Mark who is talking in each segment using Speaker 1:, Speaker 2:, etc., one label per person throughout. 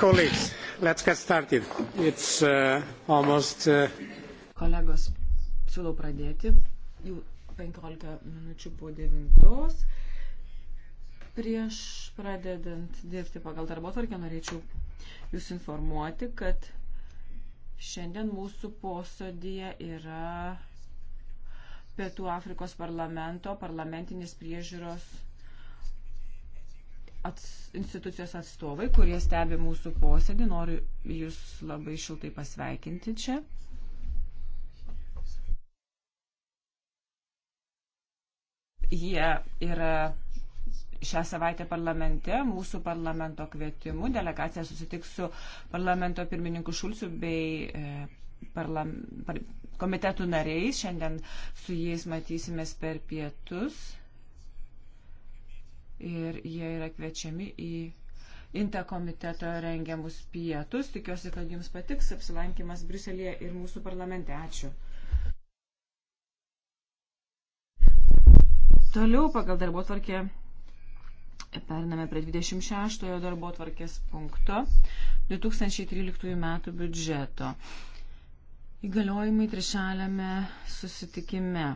Speaker 1: Colleagues, let's get started. It's uh, almost. Uh...
Speaker 2: Kolegos, siūlau pradėti. Jau 15 minučių po 9. Prieš pradedant dirbti pagal darbo tvarkę, norėčiau Jūs informuoti, kad šiandien mūsų posėdėje yra Pietų Afrikos parlamento parlamentinis priežiūros ats, institucijos atstovai, kurie stebi mūsų posėdį. Noriu Jūs labai šiltai pasveikinti čia. Jie yra šią savaitę parlamente, mūsų parlamento kvietimu. Delegacija susitiks su parlamento pirmininku Šulciu bei e, parlam, par, komitetų nariais. Šiandien su jais matysimės per pietus ir jie yra kviečiami į Inte komiteto rengiamus pietus. Tikiuosi, kad jums patiks apsilankimas Briuselėje ir mūsų parlamente. Ačiū. Toliau pagal darbo tvarkę periname prie 26 darbo tvarkės punkto 2013 metų biudžeto. Įgaliojimai trišalėme susitikime.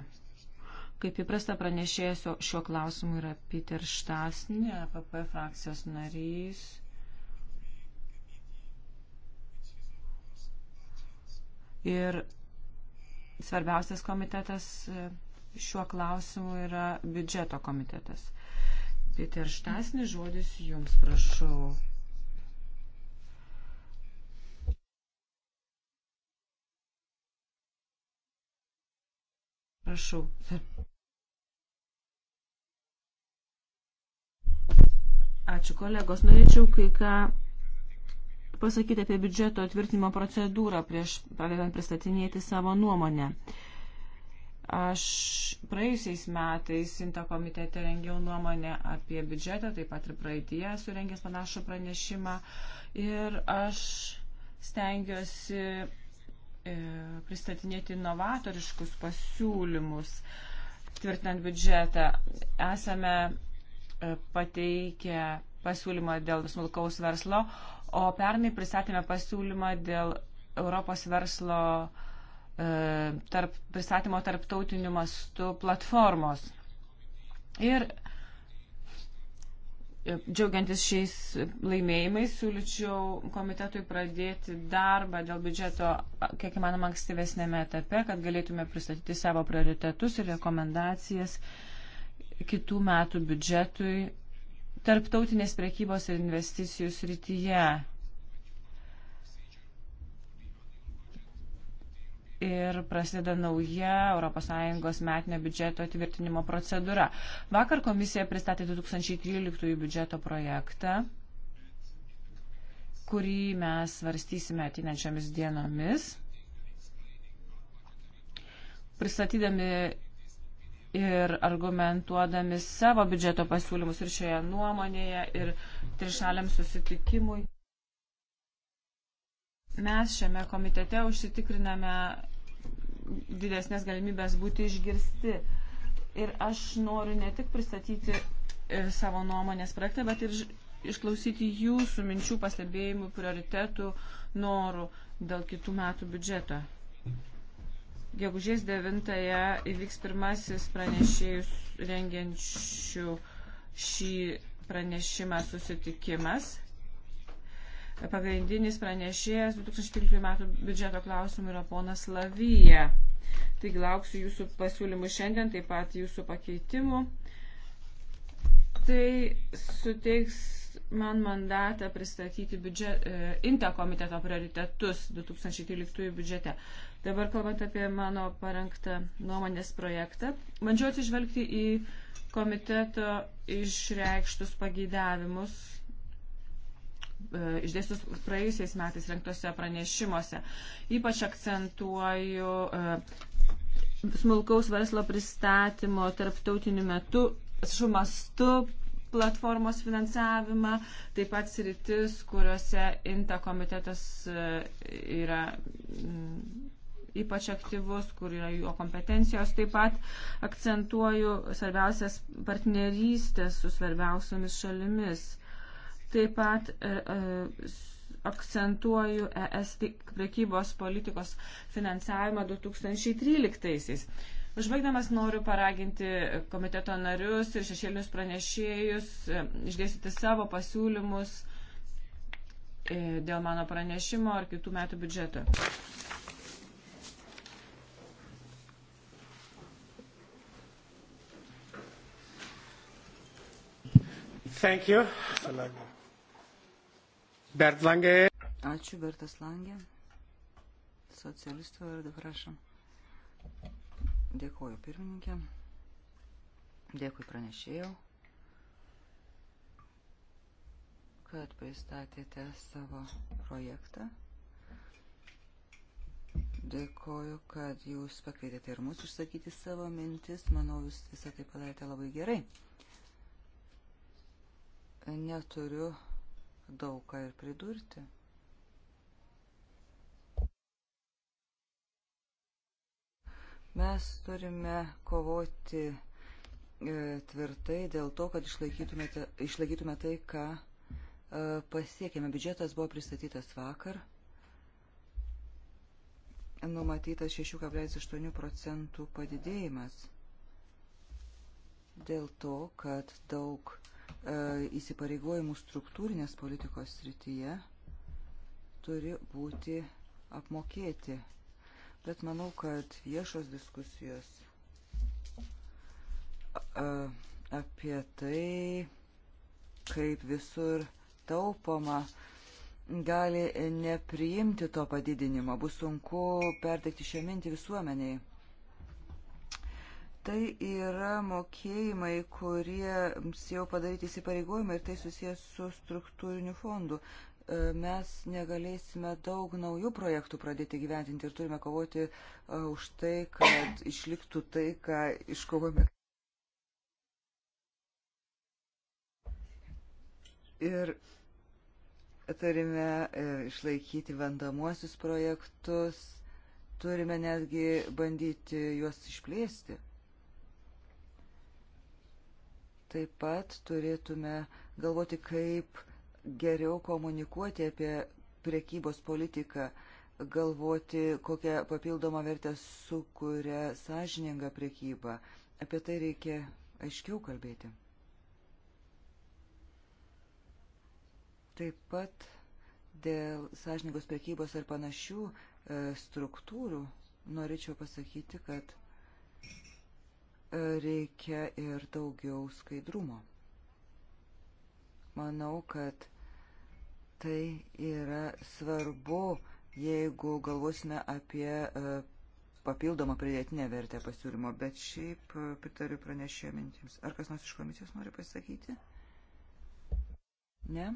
Speaker 2: Kaip įprasta pranešėjas šiuo klausimu yra Peter Štasni, APP frakcijos narys. Ir svarbiausias komitetas e, šiuo klausimu yra biudžeto komitetas. Peter Štasni, žodis jums, prašau. Prašau. Ačiū kolegos. Norėčiau kai ką pasakyti apie biudžeto atvirtinimo procedūrą prieš pradedant pristatinėti savo nuomonę. Aš praėjusiais metais Sinto komitete rengiau nuomonę apie biudžetą, taip pat ir praeitie surengęs panašų pranešimą. Ir aš stengiuosi e, pristatinėti novatoriškus pasiūlymus, tvirtinant biudžetą. Esame E, pateikę pasiūlymą dėl smulkaus verslo, o pernai pristatėme pasiūlymą dėl Europos verslo e, tarp, pristatymo tarptautiniu mastu platformos. Ir e, džiaugiantis šiais laimėjimais, siūlyčiau komitetui pradėti darbą dėl biudžeto, kiek įmanoma, ankstyvesnėme etape, kad galėtume pristatyti savo prioritetus ir rekomendacijas uh, kitų metų biudžetui tarptautinės prekybos ir investicijų srityje. ir prasideda nauja ES metinio biudžeto atvirtinimo procedūra. Vakar komisija pristatė 2013 biudžeto projektą, kurį mes svarstysime atinančiomis dienomis. Pristatydami ir argumentuodami savo biudžeto pasiūlymus ir šioje nuomonėje, ir trišaliam susitikimui. Mes šiame komitete užsitikriname didesnės galimybės būti išgirsti. Ir aš noriu ne tik pristatyti e, savo nuomonės projektą, bet ir išklausyti jūsų minčių, pastebėjimų, prioritetų, norų dėl kitų metų biudžeto. Gegužės 9-ąją įvyks pirmasis pranešėjus rengiančių šį pranešimą susitikimas. Pagrindinis pranešėjas 2013 metų biudžeto klausimų yra ponas Lavyje. Taigi lauksiu jūsų pasiūlymų šiandien, taip pat jūsų pakeitimų. Tai suteiks man mandatą pristatyti biudžet, e, INTA komiteto prioritetus 2013 biudžete. Dabar kalbant apie mano parengtą nuomonės projektą, bandžiau atsižvelgti į komiteto išreikštus pageidavimus e, išdėstus praėjusiais metais renktose pranešimuose. Ypač akcentuoju e, smulkaus verslo pristatymo tarptautiniu metu, šiuo mastu platformos finansavimą, taip pat sritis, kuriuose INTA komitetas e, yra ypač aktyvus, kur yra jo kompetencijos. Taip pat akcentuoju svarbiausias partnerystės su svarbiausiamis šalimis. Taip pat e, e, akcentuoju ES prekybos politikos finansavimą 2013-aisiais. Užbaigdamas noriu paraginti komiteto narius ir šešėlius pranešėjus e, išdėstyti savo pasiūlymus e, dėl mano pranešimo ar kitų metų biudžeto.
Speaker 1: Thank you. Bert Lange.
Speaker 3: Ačiū, Bertas Langė. Socialistų vardu, prašom. Dėkuoju pirmininkė. Dėkui pranešėjau, kad pristatėte savo projektą. Dėkoju, kad jūs pakvietėte ir mus išsakyti savo mintis. Manau, jūs visą tai padarėte labai gerai neturiu daug ką ir pridurti. Mes turime kovoti e, tvirtai dėl to, kad išlaikytume, te, išlaikytume tai, ką e, pasiekėme. Biudžetas buvo pristatytas vakar, numatytas 6,8 procentų padidėjimas dėl to, kad daug e, E, įsipareigojimų struktūrinės politikos srityje turi būti apmokėti. Bet manau, kad viešos diskusijos e, apie tai, kaip visur taupoma, gali nepriimti to padidinimo. Bus sunku perteikti šią mintį visuomeniai. Tai yra mokėjimai, kuriems jau padaryti įsipareigojimai ir tai susijęs su struktūriniu fondu. E, mes negalėsime daug naujų projektų pradėti gyventinti ir turime kovoti e, už tai, kad išliktų tai, ką iškovome. Ir turime e, išlaikyti vandamuosius projektus, turime netgi bandyti juos išplėsti. Taip pat turėtume galvoti, kaip geriau komunikuoti apie priekybos politiką, galvoti, kokią papildomą vertę sukuria sąžininga priekyba. Apie tai reikia aiškiau kalbėti. Taip pat dėl sąžiningos priekybos ar panašių e, struktūrų norėčiau pasakyti, kad reikia ir daugiau skaidrumo. Manau, kad tai yra svarbu, jeigu galvosime apie e, papildomą pridėtinę vertę pasiūlymo, bet šiaip e, pritariu pranešėjo mintims. Ar kas nors iš komisijos nori pasakyti? Ne?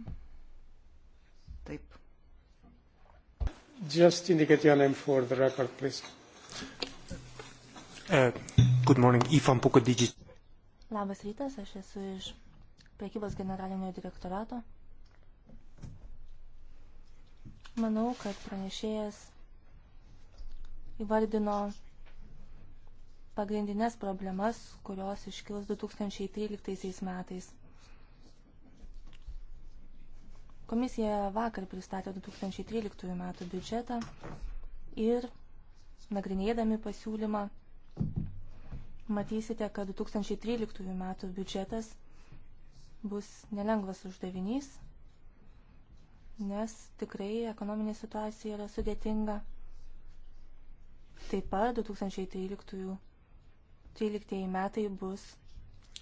Speaker 1: Taip. Just indicate your name for the record, please. Uh, Good morning, Ifan Puko Digit.
Speaker 4: Labas rytas, aš esu iš priekybos generalinio direktorato. Manau, kad pranešėjas įvardino pagrindinės problemas, kurios iškils 2013 metais. Komisija vakar pristatė 2013 metų biudžetą ir nagrinėdami pasiūlymą matysite, kad 2013 metų biudžetas bus nelengvas uždavinys, nes tikrai ekonominė situacija yra sudėtinga. Taip pat 2013 metai bus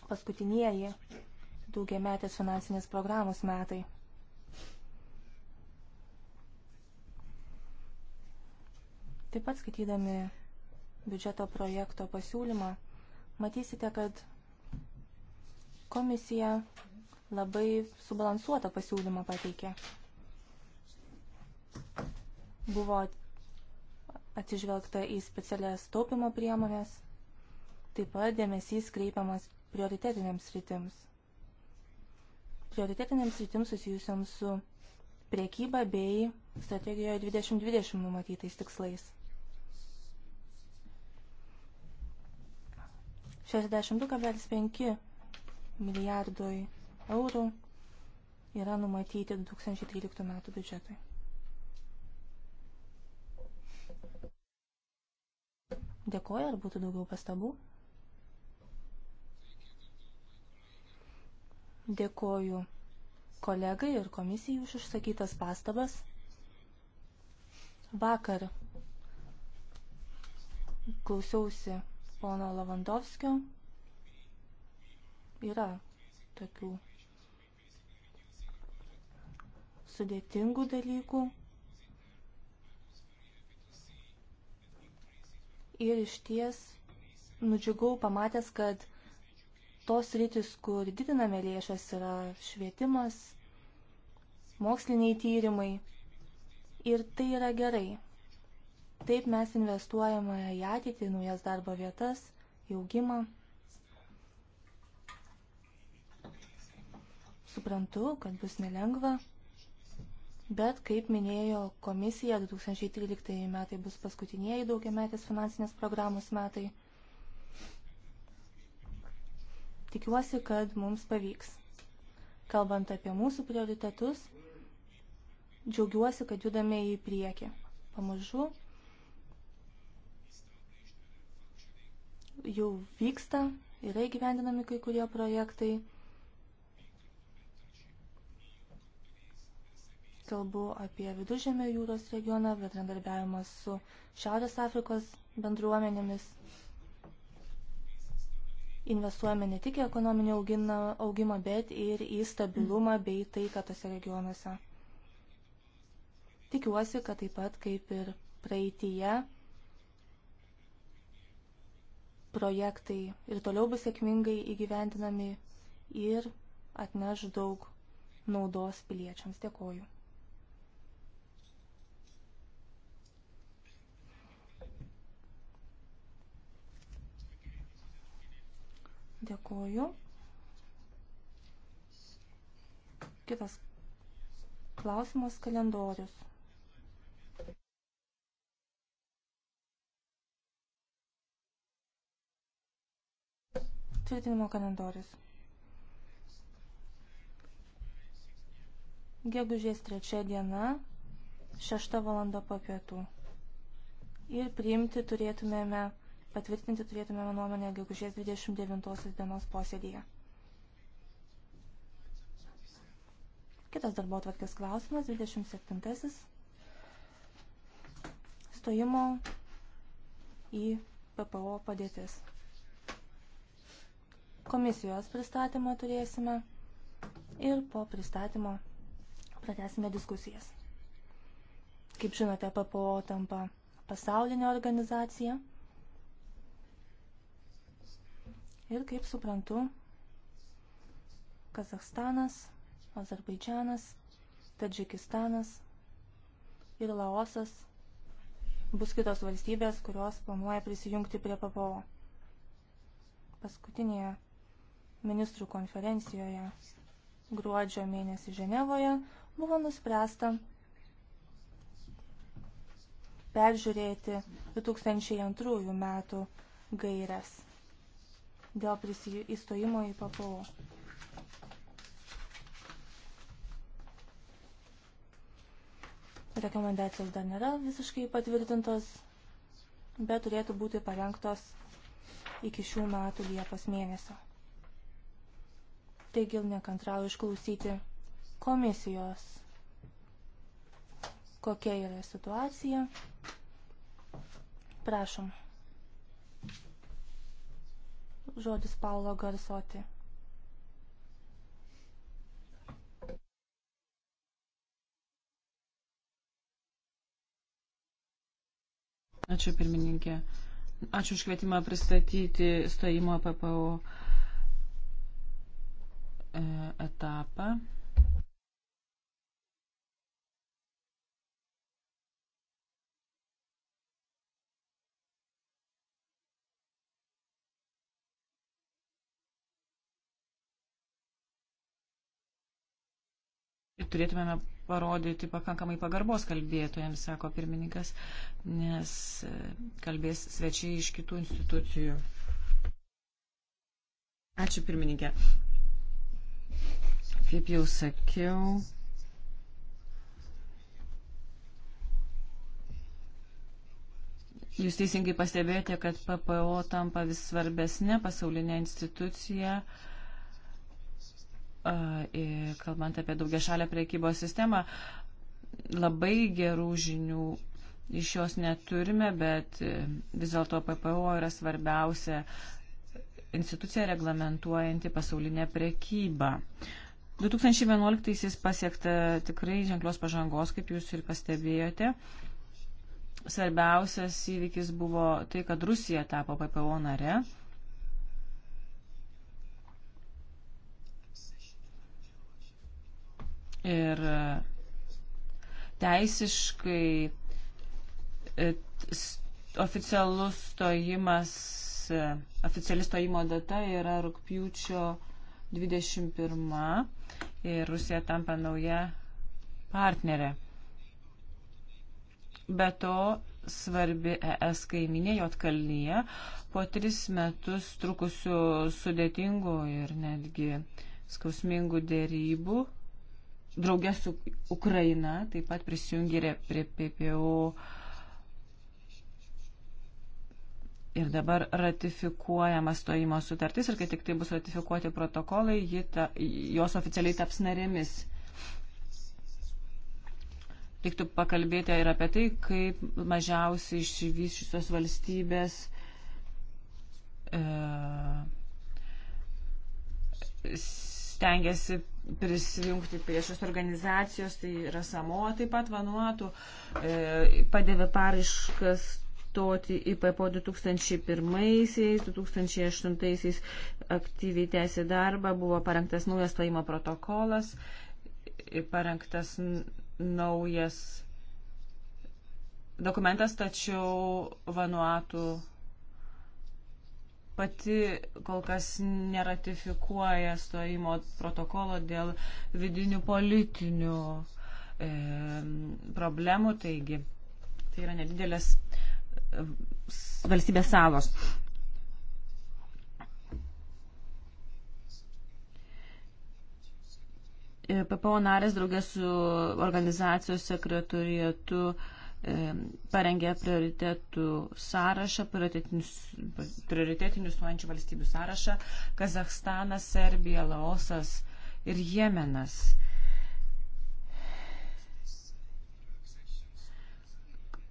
Speaker 4: paskutinieji daugiametės finansinės programos metai. Taip pat skaitydami biudžeto projekto pasiūlymą matysite, kad komisija labai subalansuotą pasiūlymą pateikė. Buvo atsižvelgta į specialias taupimo priemonės, taip pat dėmesys kreipiamas prioritetinėms rytims. Prioritetinėms rytims susijusiams su priekyba bei strategijoje 2020 numatytais tikslais. 62,5 milijardui eurų yra numatyti 2013 metų biudžetui. Dėkoju, ar būtų daugiau pastabų? Dėkoju kolegai ir komisijai už išsakytas pastabas. Vakar klausiausi pono Lavandovskio. Yra tokių sudėtingų dalykų. Ir iš ties nudžiugau pamatęs, kad tos rytis, kur didiname lėšas, yra švietimas, moksliniai tyrimai. Ir tai yra gerai. Taip mes investuojame į ateitį, naujas darbo vietas, į augimą. Suprantu, kad bus nelengva, bet, kaip minėjo komisija, 2013 metai bus paskutiniai daugiametės finansinės programos metai. Tikiuosi, kad mums pavyks. Kalbant apie mūsų prioritetus, džiaugiuosi, kad judame į priekį. Pamažu jau vyksta, yra įgyvendinami kai kurie projektai. Kalbu apie Vidužėmio jūros regioną, bendradarbiavimą su Šiaurės Afrikos bendruomenėmis. Investuojame ne tik į ekonominį augimą, bet ir į stabilumą bei taiką tose regionuose. Tikiuosi, kad taip pat kaip ir praeitįje projektai ir toliau bus sėkmingai įgyventinami ir atneš daug naudos piliečiams. Dėkoju. Dėkoju. Kitas klausimas kalendorius. tvirtinimo kalendorius. Gegužės trečia diena, šešta valanda po pietų. Ir priimti turėtumėme, patvirtinti turėtumėme nuomonę gegužės 29 dienos posėdėje. Kitas darbo atvarkės klausimas, 27. Stojimo į PPO padėtis. Komisijos pristatymą turėsime ir po pristatymo pratesime diskusijas. Kaip žinote, PPO tampa pasaulinė organizacija. Ir kaip suprantu, Kazahstanas, Azerbaidžianas, Tadžikistanas ir Laosas bus kitos valstybės, kurios planuoja prisijungti prie PPO. Paskutinėje ministrų konferencijoje gruodžio mėnesį Ženevoje buvo nuspręsta peržiūrėti 2002 metų gairias dėl įstojimo į PPO. Rekomendacijos dar nėra visiškai patvirtintos, bet turėtų būti parengtos iki šių metų Liepos mėnesio. Taigi nekantrauju išklausyti komisijos, kokia yra situacija. Prašom. Žodis Paulo Garsoti.
Speaker 2: Ačiū pirmininkė. Ačiū už kvietimą pristatyti stojimo PPO E, etapą. turėtumėme parodyti pakankamai pagarbos kalbėtojams, sako pirmininkas, nes e, kalbės svečiai iš kitų institucijų. Ačiū pirmininkė. Kaip jau sakiau, Jūs teisingai pastebėjote, kad PPO tampa vis svarbesnė pasaulinė institucija, kalbant apie daugia šalę priekybos sistemą. Labai gerų žinių iš jos neturime, bet e, vis dėlto PPO yra svarbiausia institucija reglamentuojanti pasaulinę priekybą. Uh, 2011 pasiekta tikrai ženklios pažangos, kaip jūs ir pastebėjote. Svarbiausias įvykis buvo tai, kad Rusija tapo PPO nare. Ir teisiškai e, oficialus stojimas, e, oficiali stojimo data yra rūpjūčio 21 ir Rusija tampa nauja partnerė. Be to, svarbi ES kaiminė Jotkalnyje po tris metus trukusių sudėtingų ir netgi skausmingų dėrybų. Draugė su Ukraina taip pat prisijungė prie PPO. Prie Ir dabar ratifikuojama stojimo sutartis ir kai tik tai bus ratifikuoti protokolai, ta, jos oficialiai taps narėmis. Reiktų pakalbėti ir apie tai, kaip mažiausiai išsivyščiusios valstybės e, stengiasi prisijungti prie šios organizacijos, tai yra Samoa taip pat vanuotų, e, padėvė pariškas stoti į PPO 2001-2008 aktyviai tęsė darbą, buvo parengtas naujas stojimo protokolas, parengtas naujas dokumentas, tačiau Vanuatų pati kol kas neratifikuoja stojimo protokolo dėl vidinių politinių e, problemų, taigi tai yra nedidelės valstybės salos. PPO narės draugės su organizacijos sekretorijatu e, parengė prioritetų sąrašą, prioritetinius, prioritetinius nuojančių valstybių sąrašą - Kazahstanas, Serbija, Laosas ir Jemenas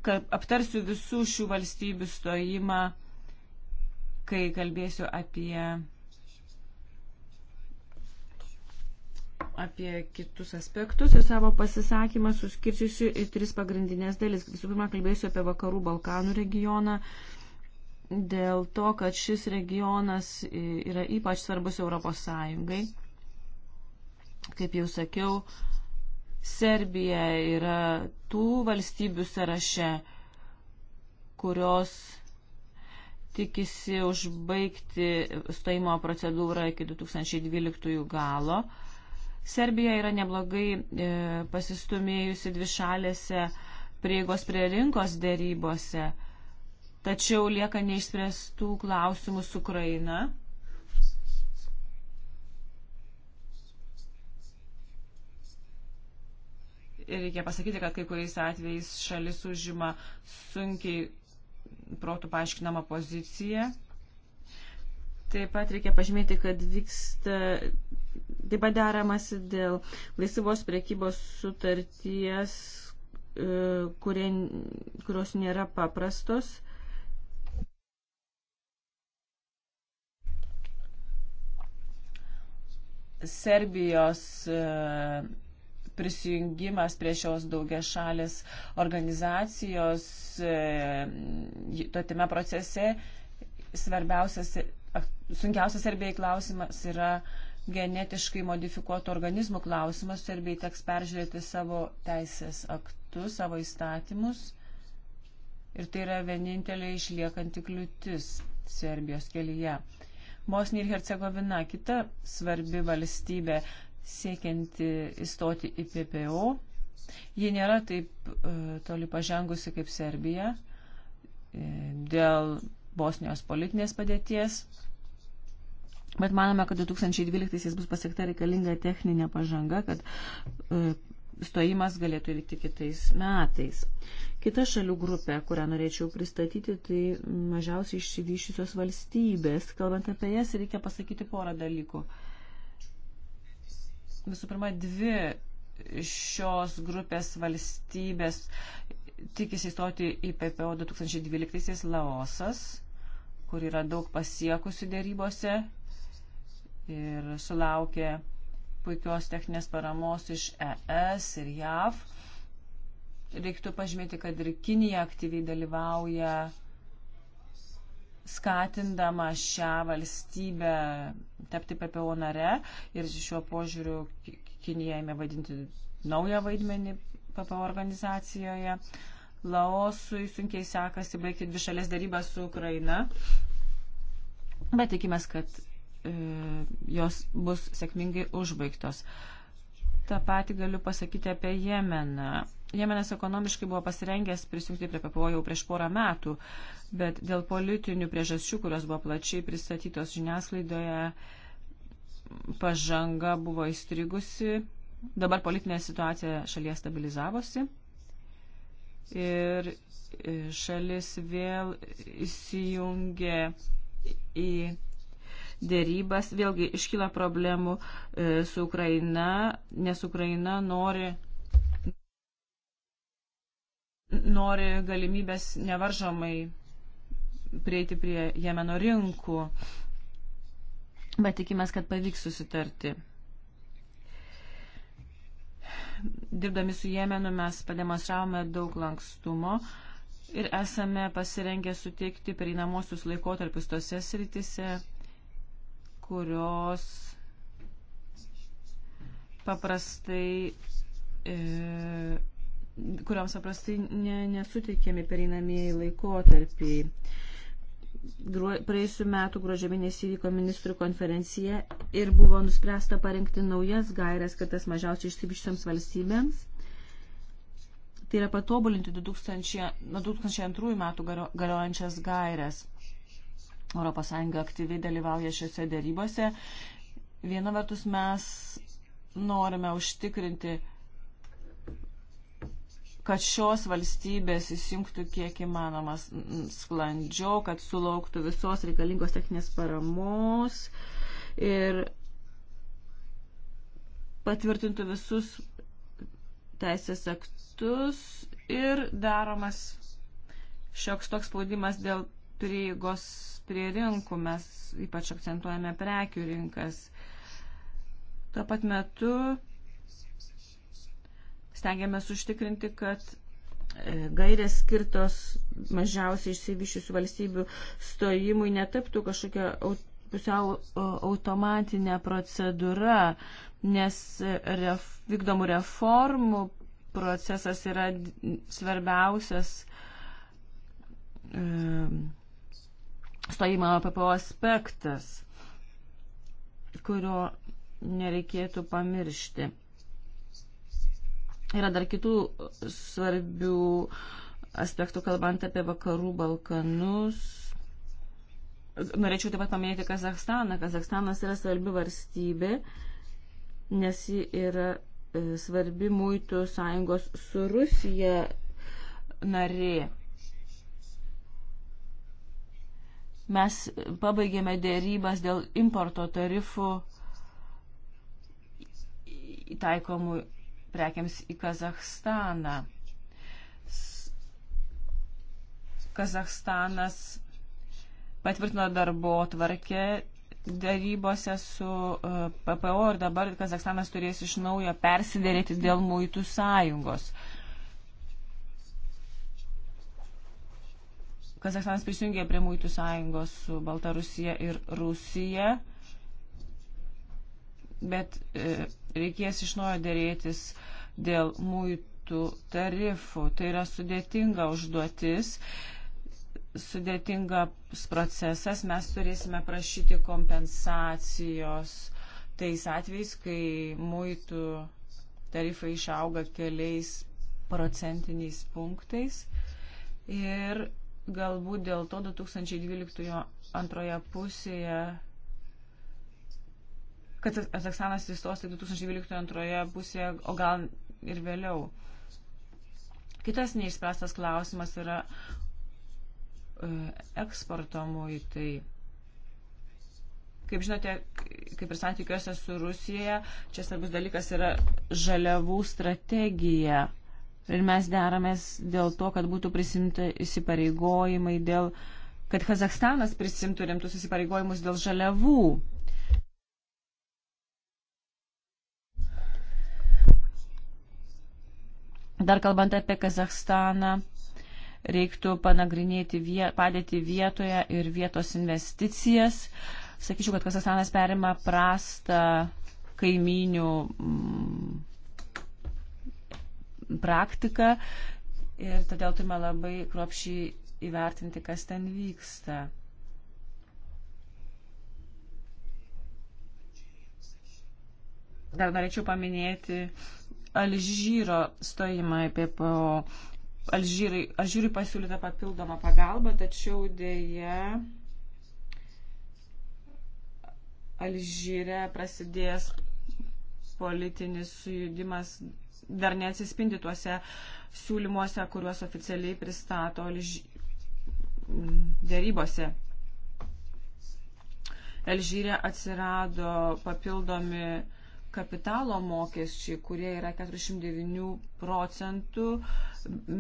Speaker 2: kad aptarsiu visų šių valstybių stojimą, kai kalbėsiu apie, apie kitus aspektus ir savo pasisakymą suskirčiusiu į tris pagrindinės dalis. Visų pirma, kalbėsiu apie Vakarų Balkanų regioną dėl to, kad šis regionas yra ypač svarbus Europos Sąjungai. Kaip jau sakiau, Serbija yra tų valstybių sąraše, kurios tikisi užbaigti stojimo procedūrą iki 2012 galo. Serbija yra neblogai e, pasistumėjusi dvišalėse prieigos prie rinkos dėrybose, tačiau lieka neišspręstų klausimų su Ukraina. Ir reikia pasakyti, kad kai kuriais atvejais šalis užima sunkiai protų paaiškinamą poziciją. Taip pat reikia pažymėti, kad vyksta taip pat deramasi dėl laisvos priekybos sutarties, e, kurie, kurios nėra paprastos. Serbijos e, prisijungimas prie šios daugia šalės organizacijos e, tame procese svarbiausias, sunkiausias Serbijai klausimas yra genetiškai modifikuotų organizmų klausimas. Serbijai teks peržiūrėti savo teisės aktus, savo įstatymus. Ir tai yra vienintelė išliekanti kliūtis Serbijos kelyje. Bosnija ir Hercegovina, kita svarbi valstybė, siekiant įstoti į PPO. Ji nėra taip e, toli pažengusi kaip Serbija e, dėl Bosnijos politinės padėties, bet manome, kad 2012 bus pasiekta reikalinga techninė pažanga, kad e, stojimas galėtų įvykti kitais metais. Kita šalių grupė, kurią norėčiau pristatyti, tai mažiausiai išsivyšusios valstybės. Kalbant apie jas, reikia pasakyti porą dalykų visų pirma, dvi šios grupės valstybės tikisi įstoti į PPO 2012 Laosas, kur yra daug pasiekusių dėrybose ir sulaukė puikios techninės paramos iš ES ir JAV. Reiktų pažymėti, kad ir Kinija aktyviai dalyvauja skatindama šią valstybę tapti PPO nare ir šiuo požiūriu Kinija ėmė vadinti naują vaidmenį PPO organizacijoje. Laosui sunkiai sekasi baigti dvišalės darybas su Ukraina, bet tikimės, kad e, jos bus sėkmingai užbaigtos. Ta pati galiu pasakyti apie Jemeną. Jemenas ekonomiškai buvo pasirengęs prisijungti prie PPO jau prieš porą metų, bet dėl politinių priežasčių, kurios buvo plačiai pristatytos žiniasklaidoje, pažanga buvo įstrigusi. Dabar politinė situacija šalyje stabilizavosi ir e, šalis vėl įsijungė į dėrybas. Vėlgi iškyla problemų e, su Ukraina, nes Ukraina nori nori galimybės nevaržomai prieiti prie Jemeno rinkų, bet tikimės, kad pavyks susitarti. Dirbdami su Jemenu mes pademonstravome daug lankstumo ir esame pasirengę suteikti pereinamosius laikotarpius tose sritise, kurios paprastai e, kuriams paprastai ne, nesuteikiami pereinamieji laikotarpiai. Praėjusiu metu gruodžio mėnesį vyko ministrų konferencija ir buvo nuspręsta parengti naujas gairias skirtas mažiausiai išsivyščioms valstybėms. Tai yra patobulinti 2000, nuo 2002 metų galiojančias gairias. ES aktyviai dalyvauja šiuose dėrybose. Viena vertus mes norime užtikrinti kad šios valstybės įsijungtų kiek įmanomas sklandžiau, kad sulauktų visos reikalingos techninės paramos ir patvirtintų visus teisės aktus ir daromas šioks toks spaudimas dėl prieigos prie rinkų. Mes ypač akcentuojame prekių rinkas. Tuo pat metu stengiamės užtikrinti, kad e, gairės skirtos mažiausiai išsivyščiusių valstybių stojimui netaptų kažkokia pusiau automatinė procedūra, nes ref, vykdomų reformų procesas yra svarbiausias e, stojimo PPO aspektas, kurio nereikėtų pamiršti. Yra dar kitų e, svarbių aspektų, kalbant apie vakarų Balkanus. Norėčiau taip pat paminėti Kazakstaną. Kazakstanas yra svarbi valstybė, nes ji yra e, svarbi muitų sąjungos su Rusija narė. Mes pabaigėme dėrybas dėl importo tarifų taikomų prekiams į Kazahstaną. Kazahstanas patvirtino darbo tvarkę darybose su e, PPO ir dabar Kazakstanas turės iš naujo persidėrėti dėl muitų sąjungos. Kazakstanas prisijungė prie muitų sąjungos su Baltarusija ir Rusija bet e, reikės iš naujo dėrėtis dėl muitų tarifų. Tai yra sudėtinga užduotis, sudėtingas procesas. Mes turėsime prašyti kompensacijos tais atvejais, kai muitų tarifai išauga keliais procentiniais punktais. Ir galbūt dėl to 2012 antroje pusėje kad Kazakstanas įstos 2012 antroje pusėje, o gal ir vėliau. Kitas neišspręstas klausimas yra e, eksporto muitai. Kaip žinote, kaip ir santykiuose su Rusija, čia svarbus dalykas yra žaliavų strategija. Ir mes deramės dėl to, kad būtų prisimti įsipareigojimai dėl, kad Kazakstanas prisimtų rimtus įsipareigojimus dėl žaliavų Dar kalbant apie Kazahstaną, reiktų panagrinėti viet, padėti vietoje ir vietos investicijas. Sakyčiau, kad Kazahstanas perima prastą kaiminių m, mm, praktiką ir todėl turime labai kruopšiai įvertinti, kas ten vyksta. Dar norėčiau paminėti Alžyro stojimą į PPO. Alžyrai, Alžyrai pasiūlyta papildoma pagalba, tačiau dėja Alžyre prasidėjęs politinis sujudimas dar neatsispindi tuose siūlymuose, kuriuos oficialiai pristato Alž... dėrybose. Alžyre atsirado papildomi kapitalo mokesčiai, kurie yra 49 procentų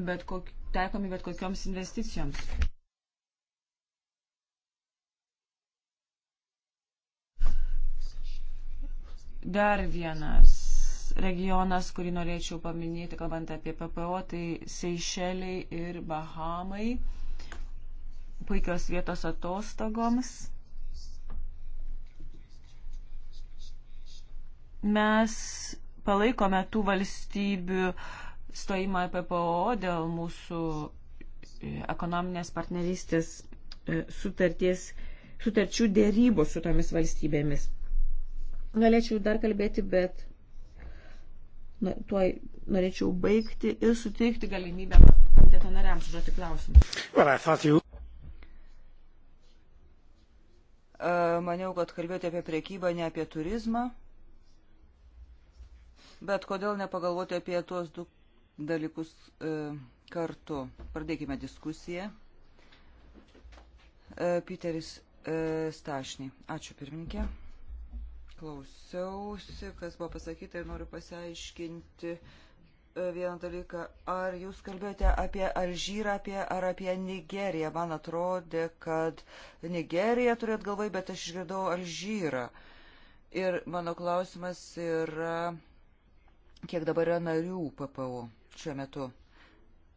Speaker 2: bet kok, taikomi bet kokioms investicijoms. Dar vienas regionas, kurį norėčiau paminėti, kalbant apie PPO, tai Seišeliai ir Bahamai. Puikios vietos atostogoms Mes palaikome tų valstybių stojimą į PPO dėl mūsų e, ekonominės partnerystės e, sutarties, sutarčių dėrybų su tomis valstybėmis. Galėčiau dar kalbėti, bet na, tuoj norėčiau baigti ir
Speaker 3: suteikti galimybę komiteto nariams užduoti klausimus.
Speaker 1: Well,
Speaker 3: e, Maniau, kad kalbėjote apie priekybą, ne apie turizmą. Bet kodėl nepagalvoti apie tuos du dalykus e, kartu? Pradėkime diskusiją. E, Piteris e, Stašny. Ačiū pirmininkė. Klausiausi, kas buvo pasakyta ir noriu pasiaiškinti e, vieną dalyką. Ar jūs kalbėjote apie Alžyrą apie, ar apie Nigeriją? Man atrodė, kad Nigeriją turėt galvai, bet aš išgirdau Alžyrą. Ir mano klausimas yra Kiek dabar yra narių PPO šiuo metu?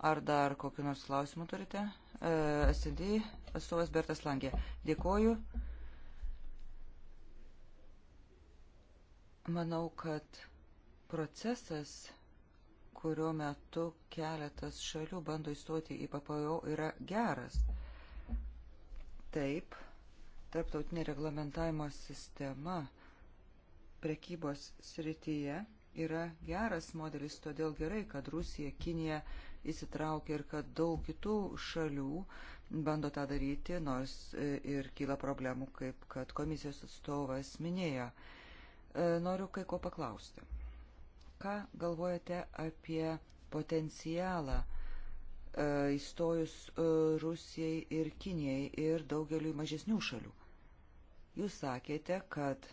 Speaker 3: Ar dar kokiu nors klausimu turite? E, SND atstovas Bertas Langė. Dėkoju. Manau, kad procesas, kurio metu keletas šalių bando įstoti į PPO, yra geras. Taip, tarptautinė reglamentavimo sistema prekybos srityje yra geras modelis, todėl gerai, kad Rusija, Kinija įsitraukia ir kad daug kitų šalių bando tą daryti, nors e, ir kyla problemų, kaip kad komisijos atstovas minėjo. E, noriu kai ko paklausti. Ką galvojate apie potencialą e, įstojus Rusijai ir Kinijai ir daugeliui mažesnių šalių? Jūs sakėte, kad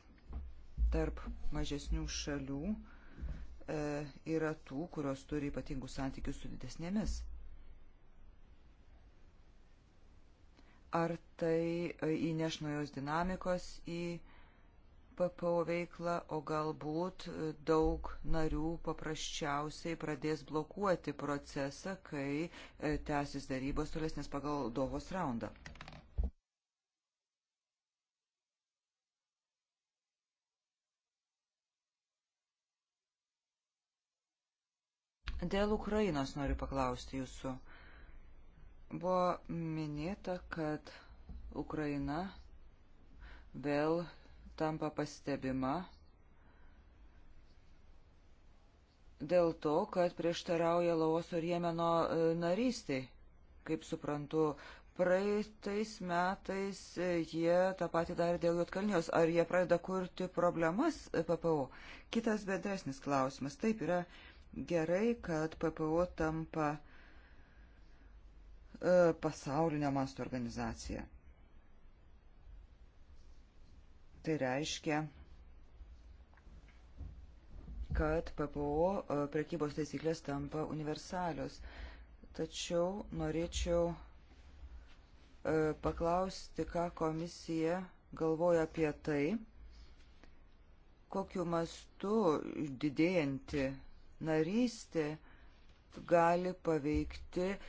Speaker 3: tarp mažesnių šalių E, yra tų, kurios turi ypatingų santykių su didesnėmis. Ar tai e, įneš naujos dinamikos į PPO veiklą, o galbūt e, daug narių paprasčiausiai pradės blokuoti procesą, kai tęsis darybos tolesnės pagal Dovos raundą. Dėl Ukrainos noriu paklausti jūsų. Buvo minėta, kad Ukraina vėl tampa pastebima dėl to, kad prieštarauja Laoso ir Jemeno e, narystiai. Kaip suprantu, praeitais metais e, jie tą patį darė dėl Jotkalnijos. Ar jie pradeda kurti problemas e, PPO? Kitas bedresnis klausimas. Taip yra gerai, kad PPO tampa e, pasaulinio masto organizacija. Tai reiškia, kad PPO e, prekybos taisyklės tampa universalios. Tačiau norėčiau e, paklausti, ką komisija galvoja apie tai, kokiu mastu didėjanti narystė gali paveikti e,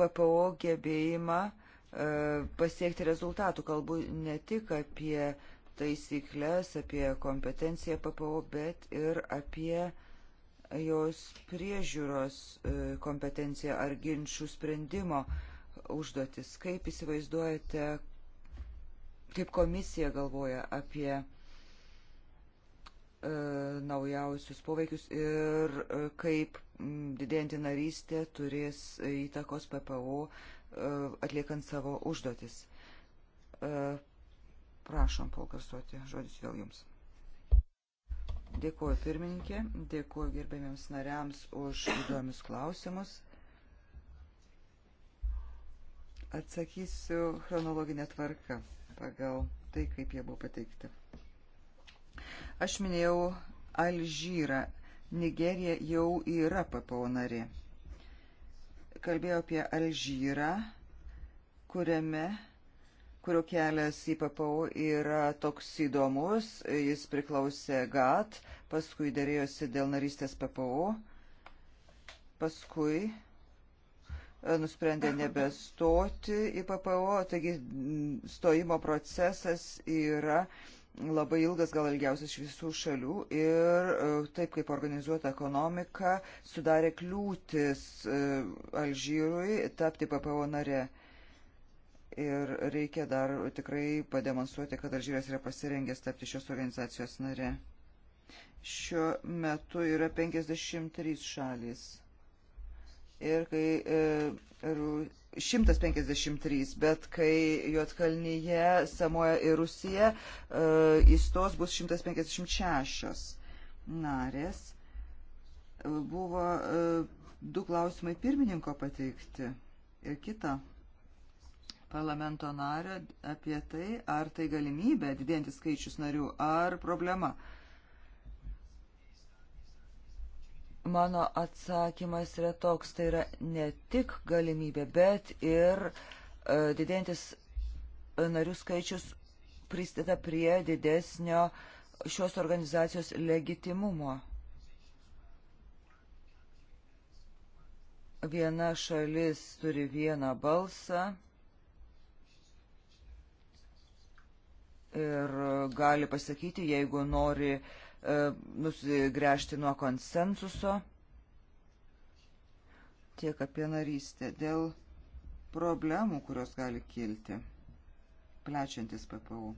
Speaker 3: PPO gebėjimą e, pasiekti rezultatų. Kalbu ne tik apie taisyklės, apie kompetenciją PPO, bet ir apie jos priežiūros e, kompetenciją ar ginčių sprendimo užduotis. Kaip įsivaizduojate, kaip komisija galvoja apie E, naujausius poveikius ir e, kaip didėjantį narystę turės įtakos PPO e, atliekant savo užduotis. Prašom, polkarsuoti, žodis vėl jums. Dėkuoju pirmininkė, dėkuoju gerbėmiems nariams už įdomius klausimus. Atsakysiu chronologinę tvarką pagal tai, kaip jie buvo pateikti. Aš minėjau Alžyrą. Nigerija jau yra PPO nari. Kalbėjau apie Alžyrą, kuriame kurio kelias į PPO yra toks įdomus. Jis priklausė GAT, paskui dėrėjosi dėl narystės PPO, paskui e, nusprendė nebestoti į PPO, taigi stojimo procesas yra labai ilgas, gal ilgiausias iš visų šalių ir e, taip kaip organizuota ekonomika sudarė kliūtis e, Alžyrui tapti PPO nare. Ir reikia dar tikrai pademonstruoti, kad Alžyras yra pasirengęs tapti šios organizacijos nare. Šiuo metu yra 53 šalis. Ir kai e, 153, bet kai Juotkalnyje, Samoja ir Rusija e, įstos bus 156 narės. E, buvo e, du klausimai pirmininko pateikti ir kita parlamento nario apie tai, ar tai galimybė didinti skaičius narių, ar problema. Uh, Mano atsakymas yra toks, tai yra ne tik galimybė, bet ir e, didėjantis e, narių skaičius prisideda prie didesnio šios organizacijos legitimumo. Viena šalis turi vieną balsą ir gali pasakyti, jeigu nori uh, E, nusigręžti nuo konsensuso. Tiek apie narystę dėl problemų, kurios gali kilti, plečiantis PPU.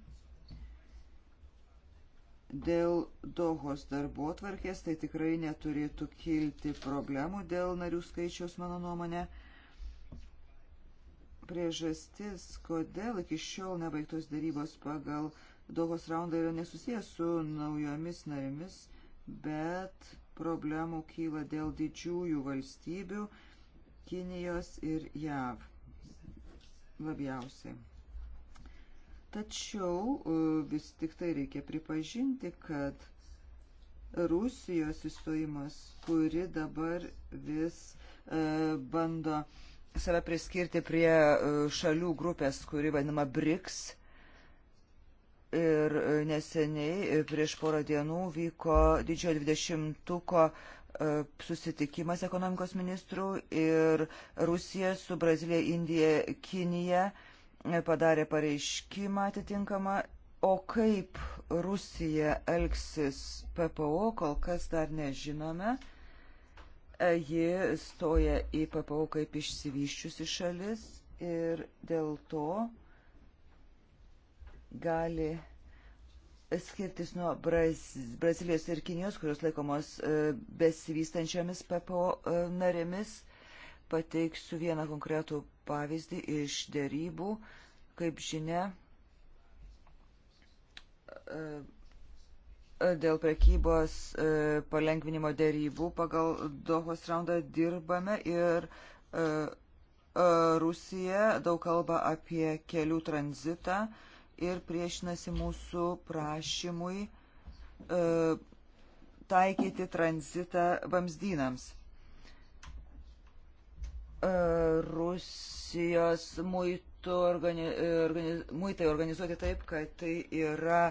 Speaker 3: Dėl Dohos darbo tvarkės tai tikrai neturėtų kilti problemų dėl narių skaičiaus, mano nuomonė. Priežastis, kodėl iki šiol nebaigtos darybos pagal uh, Dohos raundai yra nesusijęs su naujomis narėmis, bet problemų kyla dėl didžiųjų valstybių Kinijos ir JAV labiausiai. Tačiau e, vis tik tai reikia pripažinti, kad Rusijos įstojimas, kuri dabar vis e, bando save priskirti prie e, šalių grupės, kuri vadinama BRICS, Ir e, neseniai, e, prieš porą dienų, vyko didžiojo dvidešimtuko e, susitikimas ekonomikos ministrų ir Rusija su Brazilija, Indija, Kinija padarė pareiškimą atitinkamą, o kaip Rusija elgsis PPO, kol kas dar nežinome. Ji stoja į PPO kaip išsivyščiusi šalis ir dėl to gali skirtis nuo Braz, Brazilijos ir Kinijos, kurios laikomos e, besivystančiomis PPO e, narėmis. Pateiksiu vieną konkretų pavyzdį iš dėrybų. Kaip žinia, e, dėl prekybos palengvinimo dėrybų pagal Dohos raundą dirbame ir Rusija daug kalba apie kelių tranzitą. Uh, ir priešinasi mūsų prašymui e, taikyti tranzitą vamzdynams. E, Rusijos muitų organi, e, organi, muitai organizuoti taip, kad tai yra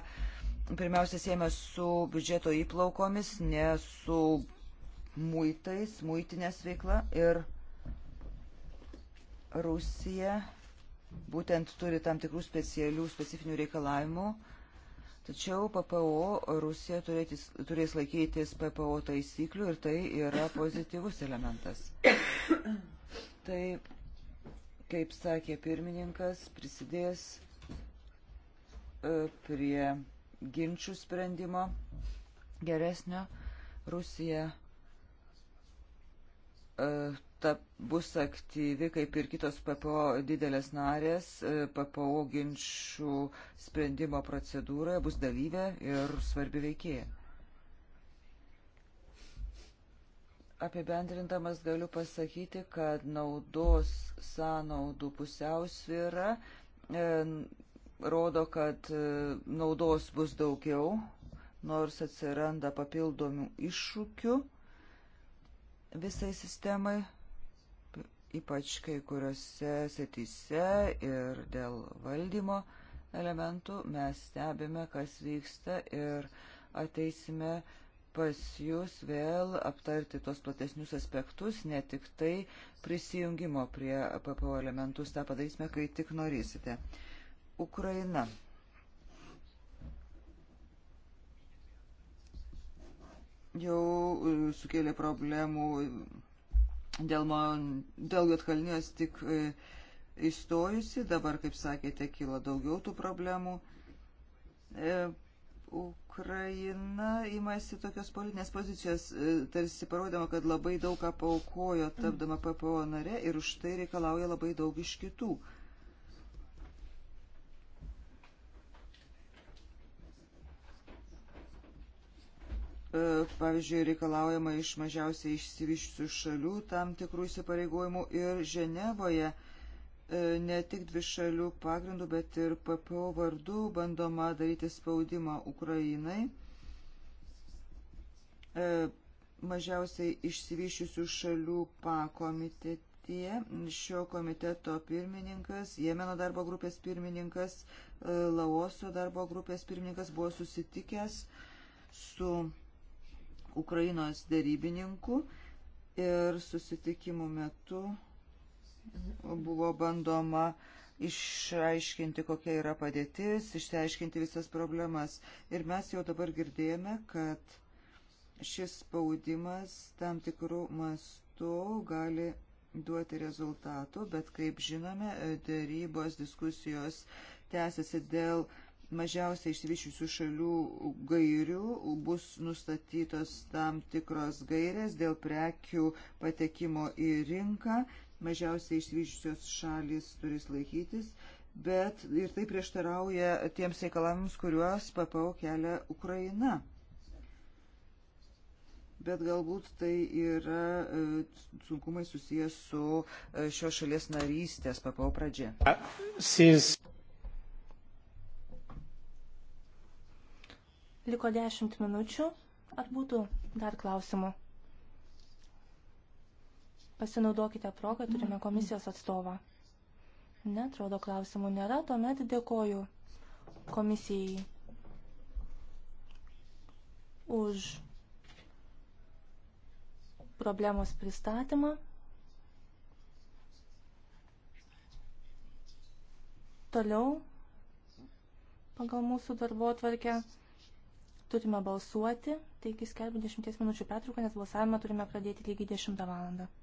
Speaker 3: pirmiausia siejama su biudžeto įplaukomis, ne su muitais, muitinės veikla ir Rusija būtent turi tam tikrų specialių, specifinių reikalavimų. Tačiau PPO Rusija turėtis, turės laikytis PPO taisyklių ir tai yra pozityvus elementas. Tai, kaip sakė pirmininkas, prisidės e, prie ginčių sprendimo geresnio. Rusija e, ta, bus aktyvi, kaip ir kitos PPO didelės narės, e, PPO ginčių sprendimo procedūroje bus dalyvė ir svarbi veikėja. Apibendrindamas galiu pasakyti, kad naudos sąnaudų pusiausvyrą e, rodo, kad e, naudos bus daugiau, nors atsiranda papildomių iššūkių visai sistemai ypač kai kuriuose setyse ir dėl valdymo elementų mes stebime, kas vyksta ir ateisime pas jūs vėl aptarti tos platesnius aspektus, ne tik tai prisijungimo prie PPO elementus, tą padarysime, kai tik norėsite. Ukraina. Jau sukėlė problemų dėl, man, dėl Jotkalnijos tik e, įstojusi, dabar, kaip sakėte, kyla daugiau tų problemų. E, Ukraina imasi tokios politinės pozicijos, e, tarsi parodama, kad labai daug ką paukojo, tapdama PPO nare ir už tai reikalauja labai daug iš kitų. Uh, E, pavyzdžiui, reikalaujama iš mažiausiai išsivyščiusių šalių tam tikrų įsipareigojimų ir Ženevoje e, ne tik dvi šalių pagrindų, bet ir PPO vardu bandoma daryti spaudimą Ukrainai. E, mažiausiai išsivyščiusių šalių pakomitetie šio komiteto pirmininkas, Jemeno darbo grupės pirmininkas, Laoso darbo grupės pirmininkas buvo susitikęs su Ukrainos dėrybininkų ir susitikimų metu buvo bandoma išaiškinti, kokia yra padėtis, išsiaiškinti visas problemas. Ir mes jau dabar girdėjome, kad šis spaudimas tam tikrų mastų gali duoti rezultatų, bet kaip žinome, dėrybos diskusijos tęsiasi dėl uh, mažiausiai išsivyščiusių šalių gairių bus nustatytos tam tikros gairės dėl prekių patekimo į rinką. Mažiausiai išsivyščiusios šalis turis laikytis, bet ir tai prieštarauja tiems reikalavimams, kuriuos papau kelia Ukraina. Bet galbūt tai yra e, sunkumai susijęs su e, šios šalies narystės papau pradžia.
Speaker 1: Since...
Speaker 4: Liko 10 minučių. Ar būtų dar klausimų? Pasinaudokite progą, turime komisijos atstovą. Ne, atrodo, klausimų nėra, tuomet dėkoju komisijai už problemos pristatymą. Toliau pagal mūsų darbo atvarkę Turime balsuoti, taigi skelbiu 10 minučių pertrauką, nes balsavimą turime pradėti lygiai 10 valandą.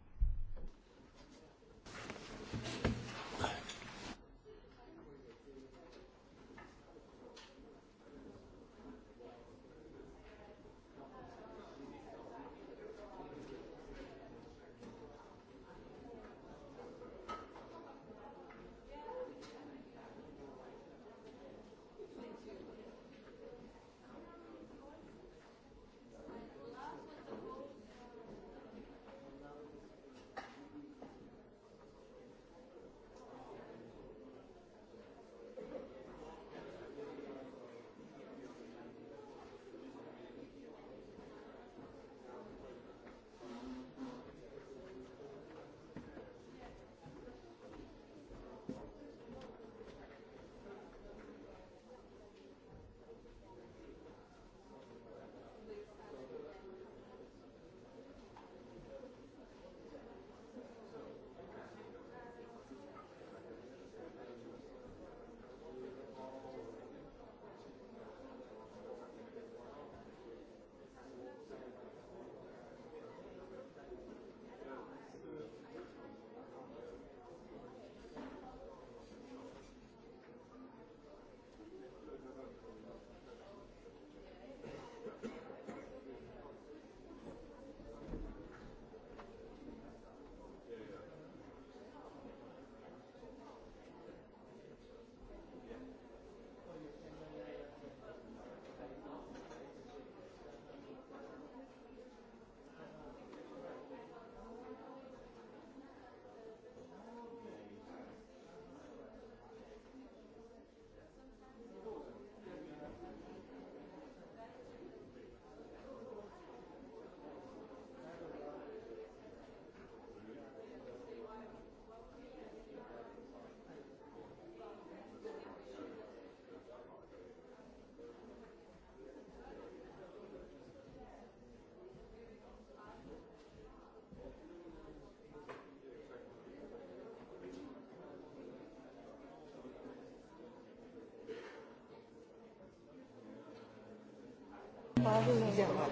Speaker 4: rien à voir.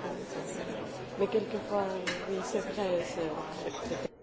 Speaker 4: Mais quelquefois, oui, c'est vrai. C'est...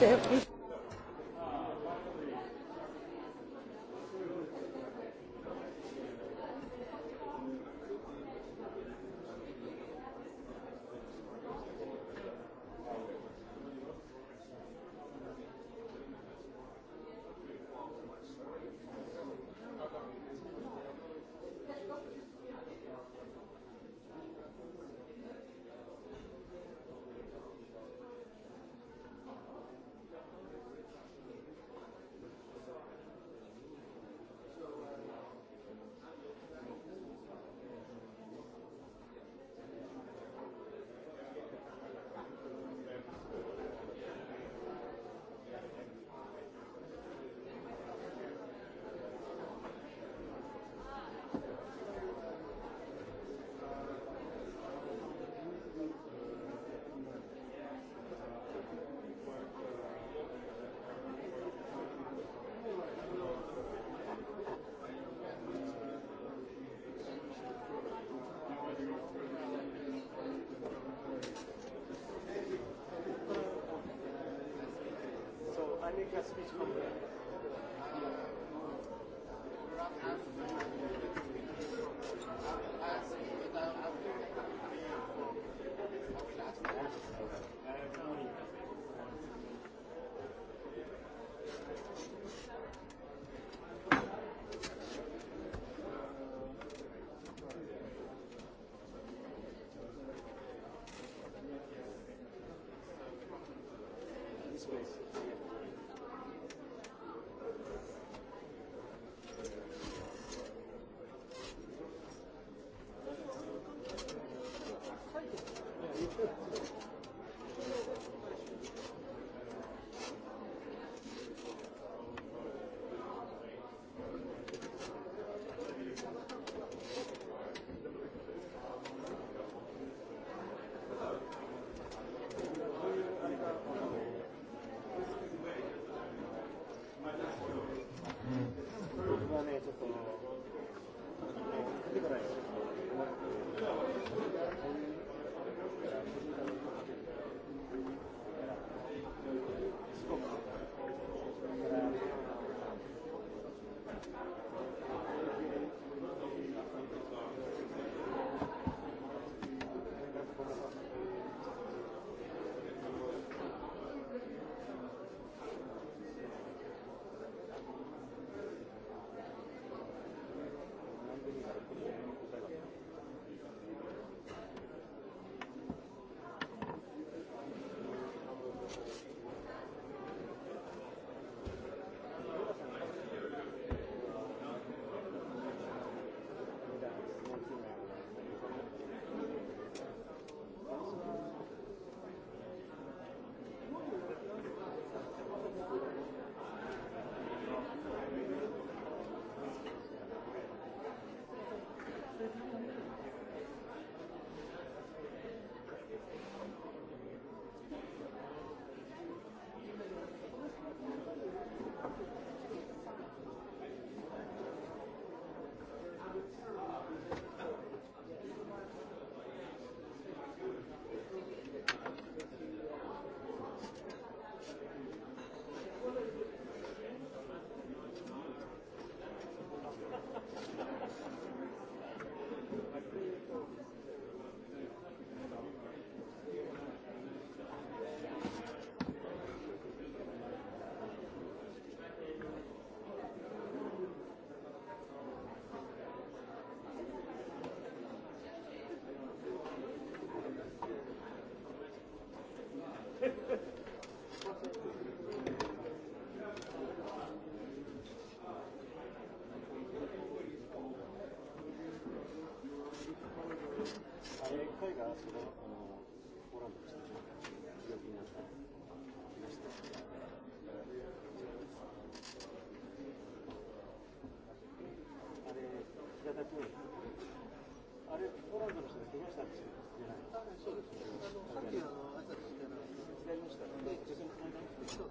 Speaker 5: taip space. あれ、ポーランドの人が怪我したんですよ。じゃない。そうです。さっきあの Just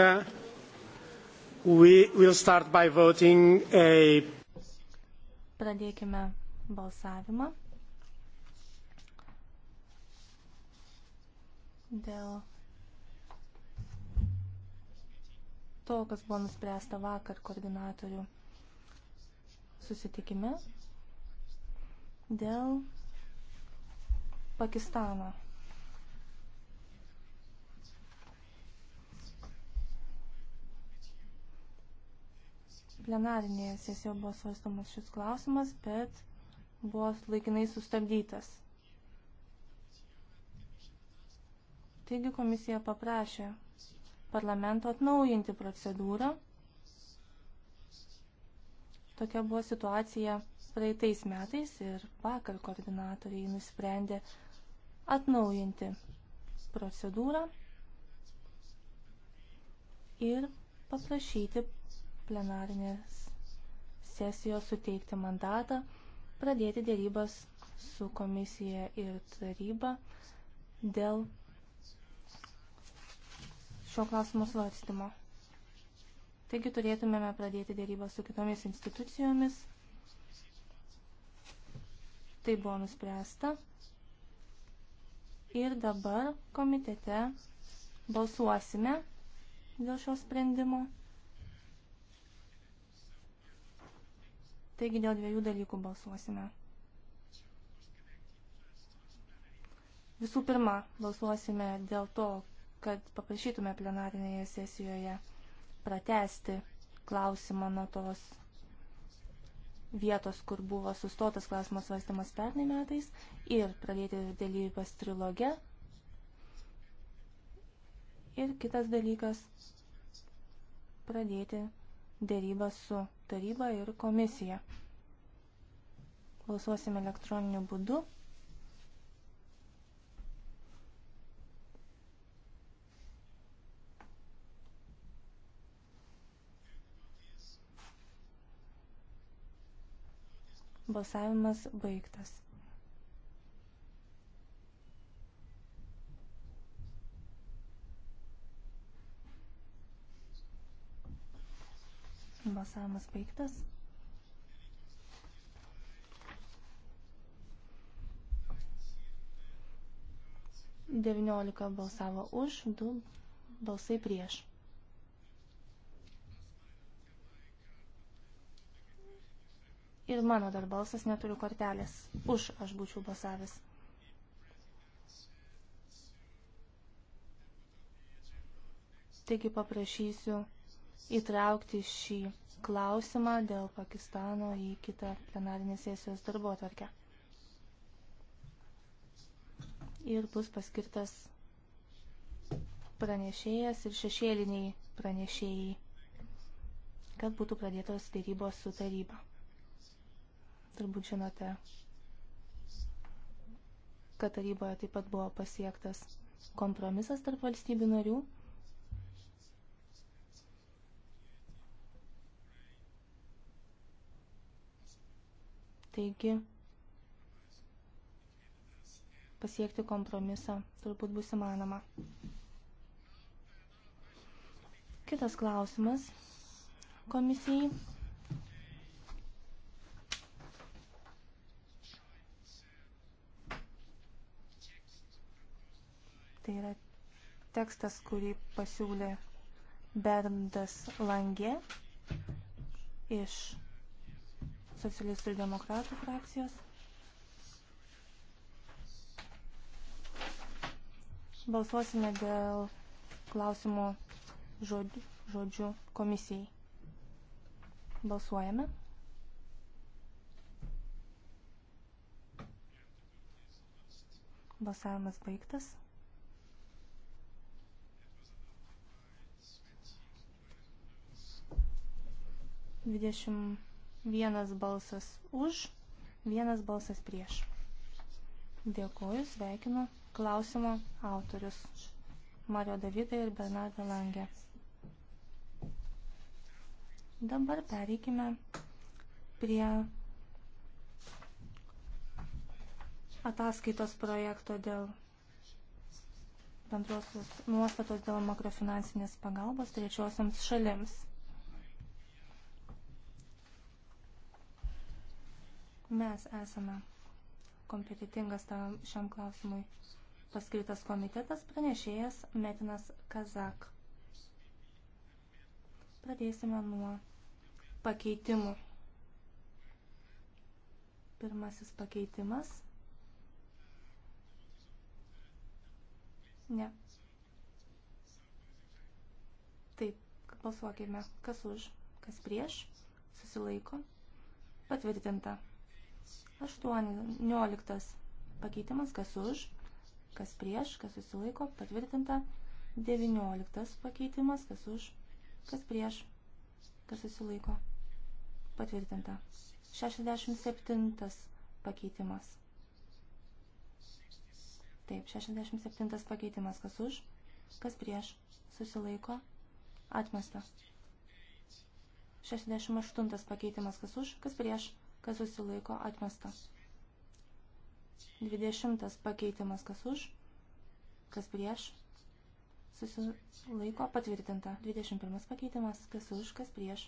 Speaker 1: Uh, we will start by voting a.
Speaker 4: Pradėkime balsavimą dėl to, kas buvo nuspręsta vakar koordinatorių susitikime dėl Pakistano. plenarinėje sesijoje buvo svarstomas šis klausimas, bet buvo laikinai sustabdytas. Taigi komisija paprašė parlamento atnaujinti procedūrą. Tokia buvo situacija praeitais metais ir vakar koordinatoriai nusprendė atnaujinti procedūrą ir paprašyti plenarinės sesijos suteikti mandatą pradėti dėrybas su komisija ir taryba dėl šio klausimo svarstymo. Taigi turėtumėme pradėti dėrybą su kitomis institucijomis. Tai buvo nuspręsta. Ir dabar komitete balsuosime dėl šio sprendimo. Taigi dėl dviejų dalykų balsuosime. Visų pirma, balsuosime dėl to, kad paprašytume plenarinėje sesijoje pratesti klausimą nuo tos vietos, kur buvo sustotas klausimas svarstymas pernai metais ir pradėti dėlybas trilogę. Ir kitas dalykas – pradėti dėrybas su taryba ir komisija. Balsuosime elektroniniu būdu. Balsavimas baigtas. Balsavimas baigtas. Devyniolika balsavo už, du balsai prieš. Ir mano dar balsas neturiu kortelės. Už aš būčiau balsavęs. Taigi paprašysiu įtraukti šį klausimą dėl Pakistano į kitą plenarinę sesijos darbo atvarkę. Ir bus paskirtas pranešėjas ir šešėliniai pranešėjai, kad būtų pradėtos dėrybos su taryba. Turbūt žinote, kad taryboje taip pat buvo pasiektas kompromisas tarp valstybių narių Taigi pasiekti kompromisą turbūt bus įmanoma. Kitas klausimas komisijai. Tai yra tekstas, kurį pasiūlė Berndas Langė iš socialistų ir demokratų frakcijos. Balsuosime dėl klausimo žodžių, žodžių komisijai. Balsuojame. Balsavimas baigtas. Dvidešimt Vienas balsas už, vienas balsas prieš. Dėkuoju, sveikinu klausimo autorius Mario Davidai ir Bernardą Langę. Dabar pereikime prie ataskaitos projekto dėl bendrosios nuostatos dėl makrofinansinės pagalbos trečiosiams šalims. Mes esame kompetitingas tam, šiam klausimui paskirtas komitetas pranešėjas Metinas Kazak. Pradėsime nuo pakeitimų. Pirmasis pakeitimas. Ne. Taip, balsuokime, kas už, kas prieš, susilaiko, patvirtinta. 18 pakeitimas, kas už, kas prieš, kas susilaiko, patvirtinta. 19 pakeitimas, kas už, kas prieš, kas susilaiko, patvirtinta. 67 pakeitimas. Taip, 67 pakeitimas, kas už, kas prieš, susilaiko, atmesta. 68 pakeitimas, kas už, kas prieš, kas susilaiko atmesta. 20 pakeitimas kas už, kas prieš, susilaiko patvirtinta. 21 pakeitimas kas už, kas prieš,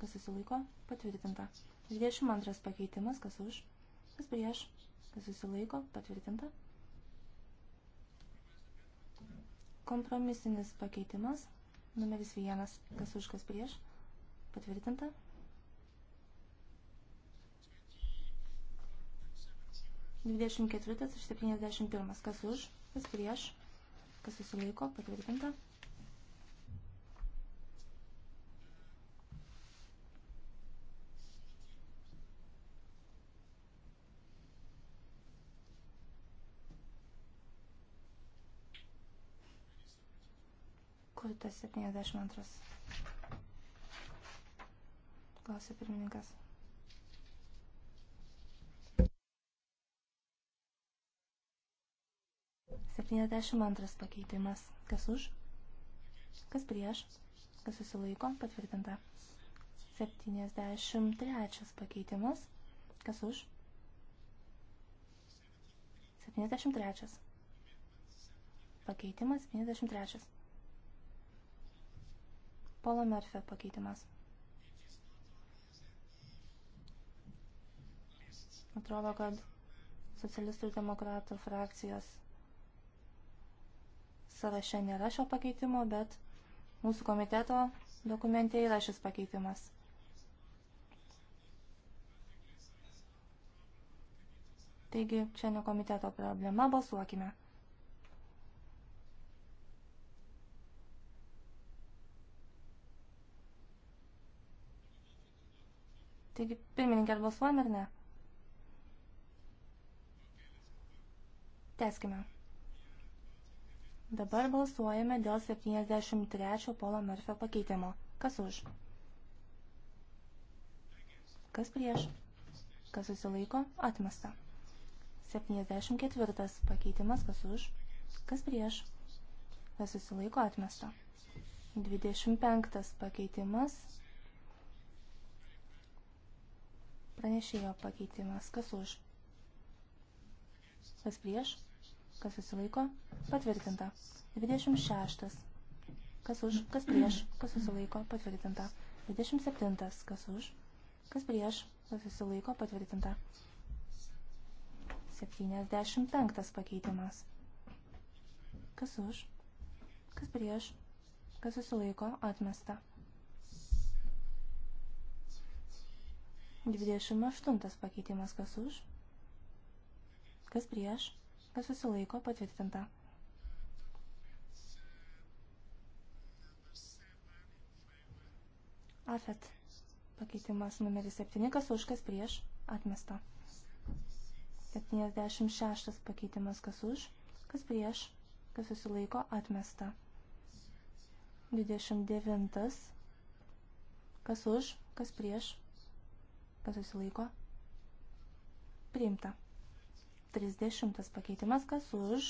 Speaker 4: kas susilaiko patvirtinta. 22 pakeitimas kas už, kas prieš, kas susilaiko patvirtinta. Kompromisinis pakeitimas numeris 1 kas už, kas prieš, patvirtinta. 24 ir 71. Kas už, kas prieš, kas susilaiko, patvirtinta. Kur tas 72? Klausė pirmininkas. 72 pakeitimas. Kas už? Kas prieš? Kas susilaiko? Patvirtinta. 73 pakeitimas. Kas už? 73. Pakeitimas 73. Polo Merfio pakeitimas. Atrodo, kad socialistų ir demokratų frakcijos sąraše nėra šio pakeitimo, bet mūsų komiteto dokumente yra šis pakeitimas. Taigi, čia ne komiteto problema, balsuokime. Taigi, pirmininkė, ar balsuojame ar ne? Teskime. Dabar balsuojame dėl 73 Polo Murphy pakeitimo. Kas už? Kas prieš? Kas susilaiko? Atmesta. 74 pakeitimas. Kas už? Kas prieš? Kas susilaiko? Atmesta. 25 pakeitimas. Pranešėjo pakeitimas. Kas už? Kas prieš? Kas susilaiko? Patvirtinta. 26. Kas už, kas prieš, kas susilaiko? Patvirtinta. 27. Kas už, kas prieš, kas susilaiko? Patvirtinta. 75. pakeitimas. Kas už, kas prieš, kas susilaiko? Atmesta. 28. pakeitimas. Kas už, kas prieš, kas susilaiko patvirtinta. Afet pakeitimas numeris 7, kas už, kas prieš, atmesta. 76 pakeitimas, kas už, kas prieš, kas susilaiko, atmesta. 29, kas už, kas prieš, kas susilaiko, priimta. 30 pakeitimas, kas už,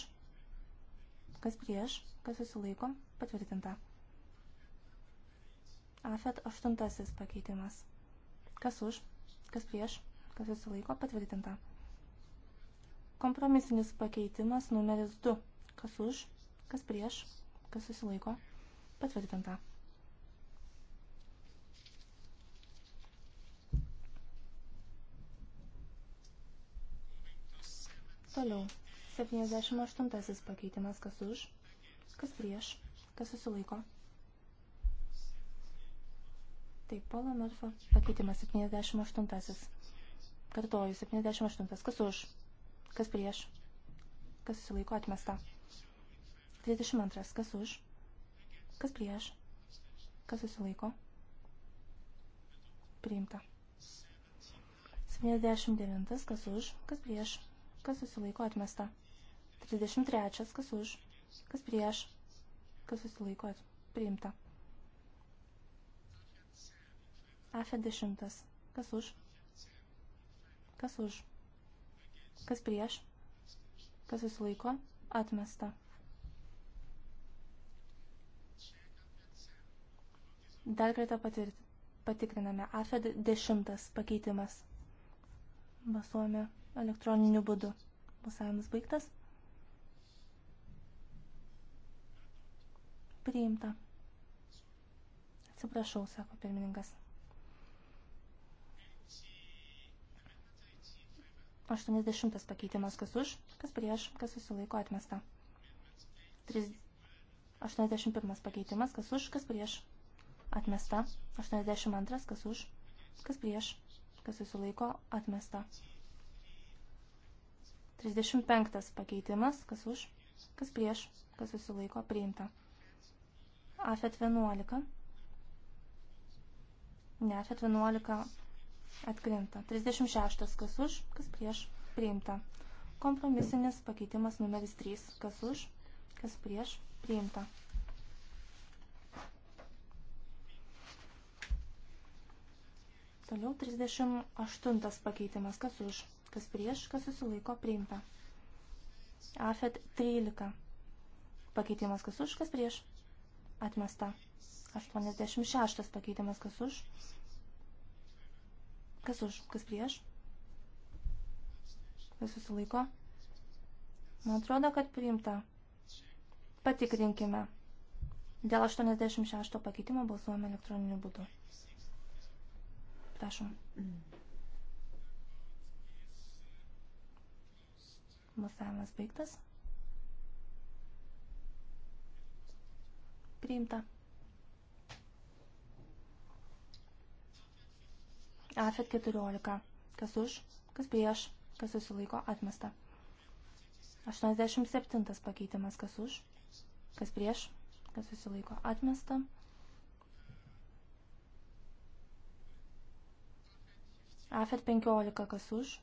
Speaker 4: kas prieš, kas susilaiko, patvirtinta. Afet 8 pakeitimas, kas už, kas prieš, kas susilaiko, patvirtinta. Kompromisinis pakeitimas numeris 2, kas už, kas prieš, kas susilaiko, patvirtinta. Toliau. 78 pakeitimas kas už, kas prieš, kas susilaiko. Taip, Polo Merfo pakeitimas 78. Kartoju, 78. Kas už, kas prieš, kas susilaiko atmesta. 32. Kas už, kas prieš, kas susilaiko. Priimta. 79. Kas už, kas prieš, kas susilaiko atmesta. 33, kas už, kas prieš, kas susilaiko priimta. Afe 10, kas už, kas už, kas prieš, kas susilaiko atmesta. Dar kartą patikriname. Afe 10 pakeitimas. Basuojame elektroniniu būdu. Balsavimas baigtas. Priimta. Atsiprašau, sako pirmininkas. 80 pakeitimas kas už, kas prieš, kas susilaiko atmesta. 3... 81 pakeitimas kas už, kas prieš, atmesta. 82 kas už, kas prieš, kas susilaiko atmesta. 35 pakeitimas, kas už, kas prieš, kas susilaiko, priimta. AFET 11. Ne, AFET 11 atkrinta. 36, kas už, kas prieš, priimta. Kompromisinis pakeitimas numeris 3, kas už, kas prieš, priimta. Toliau 38 pakeitimas, kas už, kas prieš, kas susilaiko priimta. Afet 13. Pakeitimas kas už, kas prieš. Atmesta. 86 pakeitimas kas už. Kas už, kas prieš. Kas susilaiko. Man atrodo, kad priimta. Patikrinkime. Dėl 86 pakeitimo balsuojame elektroniniu būdu. Prašom. Mm. Balsavimas baigtas. Priimta. AFET 14. Kas už, kas prieš, kas susilaiko, atmesta. 87 pakeitimas. Kas už, kas prieš, kas susilaiko, atmesta. AFET 15. Kas už,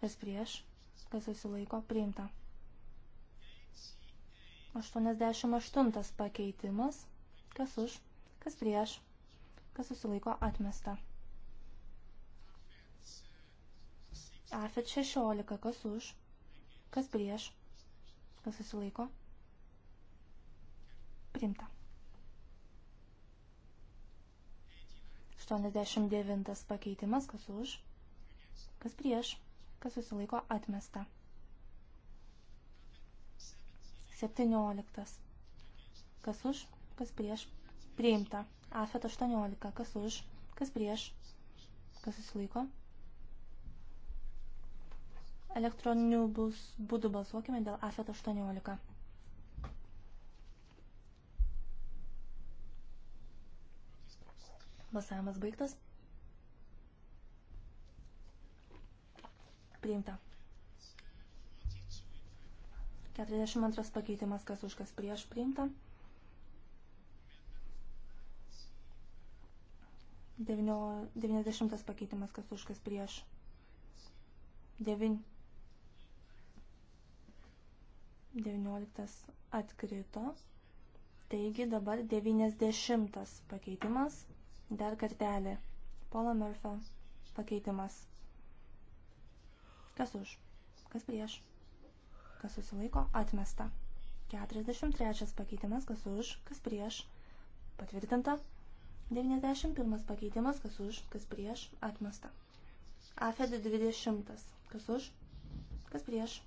Speaker 4: kas prieš, kas susilaiko priimta. 88 pakeitimas, kas už, kas prieš, kas susilaiko atmesta. Afet 16, kas už, kas prieš, kas susilaiko priimta. 89 pakeitimas, kas už, kas prieš, kas susilaiko atmesta. 17. Kas už, kas prieš, priimta. Afet 18. Kas už, kas prieš, kas susilaiko. Elektroniniu bus, būdu balsuokime dėl Afet 18. Balsavimas baigtas. Priimta. 42 pakeitimas, kas už kas prieš priimta. 90 pakeitimas, kas už kas prieš. 9. 19 atkrito. Taigi dabar 90 pakeitimas. Dar kartelį. Polo Murphy pakeitimas. Kas už? Kas prieš? Kas susilaiko? Atmesta. 43 pakeitimas. Kas už? Kas prieš? Patvirtinta. 91 pakeitimas. Kas už? Kas prieš? Atmesta. AFED 20. Kas už? Kas prieš?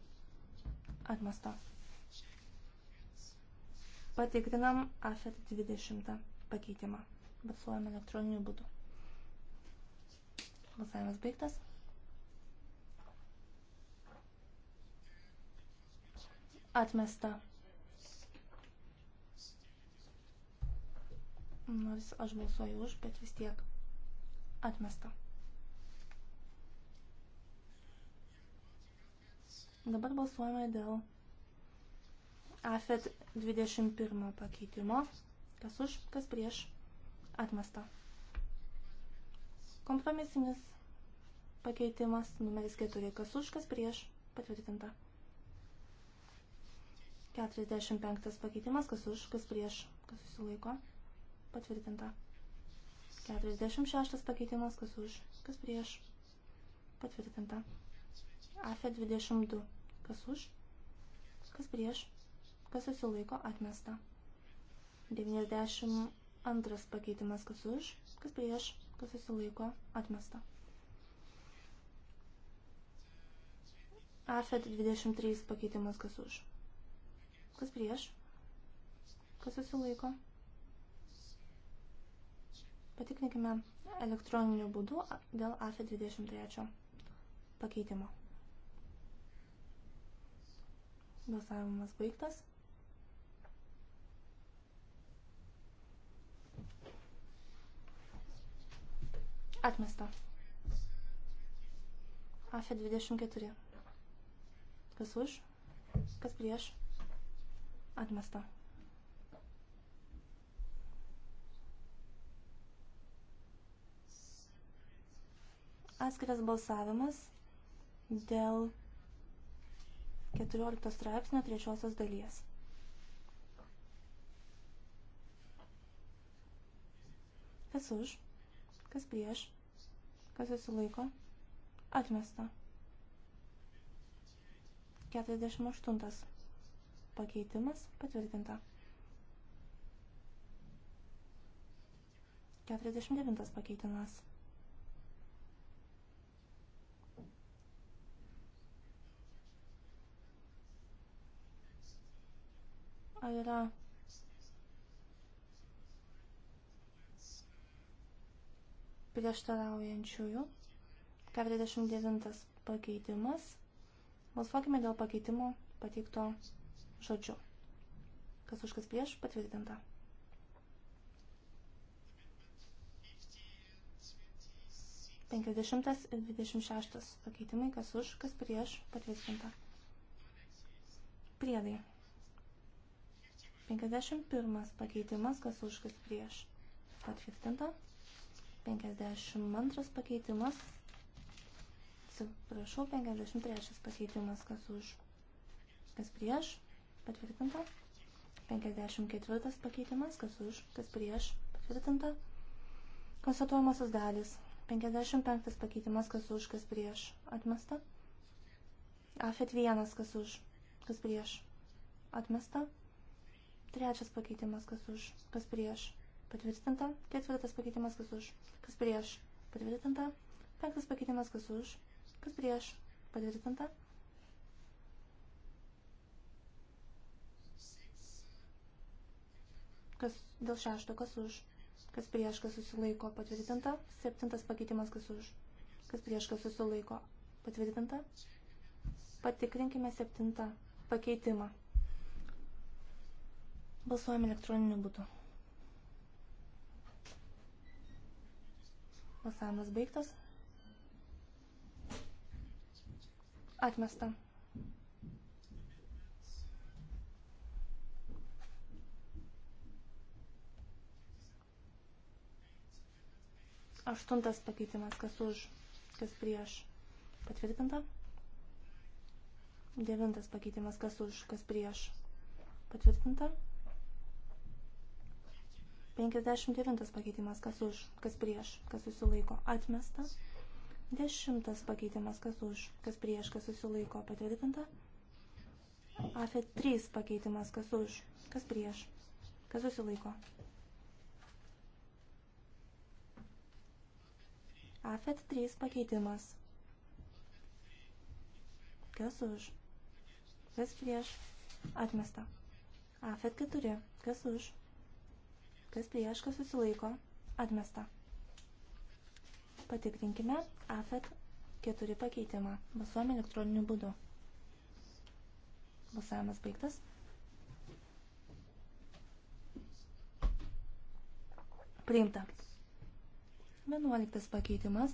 Speaker 4: Atmesta. Patikrinam AFED 20 pakeitimą. Balsuojame elektroniniu būdu. Balsavimas baigtas. Atmesta. Nors aš balsuoju už, bet vis tiek. Atmesta. Dabar balsuojame dėl AFET 21 pakeitimo. Kas už, kas prieš. Atmesta. Kompromisinis pakeitimas numeris 4. Kas už, kas prieš. Patvirtinta. 45 pakeitimas, kas už, kas prieš, kas susilaiko, patvirtinta. 46 pakeitimas, kas už, kas prieš, patvirtinta. AFE 22, kas už, kas prieš, kas susilaiko, atmesta. 92 pakeitimas, kas už, kas prieš, kas susilaiko, atmesta. AFE 23 pakeitimas, kas už Kas prieš? Kas susilaiko? Patikrinkime elektroniniu būdu dėl AFE 23 pakeitimo. Balsavimas baigtas. Atmesta. AFE 24. Kas už? Kas prieš? Atmesta. Atskiras balsavimas dėl 14 straipsnio trečiosios dalies. Kas už, kas prieš, kas susilaiko, atmesta. 48 pakeitimas patvirtinta. 49 pakeitimas. Ar yra prieštaraujančiųjų? 49 pakeitimas. Balsuokime dėl pakeitimo pateikto žodžiu. Kas už kas prieš patvirtinta. 50 ir 26 pakeitimai, kas už, kas prieš patvirtinta. Priedai. 51 pakeitimas, kas už, kas prieš patvirtinta. 52 pakeitimas, atsiprašau, 53 pakeitimas, kas už, kas prieš patvirtinta. 54 pakeitimas, kas už, kas prieš, patvirtinta. Konstatuojamosios dalis. 55 pakeitimas, kas už, kas prieš, atmesta. Afet 1, kas už, kas prieš, atmesta. Trečias pakeitimas, kas už, kas prieš, patvirtinta. Ketvirtas pakeitimas, kas už, kas prieš, patvirtinta. Penktas pakeitimas, kas už, kas prieš, patvirtinta. Kas dėl šešto, kas už? Kas prieš, kas susilaiko patvirtinta? Septintas pakeitimas, kas už? Kas prieš, kas susilaiko patvirtinta? Patikrinkime septintą pakeitimą. Balsuojame elektroniniu būdu. Balsavimas baigtas. Atmesta. Aštuntas pakeitimas, kas už, kas prieš, patvirtinta. Devintas pakeitimas, kas už, kas prieš, patvirtinta. 59 pakeitimas, kas už, kas prieš, kas susilaiko, atmesta. 10 pakeitimas, kas už, kas prieš, kas susilaiko, patvirtinta. AFE 3 pakeitimas, kas už, kas prieš, kas susilaiko, AFET 3 pakeitimas. Kas už? Kas prieš? Atmesta. AFET 4. Kas už? Kas prieš? Kas susilaiko? Atmesta. Patikrinkime AFET 4 pakeitimą. Balsuojame elektroniniu būdu. Balsavimas baigtas. Priimta. 11 pakeitimas.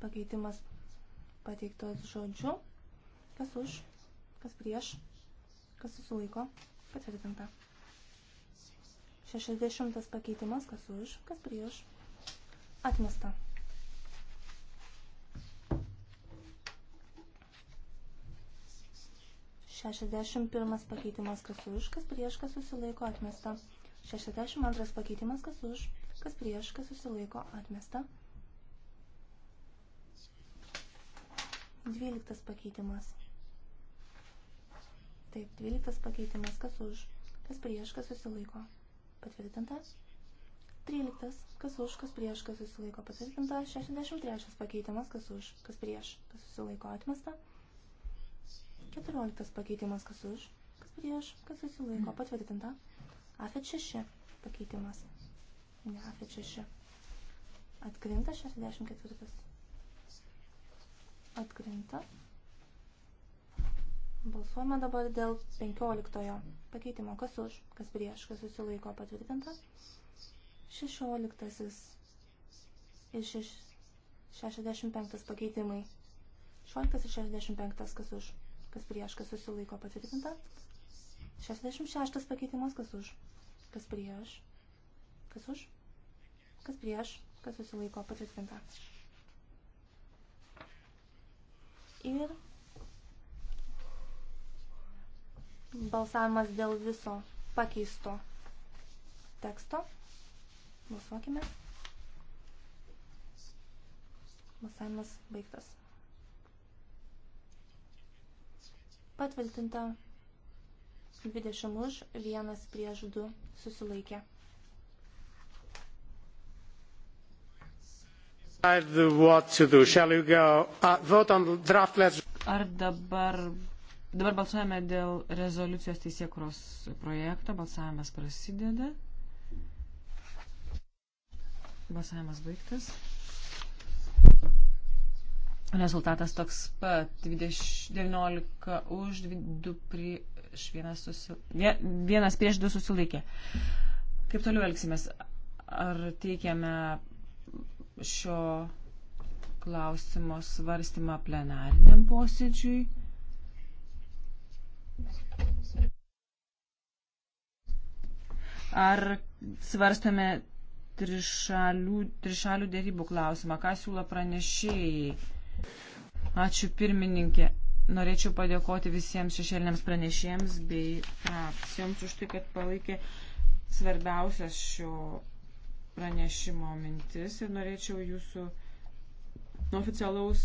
Speaker 4: Pakeitimas pateiktas žodžiu. Kas už, kas prieš, kas susilaiko, patvirtinta. 60 pakeitimas, kas už, kas prieš, atmesta. Šešiasdešimt pirmas pakeitimas, kas už, kas prieš, kas susilaiko, atmesta. Šešiasdešimt antras pakeitimas, kas už, kas prieš, kas susilaiko atmesta. Dvyliktas pakeitimas. Taip, dvyliktas pakeitimas, kas už, kas prieš, kas susilaiko. Patvirtinta. Tryliktas, kas už, kas prieš, kas susilaiko. Patvirtinta. Šešiasdešimt trečias pakeitimas, kas už, kas prieš, kas susilaiko atmesta. Keturioliktas pakeitimas, kas už, kas prieš, kas susilaiko. Patvirtinta. Afet šeši pakeitimas. Ne, apie 6. Atkrinta 64. Atkrinta. Balsuojame dabar dėl 15 pakeitimo. Kas už, kas prieš, kas susilaiko patvirtinta. 16 ir 65 pakeitimai. 16 ir 65 kas už, kas prieš, kas susilaiko patvirtinta. 66 pakeitimas kas už, kas prieš, kas už, kas prieš, kas susilaiko patvirtinta. Ir balsavimas dėl viso pakeisto teksto. Balsuokime. Balsavimas baigtas. Patvirtinta 20 už, 1 prieš 2 susilaikė.
Speaker 1: Ar
Speaker 2: dabar, dabar balsuojame dėl rezoliucijos teisėkuros projekto, balsavimas prasideda. Balsavimas baigtas. Rezultatas toks pat 20, 19 už 2 prieš 1 susilaikė. Vienas prieš 2 susilaikė. Kaip toliau elgsimės? Ar teikiame šio klausimo svarstymą plenariniam posėdžiui. Ar svarstame trišalių, trišalių dėrybų klausimą? Ką siūlo pranešėjai? Ačiū pirmininkė. Norėčiau padėkoti visiems šešėliniams pranešėjams bei frakcijoms už tai, kad palaikė svarbiausias šio pranešimo mintis ir norėčiau jūsų nuo oficialaus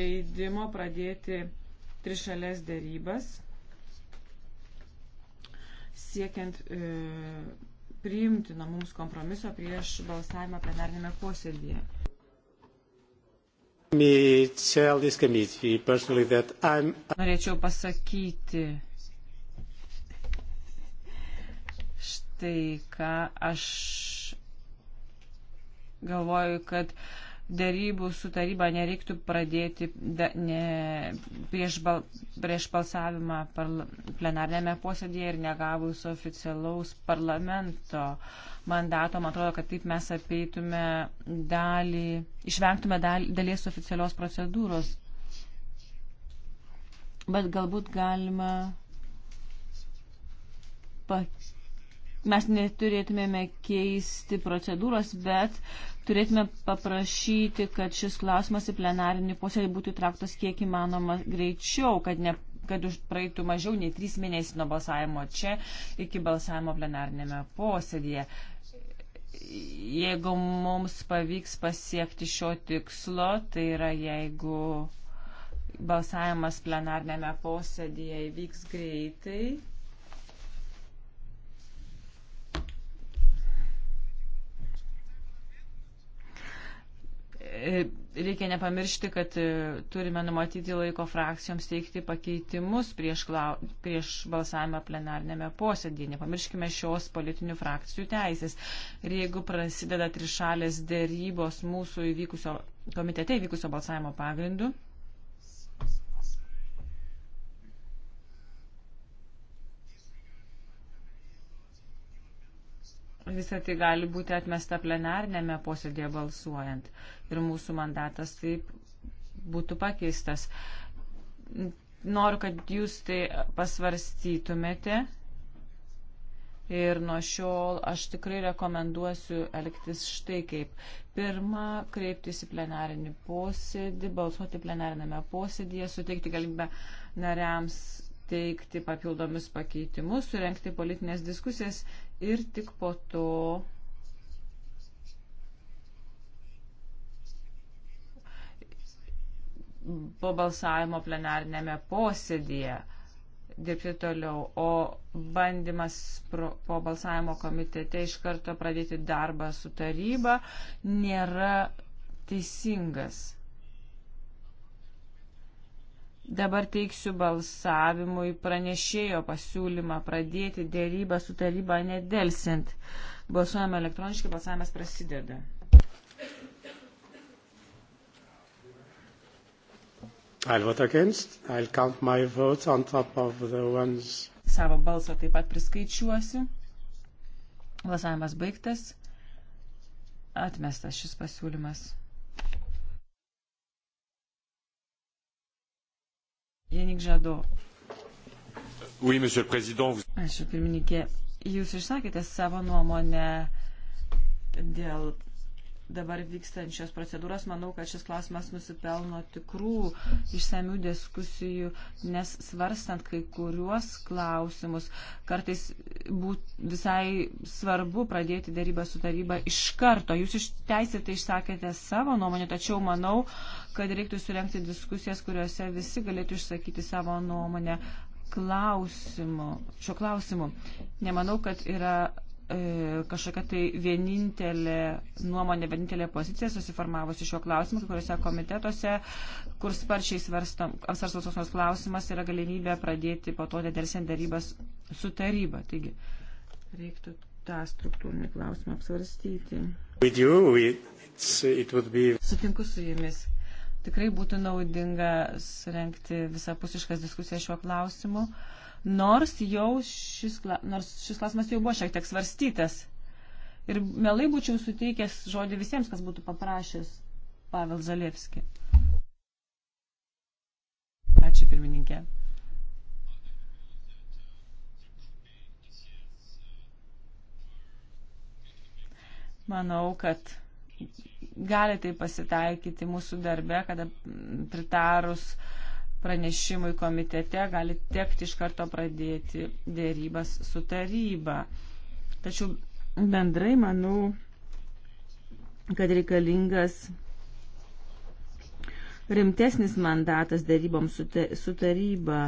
Speaker 2: leidimo pradėti trišalės dėrybas, siekiant e, priimtino mums kompromiso prieš balsavimą plenarnėme posėdėje. Norėčiau pasakyti štai, ką aš galvoju, kad dėrybų su taryba nereiktų pradėti da, ne, prieš, bal, prieš balsavimą parla, plenarnėme posėdėje ir negavus oficialaus parlamento mandato. Man atrodo, kad taip mes apeitume dalį, išvengtume dal, dalies oficialios procedūros. Bet galbūt galima pakeisti mes neturėtumėme keisti procedūros, bet turėtume paprašyti, kad šis klausimas į plenarinį posėdį būtų įtrauktas kiek įmanoma greičiau, kad, ne, kad už praeitų mažiau nei trys mėnesiai nuo balsavimo čia iki balsavimo plenarinėme posėdėje. Jeigu mums pavyks pasiekti šio tikslo, tai yra jeigu balsavimas plenarnėme posėdėje įvyks greitai, E, reikia nepamiršti, kad e, turime numatyti laiko frakcijoms teikti pakeitimus prieš, klau, prieš balsavimą plenarnėme posėdėje. Nepamirškime šios politinių frakcijų teisės. Ir jeigu prasideda trišalės dėrybos mūsų įvykusio, komitete įvykusio balsavimo pagrindu, visą tai gali būti atmesta plenarnėme posėdėje balsuojant ir mūsų mandatas taip būtų pakeistas. Noriu, kad jūs tai pasvarstytumėte ir nuo šiol aš tikrai rekomenduosiu elgtis štai kaip. Pirma, kreiptis į plenarinį posėdį, balsuoti plenarinėme posėdėje, suteikti galimybę nariams teikti papildomis pakeitimus, surenkti politinės diskusijas ir tik po to po balsavimo plenarinėme posėdėje dirbti toliau, o bandymas pro, po balsavimo komitete iš karto pradėti darbą su taryba nėra teisingas. Dabar teiksiu balsavimui pranešėjo pasiūlymą pradėti dėrybą su taryba nedelsint. Balsuojame elektroniškai, balsavimas prasideda.
Speaker 1: I'll vote against. I'll count my votes on top of the ones.
Speaker 2: Savo balsą taip pat priskaičiuosiu. Balsavimas baigtas. Atmestas šis pasiūlymas. Janik Žado. Oui, monsieur le président. Vous... Ačiū, pirmininkė. Jūs išsakėte savo nuomonę dėl dabar vykstančios procedūros, manau, kad šis klausimas nusipelno tikrų išsamių diskusijų, nes svarstant kai kuriuos klausimus, kartais būt visai svarbu pradėti darybą su taryba iš karto. Jūs iš teisėtai išsakėte savo nuomonę, tačiau manau, kad reiktų surenkti diskusijas, kuriuose visi galėtų išsakyti savo nuomonę klausimu, šio klausimu. Nemanau, kad yra E, kažkokia tai vienintelė nuomonė, vienintelė pozicija susiformavusi šiuo klausimu, kuriuose komitetuose, kur sparčiai apsvarstos nors klausimas yra galimybė pradėti po to nedelsiant darybas su taryba. Taigi reiktų tą struktūrinį klausimą apsvarstyti.
Speaker 1: You, it be...
Speaker 2: Sutinku su jumis. Tikrai būtų naudinga surenkti visapusiškas diskusijas šiuo klausimu. Uh, nors jau šis, nors šis klausimas jau buvo šiek tiek svarstytas. Ir melai būčiau suteikęs žodį visiems, kas būtų paprašęs Pavel Zalievski. Ačiū pirmininkė. Manau, kad gali tai pasitaikyti mūsų darbe, kada pritarus uh, pranešimui komitete gali tekti iš karto pradėti dėrybas su taryba. Tačiau bendrai manau, kad reikalingas rimtesnis mandatas dėryboms su, te, su taryba.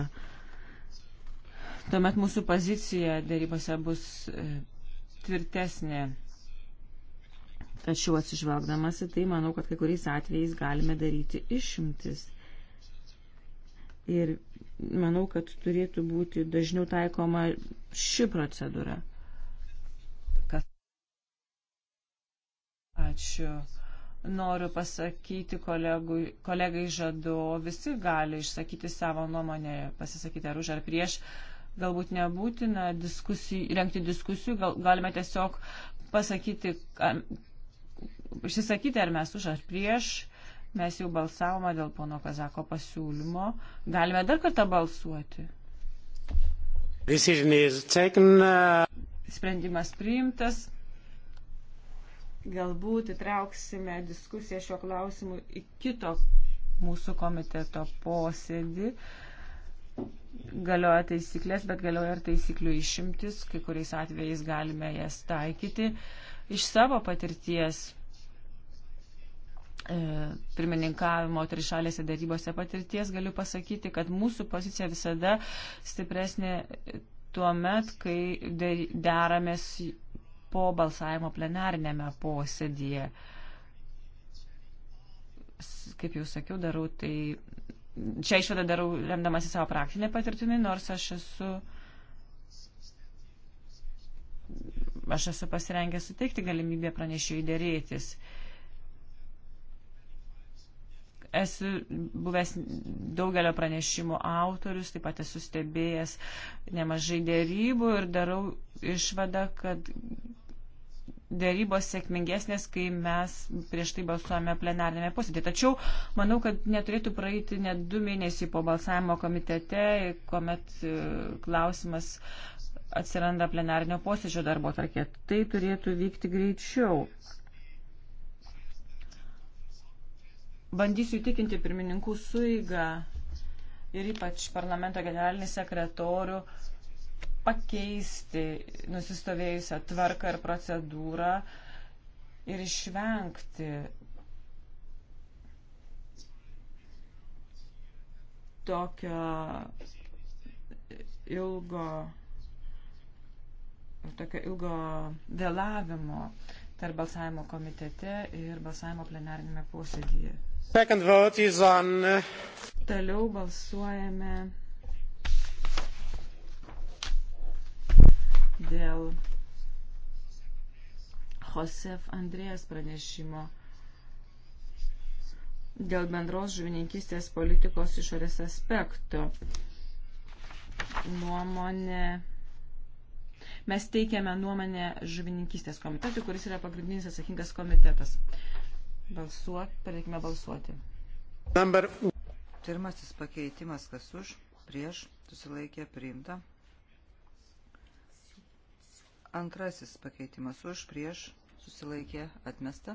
Speaker 2: Tuomet mūsų pozicija dėrybose bus e, tvirtesnė. Tačiau atsižvelgdamas į tai, manau, kad kai kuriais atvejais galime daryti išimtis. Ir manau, kad turėtų būti dažniau taikoma ši procedūra. Kas? Ačiū. Noriu pasakyti kolegui, kolegai žadu, visi gali išsakyti savo nuomonę, pasisakyti ar už ar prieš. Galbūt nebūtina diskusijų, rengti diskusijų, gal, galime tiesiog pasakyti, išsisakyti ar mes už ar prieš Mes jau balsavome dėl pono Kazako pasiūlymo. Galime dar kartą balsuoti.
Speaker 1: Uh,
Speaker 2: Sprendimas priimtas. Galbūt įtrauksime diskusiją šiuo klausimu į kito mūsų komiteto posėdį. Galioja taisyklės, bet galioja ir taisyklių išimtis, kai kuriais atvejais galime jas taikyti. Iš savo patirties E, pirmininkavimo trišalėse darybose patirties galiu pasakyti, kad mūsų pozicija visada stipresnė tuo met, kai deramės po balsavimo plenarinėme posėdėje. Kaip jau sakiau, darau tai. Čia išvadą darau remdamasi savo praktinę patirtimį, nors aš esu. Aš esu pasirengęs suteikti galimybę pranešėjai dėrėtis. Uh, esu buvęs daugelio pranešimų autorius, taip pat esu stebėjęs nemažai dėrybų ir darau išvadą, kad dėrybos sėkmingesnės, kai mes prieš tai balsuojame plenarnėme posėdėje. Tačiau manau, kad neturėtų praeiti net du mėnesiai po balsavimo komitete, kuomet e, klausimas atsiranda plenarnio posėdžio darbo tarkė. Tai turėtų vykti greičiau. bandysiu įtikinti pirmininkų suigą ir ypač parlamento generalinį sekretorių pakeisti nusistovėjusią tvarką ir procedūrą ir išvengti tokio ilgo tokio ilgo vėlavimo tarp balsavimo komitete ir balsavimo plenarinėme posėdyje.
Speaker 1: On... Uh, Toliau balsuojame
Speaker 2: dėl Josef Andrėjas pranešimo dėl bendros žuvininkystės politikos išorės aspektų. Nuomonė. Mes teikiame nuomonę žuvininkystės komitetui, kuris yra pagrindinis atsakingas komitetas. Balsuot, pradėkime
Speaker 3: balsuoti. Number. Pirmasis pakeitimas, kas už, prieš, susilaikė, priimta. Antrasis pakeitimas už, prieš, susilaikė, atmesta.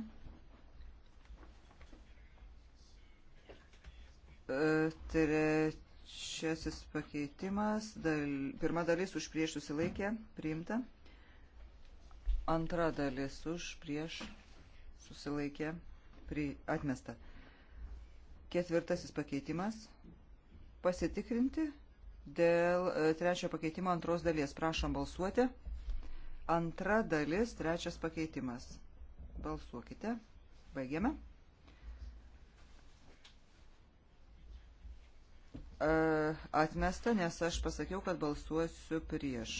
Speaker 3: E, trečiasis pakeitimas, dal, pirma dalis už prieš susilaikė, priimta. Antra dalis už prieš susilaikė, priimta pri, atmesta. Ketvirtasis pakeitimas. Pasitikrinti dėl e, trečio pakeitimo antros dalies. Prašom balsuoti. Antra dalis, trečias pakeitimas. Balsuokite. Baigiame. E, atmesta, nes aš pasakiau, kad balsuosiu prieš.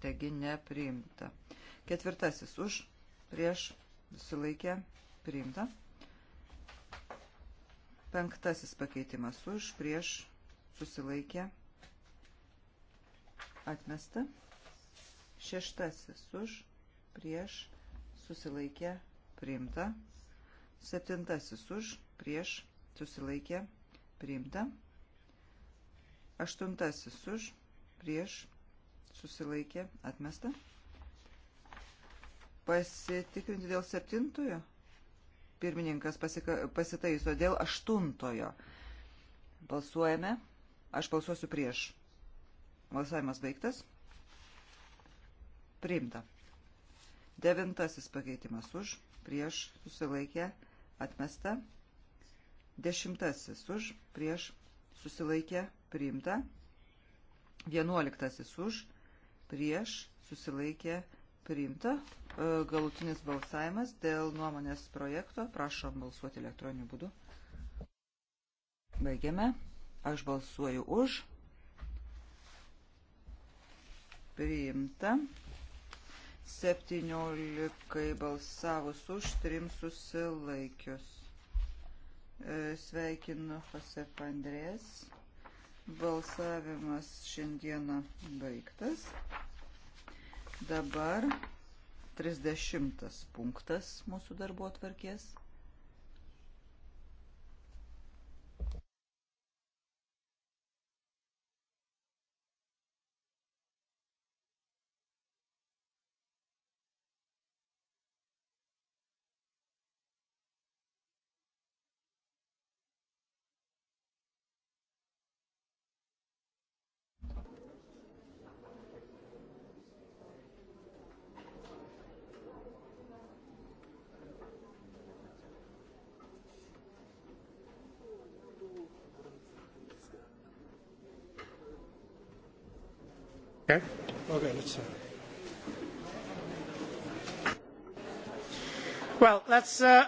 Speaker 3: Taigi nepriimta. Ketvirtasis už, prieš, prieš susilaikė priimta. Penktasis pakeitimas už, prieš, susilaikė, atmesta. Šeštasis už, prieš, susilaikė, priimta. Septintasis už, prieš, susilaikė, priimta. Aštuntasis už, prieš, susilaikė, atmesta pasitikrinti dėl septintojo? Pirmininkas pasika, pasitaiso dėl aštuntojo. Balsuojame. Aš balsuosiu prieš. Balsavimas baigtas. Priimta. Devintasis pakeitimas už, prieš, susilaikė, atmesta. Dešimtasis už, prieš, susilaikė, priimta. Vienuoliktasis už, prieš, susilaikė, atmesta priimta. E, galutinis balsavimas dėl nuomonės projekto. Prašom balsuoti elektroniniu būdu. Baigiame. Aš balsuoju už. Priimta. 17 balsavus už, 3 susilaikius. E, sveikinu Josef Andrės. Balsavimas šiandieną baigtas. Dabar 30 punktas mūsų darbo atvarkės.
Speaker 1: Okay? Okay, let's start. Well, let's. Uh,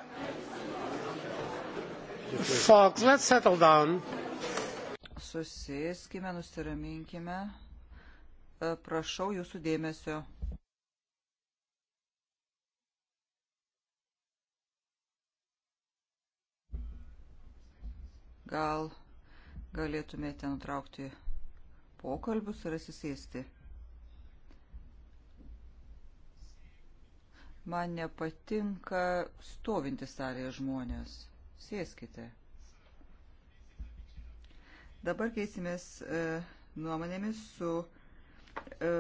Speaker 3: folks, let's settle down. Susiskime, nusiraminkime. E, prašau jūsų dėmesio. Gal galėtumėte nutraukti pokalbius ir atsisėsti. Man nepatinka stovinti salėje žmonės. Sėskite. Dabar keisimės e, nuomonėmis su e,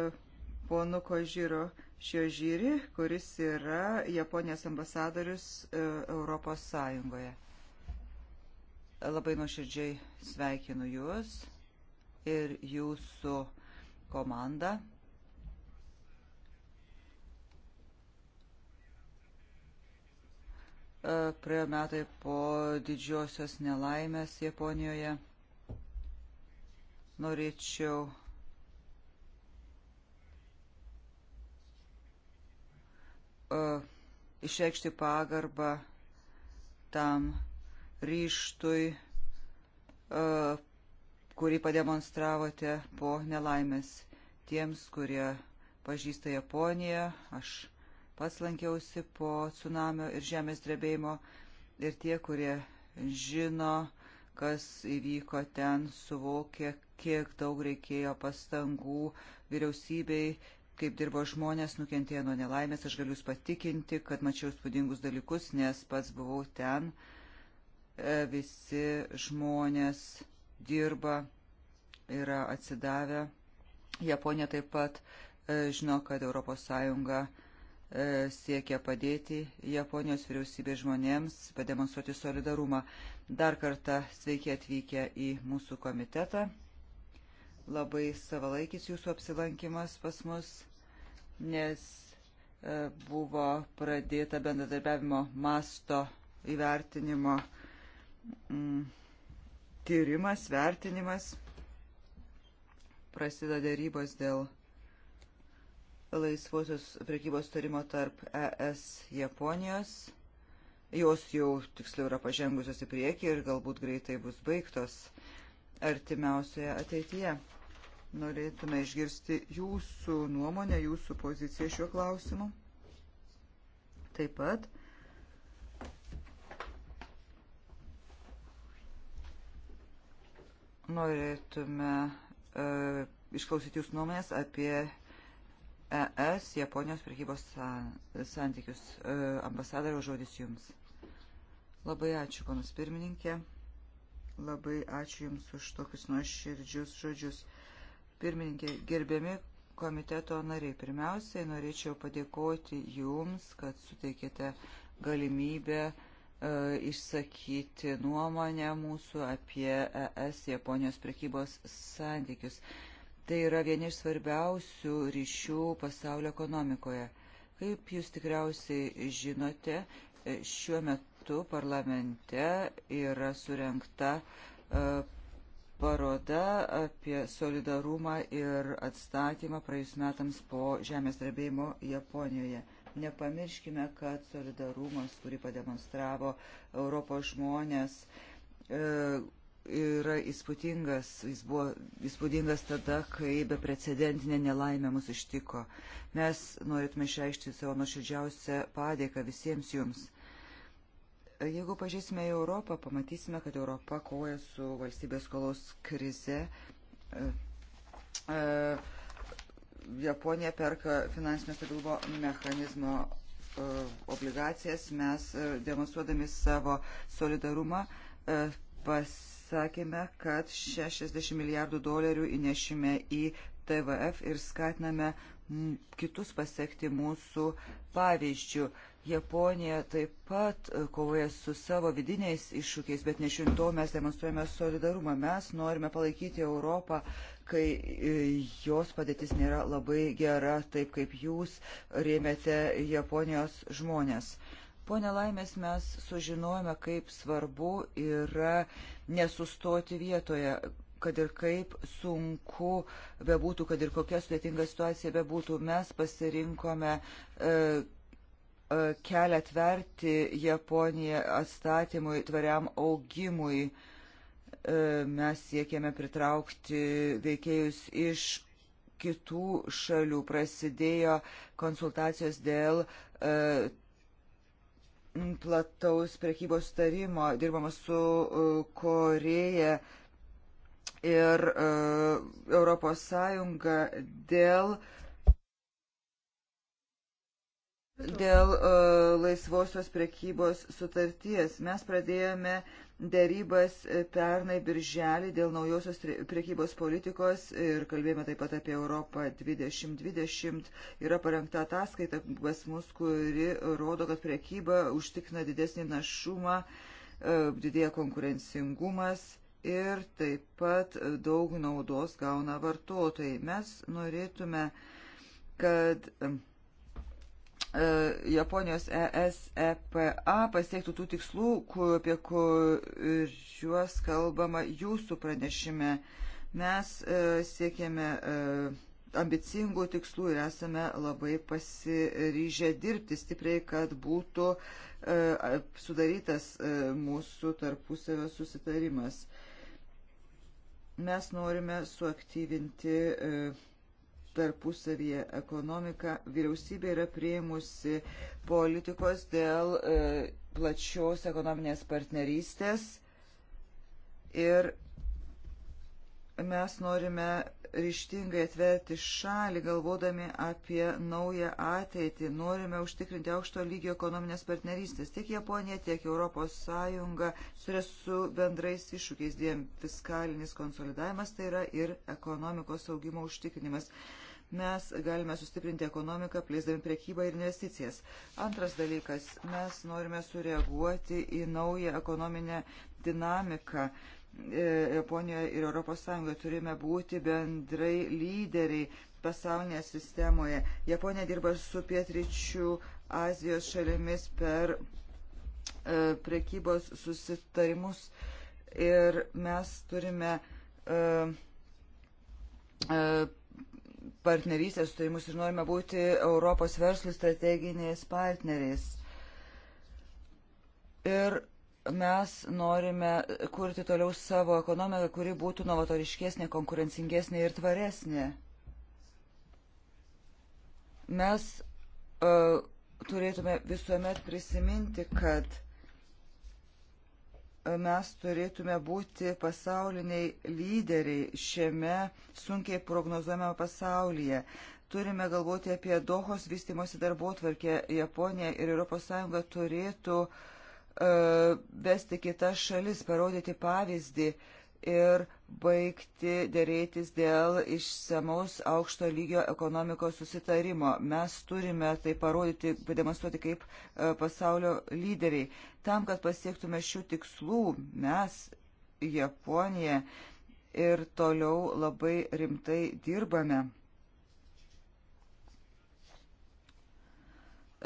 Speaker 3: ponu Kožiro Šiožyri, kuris yra Japonijos ambasadorius e, Europos Sąjungoje. Labai nuoširdžiai sveikinu Jūs ir jūsų komanda. E, praėjo metai po didžiosios nelaimės Japonijoje. Norėčiau e, išreikšti pagarbą tam ryštui e, kurį pademonstravote po nelaimės. Tiems, kurie pažįsta Japoniją, aš pats lankiausi po tsunamio ir žemės drebėjimo ir tie, kurie žino, kas įvyko ten, suvokė, kiek daug reikėjo pastangų vyriausybei, kaip dirbo žmonės nukentėję nuo nelaimės. Aš galiu jūs patikinti, kad mačiau spūdingus dalykus, nes pats buvau ten. E, visi žmonės dirba, yra atsidavę. Japonija taip pat e, žino, kad ES e, siekia padėti Japonijos vyriausybės žmonėms, pademonstruoti solidarumą. Dar kartą sveiki atvykę į mūsų komitetą. Labai savalaikis jūsų apsilankimas pas mus, nes e, buvo pradėta bendradarbiavimo masto įvertinimo. Mm tyrimas, vertinimas. Prasideda dėrybos dėl laisvosios prekybos tarimo tarp ES Japonijos. Jos jau tiksliau yra pažengusios į priekį ir galbūt greitai bus baigtos artimiausioje ateityje. Norėtume išgirsti jūsų nuomonę, jūsų poziciją šiuo klausimu. Taip pat Norėtume e, išklausyti jūsų nuomonės apie ES Japonijos prekybos santykius. E, ambasadoriaus žodis jums. Labai ačiū, ponas pirmininkė. Labai ačiū jums už tokius nuoširdžius žodžius. Pirmininkė, gerbiami komiteto nariai, pirmiausiai norėčiau padėkoti jums, kad suteikėte galimybę E, išsakyti nuomonę mūsų apie ES-Japonijos prekybos santykius. Tai yra vieni iš svarbiausių ryšių pasaulio ekonomikoje. Kaip jūs tikriausiai žinote, e, šiuo metu parlamente yra surenkta e, paroda apie solidarumą ir atstatymą praėjus metams po žemės drebėjimo Japonijoje. Nepamirškime, kad solidarumas, kurį pademonstravo Europos žmonės, e, yra įspūdingas. Jis buvo įspūdingas tada, kai beprecedentinė nelaimė mus ištiko. Mes norėtume išreikšti savo nuoširdžiausią padėką visiems jums. Jeigu pažiūrėsime į Europą, pamatysime, kad Europa kovoja su valstybės skolos krize. E, e, Japonija perka finansinio stabilumo mechanizmo e, obligacijas, mes e, demonstruodami savo solidarumą e, pasakėme, kad 60 milijardų dolerių įnešime į TVF ir skatiname kitus pasiekti mūsų pavyzdžių. Japonija taip pat kovoja su savo vidiniais iššūkiais, bet nežiūrint to mes demonstruojame solidarumą. Mes norime palaikyti Europą kai e, jos padėtis nėra labai gera, taip kaip jūs rėmėte Japonijos žmonės. Po nelaimės mes sužinojame, kaip svarbu yra nesustoti vietoje, kad ir kaip sunku bebūtų, kad ir kokia sudėtinga situacija bebūtų, mes pasirinkome e, e kelią atverti Japoniją atstatymui, tvariam augimui. E, E, mes siekėme pritraukti veikėjus iš kitų šalių. Prasidėjo konsultacijos dėl e, plataus prekybos tarimo, dirbama su e, Koreja ir Europos Sąjunga dėl dėl uh, laisvosios prekybos sutarties. Mes pradėjome dėrybas e, pernai birželį dėl naujosios priekybos politikos ir kalbėjome taip pat apie Europą 2020. Yra parengta ataskaita pas mus, kuri rodo, kad priekyba užtikrina didesnį našumą, e, didėja konkurencingumas ir taip pat daug naudos gauna vartotojai. Mes norėtume, kad E, Japonijos ESEPA pasiektų tų tikslų, apie kuriuos kalbama jūsų pranešime. Mes e, siekėme e, ambicingų tikslų ir esame labai pasiryžę dirbti stipriai, kad būtų sudarytas mūsų tarpusavio susitarimas. Mes norime suaktyvinti tarpusavyje ekonomiką. Vyriausybė yra prieimusi politikos dėl e, plačios ekonominės partnerystės ir mes norime ryštingai atverti šalį, galvodami apie naują ateitį. Norime užtikrinti aukšto lygio ekonominės partnerystės. Tiek Japonija, tiek Europos Sąjunga suria su bendrais iššūkiais dviem fiskalinis konsolidavimas, tai yra ir ekonomikos augimo užtikrinimas mes galime sustiprinti ekonomiką, plėsdami prekybą ir investicijas. Antras dalykas, mes norime sureaguoti į naują ekonominę dinamiką. E, Japonijoje ir Europos Sąjungoje turime būti bendrai lyderiai pasaulinėje sistemoje. Japonija dirba su pietryčių Azijos šalimis per e, prekybos susitarimus ir mes turime e, partnerystės sutarimus ir norime būti Europos verslų strateginiais partneriais. Ir mes norime kurti toliau savo ekonomiką, kuri būtų novatoriškesnė, konkurencingesnė ir tvaresnė. Mes uh, turėtume visuomet prisiminti, kad uh, mes turėtume būti pasauliniai lyderiai šiame sunkiai prognozuojame pasaulyje. Turime galvoti apie Dohos vystimosi darbo tvarkę. Japonija ir ES turėtų uh, vesti kitas šalis, parodyti pavyzdį uh, ir baigti dėrėtis dėl išsamaus aukšto lygio ekonomikos susitarimo. Mes turime tai parodyti, pademonstruoti kaip e, pasaulio lyderiai. Tam, kad pasiektume šių tikslų, mes, Japonija, ir toliau labai rimtai dirbame.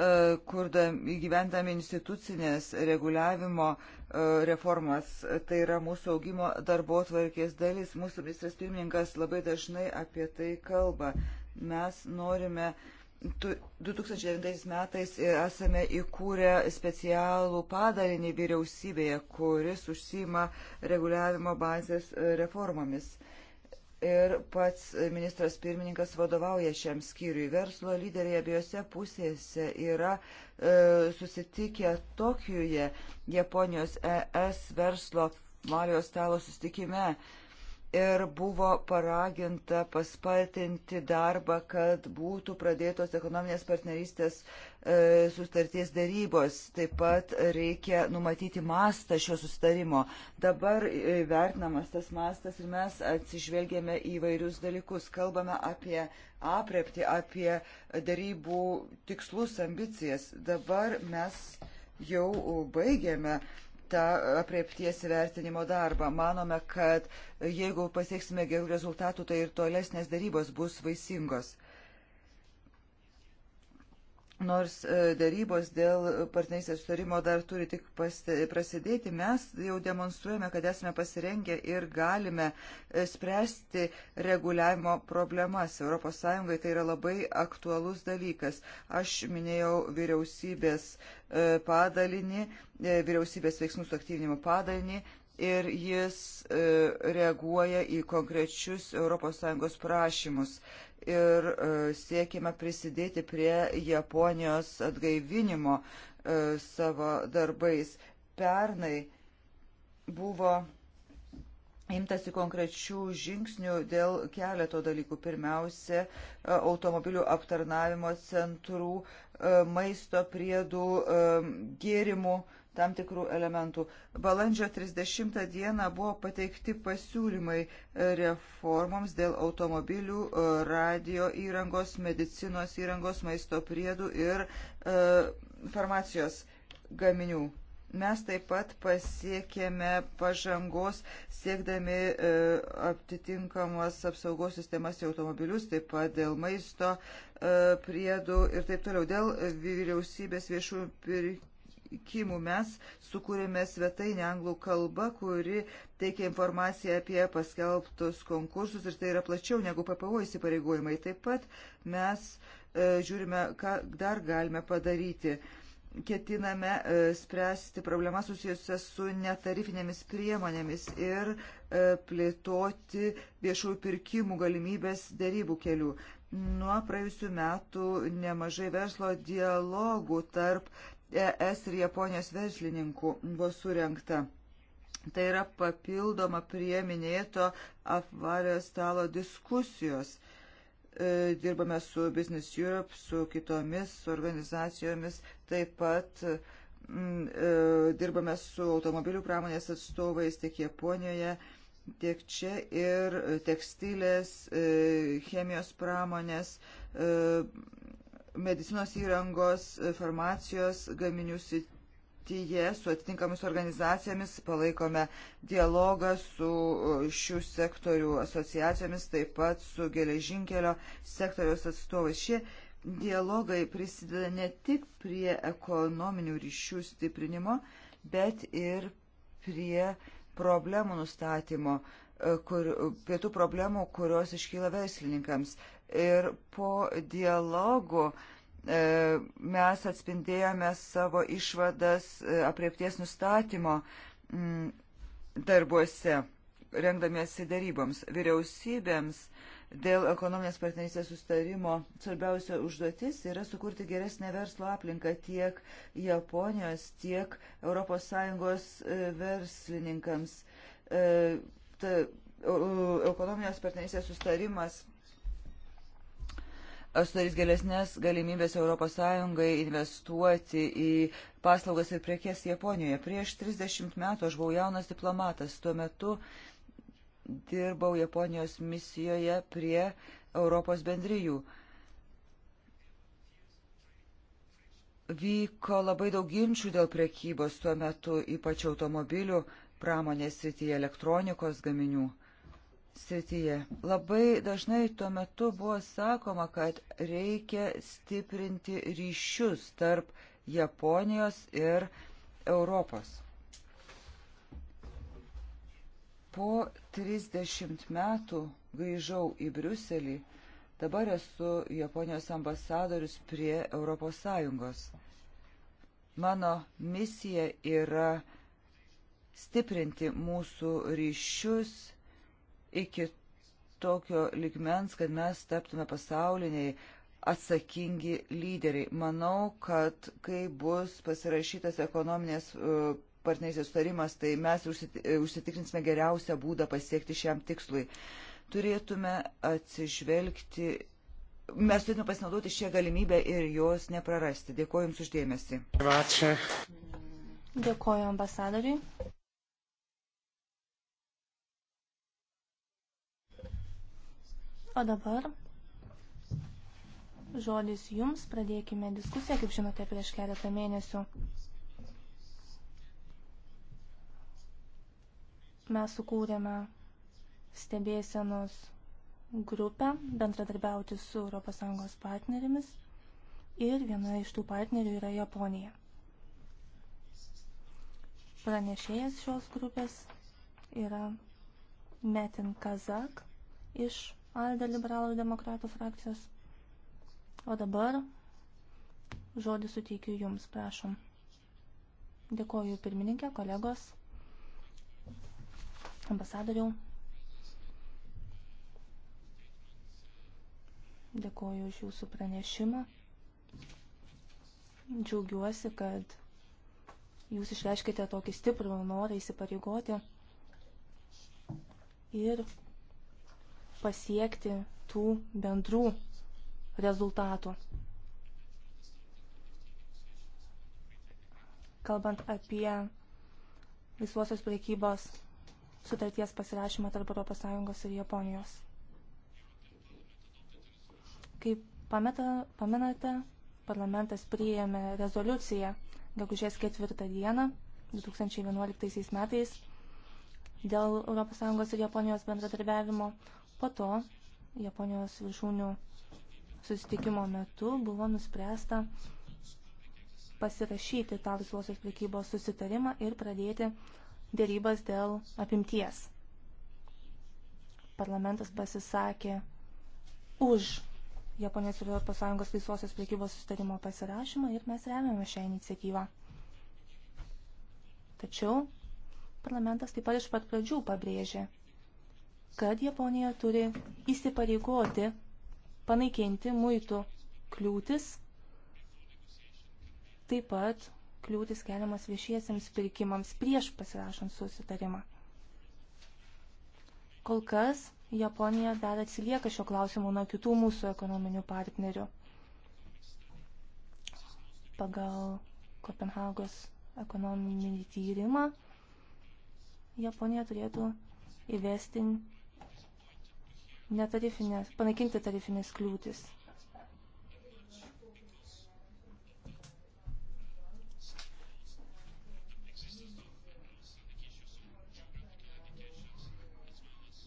Speaker 3: E, įgyvendami institucinės reguliavimo e, reformas. Tai yra mūsų augimo darbo tvarkės dalis. Mūsų ministras pirmininkas labai dažnai apie tai kalba. Mes norime 2009 metais esame įkūrę specialų padalinį vyriausybėje, kuris užsima reguliavimo bazės e, reformomis ir pats ministras pirmininkas vadovauja šiam skyriui. Verslo lyderiai abiejose pusėse yra e, susitikę Tokijuje, Japonijos ES verslo Marijos stalo susitikime. Ir buvo paraginta paspartinti darbą, kad būtų pradėtos ekonominės partnerystės E, sustarties darybos. Taip pat reikia numatyti mastą šio sustarimo. Dabar e, vertinamas tas mastas ir mes atsižvelgėme į vairius dalykus. Kalbame apie aprepti, apie darybų tikslus, ambicijas. Dabar mes jau baigėme tą apriepties įvertinimo darbą. Manome, kad jeigu pasieksime gerų rezultatų, tai ir tolesnės darybos bus vaisingos. Nors e, darybos dėl partnerystės sutarimo dar turi tik prasidėti, mes jau demonstruojame, kad esame pasirengę ir galime e, spręsti reguliavimo problemas. ES tai yra labai aktualus dalykas. Aš minėjau vyriausybės e, padalinį, vyriausybės veiksmų suaktyvinimo padalinį, ir jis reaguoja į konkrečius ES prašymus ir e, siekime prisidėti prie Japonijos atgaivinimo e, savo darbais. Pernai buvo imtasi konkrečių žingsnių dėl keleto dalykų. Pirmiausia, e, automobilių aptarnavimo centrų, maisto priedų, gėrimų tam tikrų elementų. Balandžio 30 dieną buvo pateikti pasiūlymai e, reformoms dėl automobilių, e, radio įrangos, medicinos įrangos, maisto priedų ir e, farmacijos gaminių. Mes taip pat pasiekėme pažangos siekdami e, aptitinkamas apsaugos sistemas į automobilius, taip pat dėl maisto e, priedų ir taip toliau. Dėl vyriausybės viešų pirkimų rinkimų. Mes sukūrėme svetainę anglų kalbą, kuri teikia informaciją apie paskelbtus konkursus ir tai yra plačiau negu PPO įsipareigojimai. Taip pat mes e, žiūrime, ką dar galime padaryti. Ketiname e, spręsti problemas susijusias su netarifinėmis priemonėmis ir e, plėtoti viešųjų pirkimų galimybės dėrybų kelių nuo praėjusių metų nemažai verslo dialogų tarp ES ir Japonijos vežlininkų buvo surenkta. Tai yra papildoma prie minėto apvarijos stalo diskusijos. E, dirbame su Business Europe, su kitomis organizacijomis, taip pat mm, e, dirbame su automobilių pramonės atstovais tiek Japonijoje, tiek čia ir tekstilės, e, chemijos pramonės medicinos įrangos, e, farmacijos gaminių sityje su atitinkamus organizacijomis, palaikome dialogą su e, šių sektorių asociacijomis, taip pat su geležinkelio sektoriaus atstovais. Šie dialogai prisideda ne tik prie ekonominių ryšių stiprinimo, bet ir prie problemų nustatymo, e, kur, prie tų problemų, kurios iškyla verslininkams ir po dialogų e, mes atspindėjome savo išvadas e, apriepties nustatymo mm, darbuose, rengdamiesi daryboms. Vyriausybėms dėl ekonominės partnerystės sustarimo svarbiausia užduotis yra sukurti geresnę verslo aplinką tiek Japonijos, tiek ES e, verslininkams. Ta, ekonominės partnerystės sustarimas sudarys galesnės galimybės ES investuoti į paslaugas ir prekes Japonijoje. Prieš 30 metų aš buvau jaunas diplomatas. Tuo metu dirbau Japonijos misijoje prie Europos bendryjų. Vyko labai daug ginčių dėl prekybos tuo metu, ypač automobilių pramonės srityje elektronikos gaminių srityje. Labai dažnai tuo metu buvo sakoma, kad reikia stiprinti ryšius tarp Japonijos ir Europos. Po 30 metų grįžau į Briuselį, dabar esu Japonijos ambasadorius prie Europos Sąjungos. Mano misija yra stiprinti mūsų ryšius iki tokio ligmens, kad mes taptume pasauliniai atsakingi lyderiai. Manau, kad kai bus pasirašytas ekonominės e, partnerystės sutarimas, tai mes e, užsitikrinsime geriausią būdą pasiekti šiam tikslui. Turėtume atsižvelgti, mes turėtume pasinaudoti šią galimybę ir jos neprarasti. Dėkuoju Jums uždėmesi.
Speaker 4: Dėkuoju ambasadoriui. O dabar žodis jums, pradėkime diskusiją, kaip žinote, prieš keletą mėnesių. Mes sukūrėme stebėsenos grupę bendradarbiauti su ES partnerėmis ir viena iš tų partnerių yra Japonija. Pranešėjas šios grupės yra Metin Kazak iš ALDE liberalų demokratų frakcijos. O dabar žodį suteikiu Jums, prašom. Dėkoju pirmininkė, kolegos, ambasadoriau. Dėkoju už Jūsų pranešimą. Džiaugiuosi, kad Jūs išreiškite tokį stiprų norą įsipareigoti ir pasiekti tų bendrų rezultatų. Kalbant apie laisvosios priekybos sutarties pasirašymą tarp ES ir Japonijos. Kaip pameta, pamenate, parlamentas priėmė rezoliuciją gegužės 4 dieną 2011 metais dėl ES ir Japonijos bendradarbiavimo, Po to Japonijos viršūnių susitikimo metu buvo nuspręsta pasirašyti tą laisvosios prekybos susitarimą ir pradėti dėrybas dėl apimties. Parlamentas pasisakė už Japonijos ir ES laisvosios prekybos susitarimo pasirašymą ir mes remiame šią iniciatyvą. Tačiau parlamentas taip pat iš pat pradžių pabrėžė, kad Japonija turi įsipareigoti panaikinti muitų kliūtis, taip pat kliūtis keliamas viešiesiams pirkimams prieš pasirašant susitarimą. Kol kas Japonija dar atsilieka šio klausimu nuo kitų mūsų ekonominių partnerių. Pagal Kopenhagos ekonominį tyrimą Japonija turėtų įvesti netarifinės, panaikinti tarifinės kliūtis.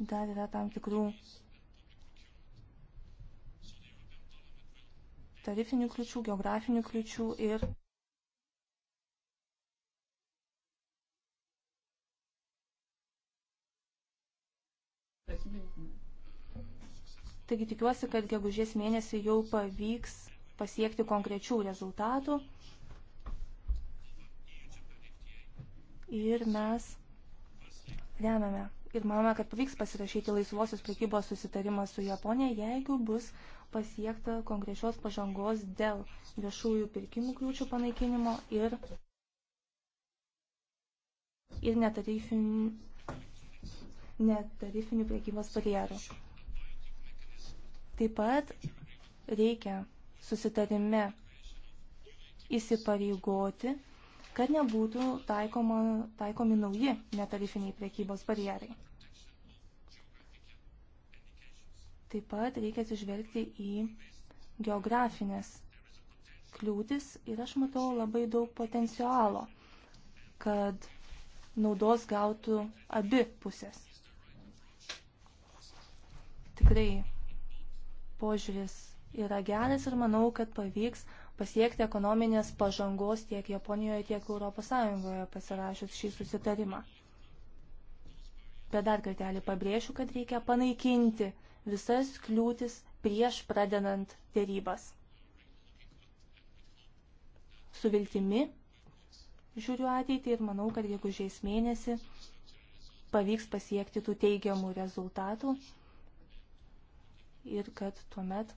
Speaker 4: Dar yra tam tikrų tarifinių kliučių, geografinių kliučių ir Taigi tikiuosi, kad gegužės mėnesį jau pavyks pasiekti konkrečių rezultatų. Ir mes remiame ir manome, kad pavyks pasirašyti laisvosios prekybos susitarimą su Japonija, jeigu bus pasiekta konkrečios pažangos dėl viešųjų pirkimų kliūčių panaikinimo ir, ir netarifinių, netarifinių prekybos barjerų. Taip pat reikia susitarime įsipareigoti, kad nebūtų taikoma, taikomi nauji netarifiniai priekybos barjerai. Taip pat reikia atsižvelgti į geografinės kliūtis ir aš matau labai daug potencialo, kad naudos gautų abi pusės. Tikrai požiūris yra geras ir manau, kad pavyks pasiekti ekonominės pažangos tiek Japonijoje, tiek ES pasirašius šį susitarimą. Bet dar kartelį pabrėšiu, kad reikia panaikinti visas kliūtis prieš pradedant dėrybas. Su viltimi žiūriu ateitį ir manau, kad gegužės mėnesį pavyks pasiekti tų teigiamų rezultatų ir kad tuomet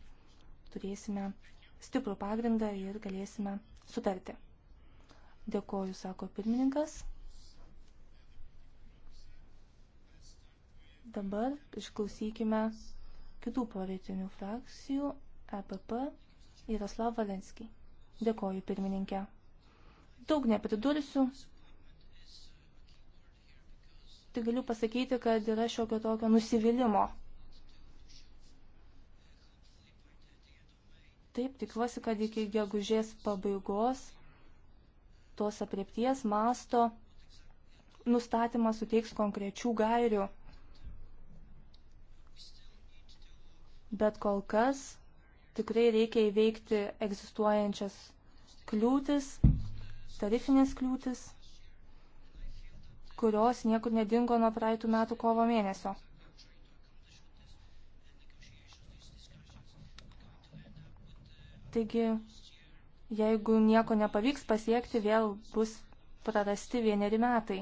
Speaker 4: turėsime stiprų pagrindą ir galėsime sutarti. Dėkoju, sako pirmininkas. Dabar išklausykime kitų politinių frakcijų EPP Jaroslav Valenskį. Dėkoju, pirmininkė. Daug nepridursiu. Tai galiu pasakyti, kad yra šiokio tokio nusivylimo Taip, tikiuosi, kad iki gegužės pabaigos tos apriepties masto nustatymas suteiks konkrečių gairių. Bet kol kas tikrai reikia įveikti egzistuojančias kliūtis, tarifinės kliūtis, kurios niekur nedingo nuo praeitų metų kovo mėnesio. Taigi, jeigu nieko nepavyks pasiekti, vėl bus prarasti vieneri metai.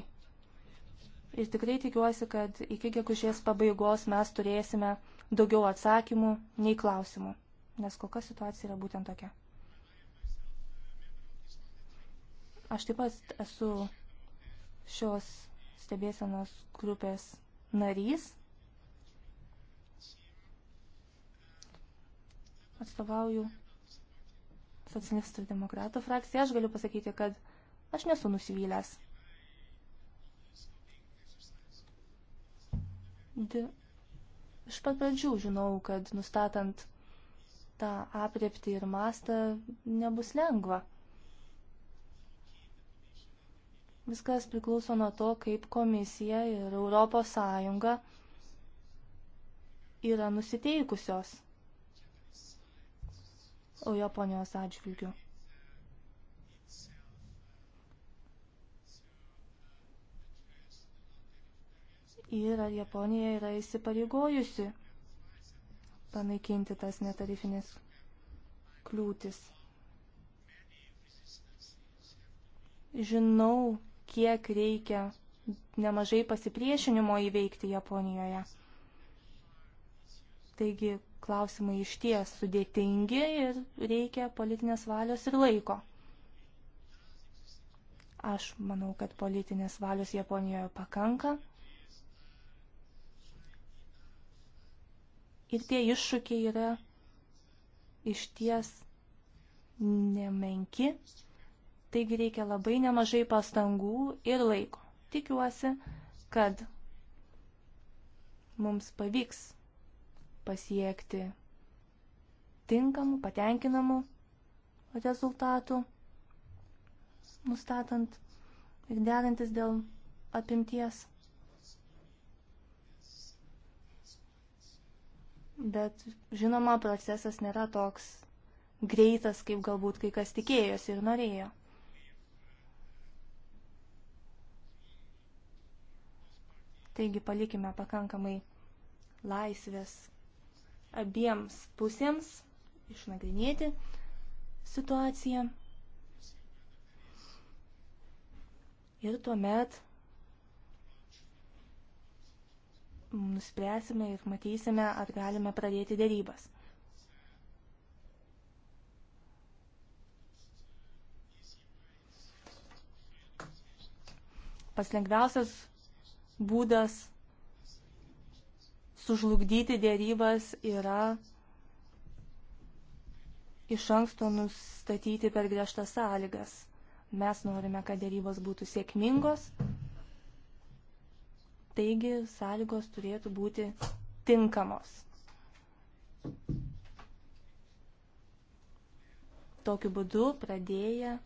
Speaker 4: Ir tikrai tikiuosi, kad iki gegužės pabaigos mes turėsime daugiau atsakymų nei klausimų, nes kol kas situacija yra būtent tokia. Aš taip pat esu šios stebėsenos grupės narys. Atstovauju socialistų ir demokratų frakciją, aš galiu pasakyti, kad aš nesu nusivylęs. Di... Iš pat pradžių žinau, kad nustatant tą apriepti ir mastą nebus lengva. Viskas priklauso nuo to, kaip komisija ir Europos Sąjunga yra nusiteikusios. Japonijos atžvilgių. Ir ar Japonija yra įsipareigojusi panaikinti tas netarifinės kliūtis. Žinau, kiek reikia nemažai pasipriešinimo įveikti Japonijoje. Taigi, Klausimai iš ties sudėtingi ir reikia politinės valios ir laiko. Aš manau, kad politinės valios Japonijoje pakanka. Ir tie iššūkiai yra iš ties nemenki, taigi reikia labai nemažai pastangų ir laiko. Tikiuosi, kad mums pavyks pasiekti tinkamų, patenkinamų rezultatų, nustatant ir derantis dėl apimties. Bet žinoma, procesas nėra toks greitas, kaip galbūt kai kas tikėjosi ir norėjo. Taigi palikime pakankamai laisvės abiems pusėms išnagrinėti situaciją. Ir tuomet nuspręsime ir matysime, ar galime pradėti dėrybas. Pas lengviausias būdas sužlugdyti dėrybas yra iš anksto nustatyti per griežtas sąlygas. Mes norime, kad dėrybos būtų sėkmingos, taigi sąlygos turėtų būti tinkamos. Tokiu būdu pradėję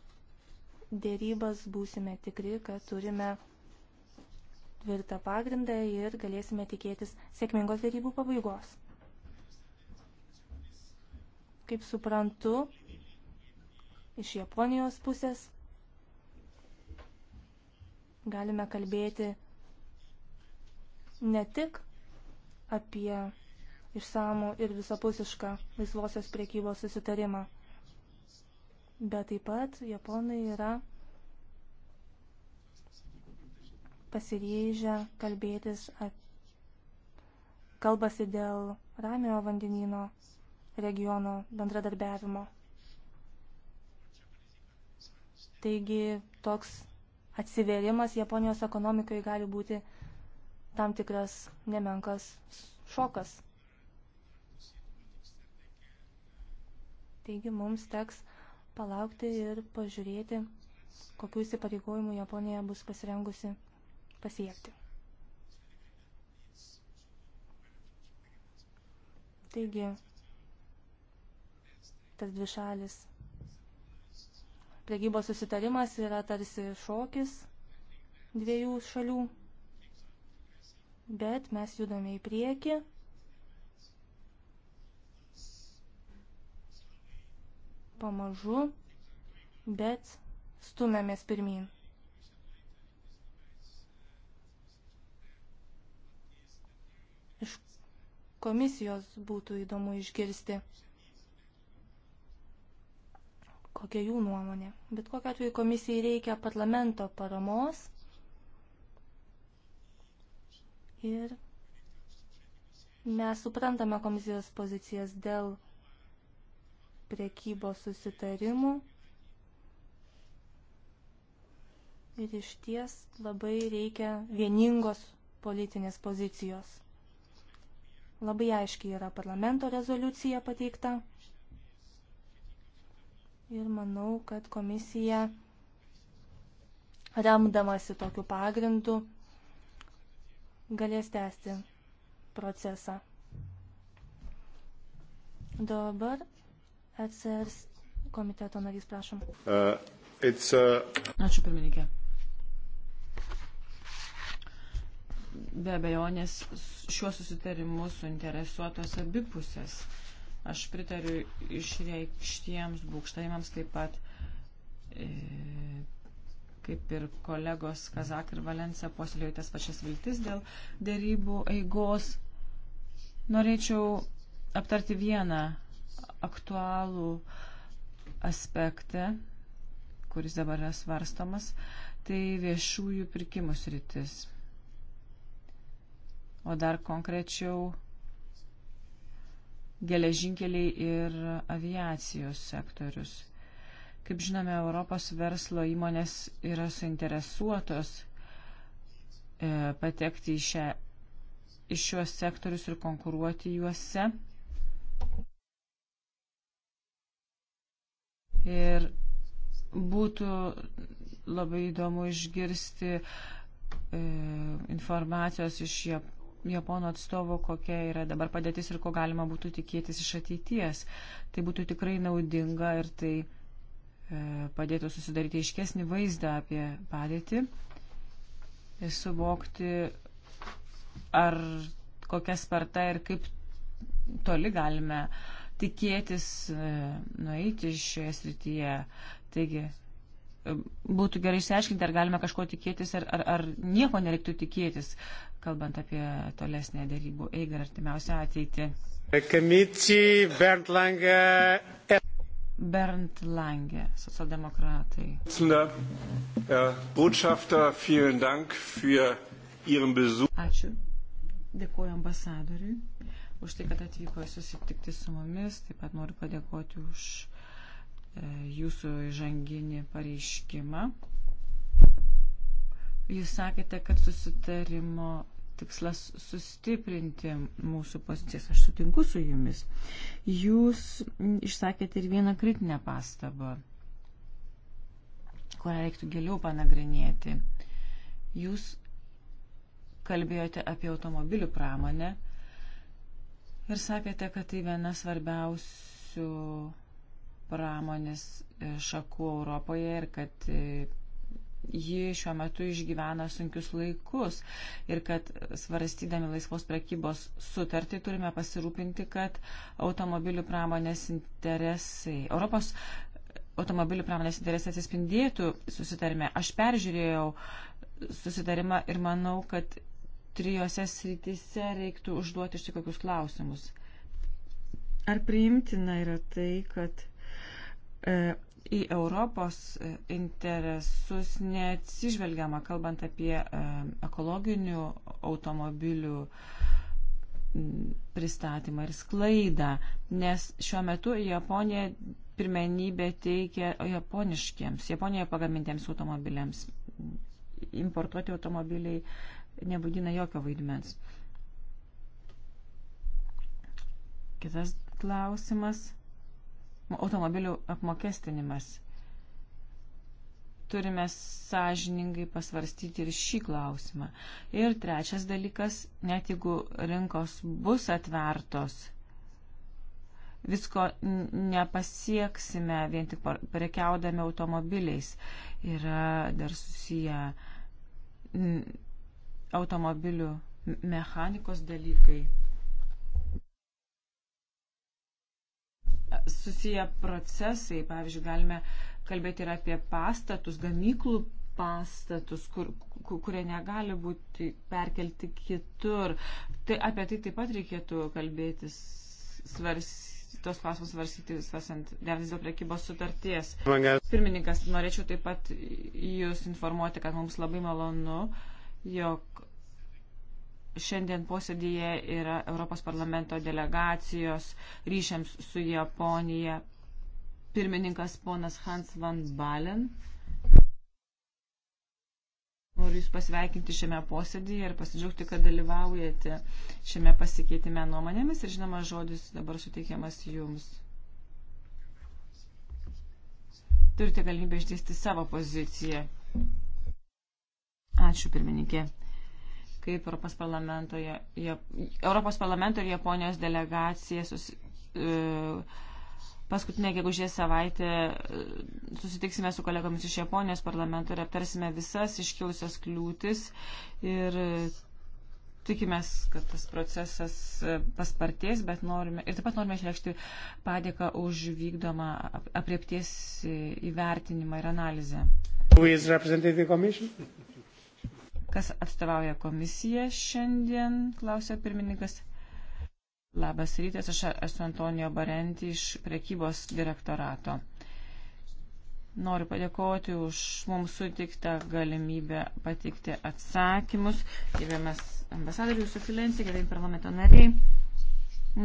Speaker 4: dėrybas būsime tikri, kad turime tvirtą pagrindą ir galėsime tikėtis sėkmingos dėrybų pabaigos. Kaip suprantu, iš Japonijos pusės galime kalbėti ne tik apie išsamų ir visapusišką laisvosios priekybos susitarimą, bet taip pat Japonai yra pasiryžę kalbėtis, kalbasi dėl Ramiojo vandenino regiono bendradarbiavimo. Taigi toks atsiverimas Japonijos ekonomikai gali būti tam tikras nemenkas šokas. Taigi mums teks palaukti ir pažiūrėti, kokių įsipareigojimų Japonija bus pasirengusi pasiekti. Taigi, tas dvišalis prekybos susitarimas yra tarsi šokis dviejų šalių, bet mes judame į priekį. Pamažu, bet stumėmės pirmin. komisijos būtų įdomu išgirsti, kokia jų nuomonė. Bet kokiu atveju komisijai reikia parlamento paramos ir mes suprantame komisijos pozicijas dėl priekybos susitarimų ir iš ties labai reikia vieningos politinės pozicijos. Labai aiškiai yra parlamento rezoliucija pateikta. Ir manau, kad komisija remdamasi tokiu pagrindu galės tęsti procesą. Dabar ECR komiteto narys, prašom.
Speaker 5: Uh, it's, uh...
Speaker 2: Ačiū pirmininkė. be abejonės šiuo susitarimu suinteresuotos abipusės. Aš pritariu išreikštiems būkštaimams taip pat, e, kaip ir kolegos Kazak ir Valensa posėlėjo tas pačias viltis dėl dėrybų eigos. Norėčiau aptarti vieną aktualų aspektą, kuris dabar yra svarstomas, tai viešųjų pirkimų sritis o dar konkrečiau geležinkeliai ir aviacijos sektorius. Kaip žinome, Europos verslo įmonės yra suinteresuotos e, patekti į, šią, į šiuos sektorius ir konkuruoti juose. Ir būtų labai įdomu išgirsti e, informacijos iš Japonijos Japono atstovo, kokia yra dabar padėtis ir ko galima būtų tikėtis iš ateities. Tai būtų tikrai naudinga ir tai e, padėtų susidaryti iškesnį vaizdą apie padėtį ir suvokti, ar kokia sparta ir kaip toli galime tikėtis e, nueiti šioje srityje. Taigi, būtų gerai išsiaiškinti, ar galime kažko tikėtis, ar, ar, ar nieko nereiktų tikėtis, kalbant apie tolesnę darybų eigą ir artimiausią ateitį.
Speaker 1: Kamici, Bernd Lange.
Speaker 2: Bernd Lange, socialdemokratai. Ačiū. Dėkuoju ambasadoriui už tai, kad atvyko susitikti su mumis. Taip pat noriu padėkoti už E, jūsų įžanginį pareiškimą. Jūs sakėte, kad susitarimo tikslas sustiprinti mūsų pozicijas. Aš sutinku su jumis. Jūs išsakėte ir vieną kritinę pastabą, kurią reiktų giliau panagrinėti. Jūs kalbėjote apie automobilių pramonę ir sakėte, kad tai viena svarbiausių pramonės e, šakų Europoje ir kad e, ji šiuo metu išgyvena sunkius laikus ir kad svarstydami laisvos prekybos sutartį turime pasirūpinti, kad automobilių pramonės interesai, Europos e, automobilių pramonės interesai atsispindėtų susitarime. Aš peržiūrėjau susitarimą ir manau, kad trijose srityse reiktų užduoti štai kokius klausimus. Ar priimtina yra tai, kad E, į Europos e, interesus neatsižvelgiama, kalbant apie e, ekologinių automobilių pristatymą ir sklaidą, nes šiuo metu Japonija pirmenybė teikia japoniškiems, Japonijoje pagamintiems automobiliams. Importuoti automobiliai nebūdina jokio vaidmens. Kitas klausimas automobilių apmokestinimas. Turime sąžiningai pasvarstyti ir šį klausimą. Ir trečias dalykas, net jeigu rinkos bus atvertos, visko nepasieksime vien tik prekiaudami automobiliais. Yra dar susiję automobilių mechanikos dalykai. susiję procesai. Pavyzdžiui, galime kalbėti ir apie pastatus, gamyklų pastatus, kur, kur, kurie negali būti perkelti kitur. Tai apie tai taip pat reikėtų kalbėti, svars, tos klausimus svarstyti, svarstant devis dėl prekybos sutarties. Pirmininkas, norėčiau taip pat Jūs informuoti, kad mums labai malonu, jog šiandien posėdėje yra Europos parlamento delegacijos ryšiams su Japonija pirmininkas ponas Hans van Balen. Noriu Jūs pasveikinti šiame posėdėje ir pasidžiaugti, kad dalyvaujate šiame pasikeitime nuomonėmis ir žinoma žodis dabar suteikiamas Jums. Turite galimybę išdėsti savo poziciją. Ačiū pirmininkė kaip Europos parlamento, ja, Europos parlamento ir Japonijos delegacija sus, e, paskutinę gegužės savaitę e, susitiksime su kolegomis iš Japonijos parlamento ir aptarsime visas iškilusias kliūtis ir e, tikimės, kad tas procesas paspartės, bet norime ir taip pat norime išreikšti padėką už vykdomą apriepties įvertinimą ir analizę.
Speaker 1: Who is representing the commission?
Speaker 2: Kas atstovauja komisiją šiandien, klausė pirmininkas. Labas rytas, aš esu Antonijo Barenti iš prekybos direktorato. Noriu padėkoti už mums sutiktą galimybę pateikti atsakymus. Gerbiamas ambasadorius, jūsų filencija, gerbiami parlamento nariai.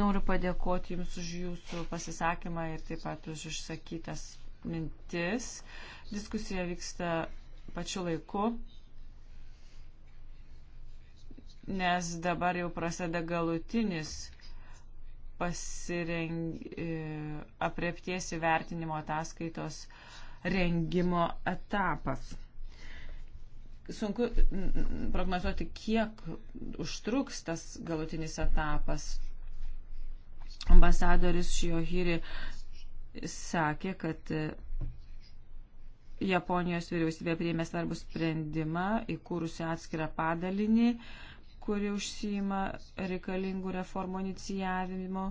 Speaker 2: Noriu padėkoti Jums už Jūsų pasisakymą ir taip pat už išsakytas mintis. Diskusija vyksta pačiu laiku nes dabar jau prasideda galutinis pasireng... E, apriepties įvertinimo ataskaitos rengimo etapas. Sunku prognozuoti, kiek užtruks tas galutinis etapas. Ambasadoris Šiohiri sakė, kad e, Japonijos vyriausybė priėmė svarbų sprendimą įkūrusi atskirą padalinį, uh, kuri užsijima reikalingų reformų inicijavimo.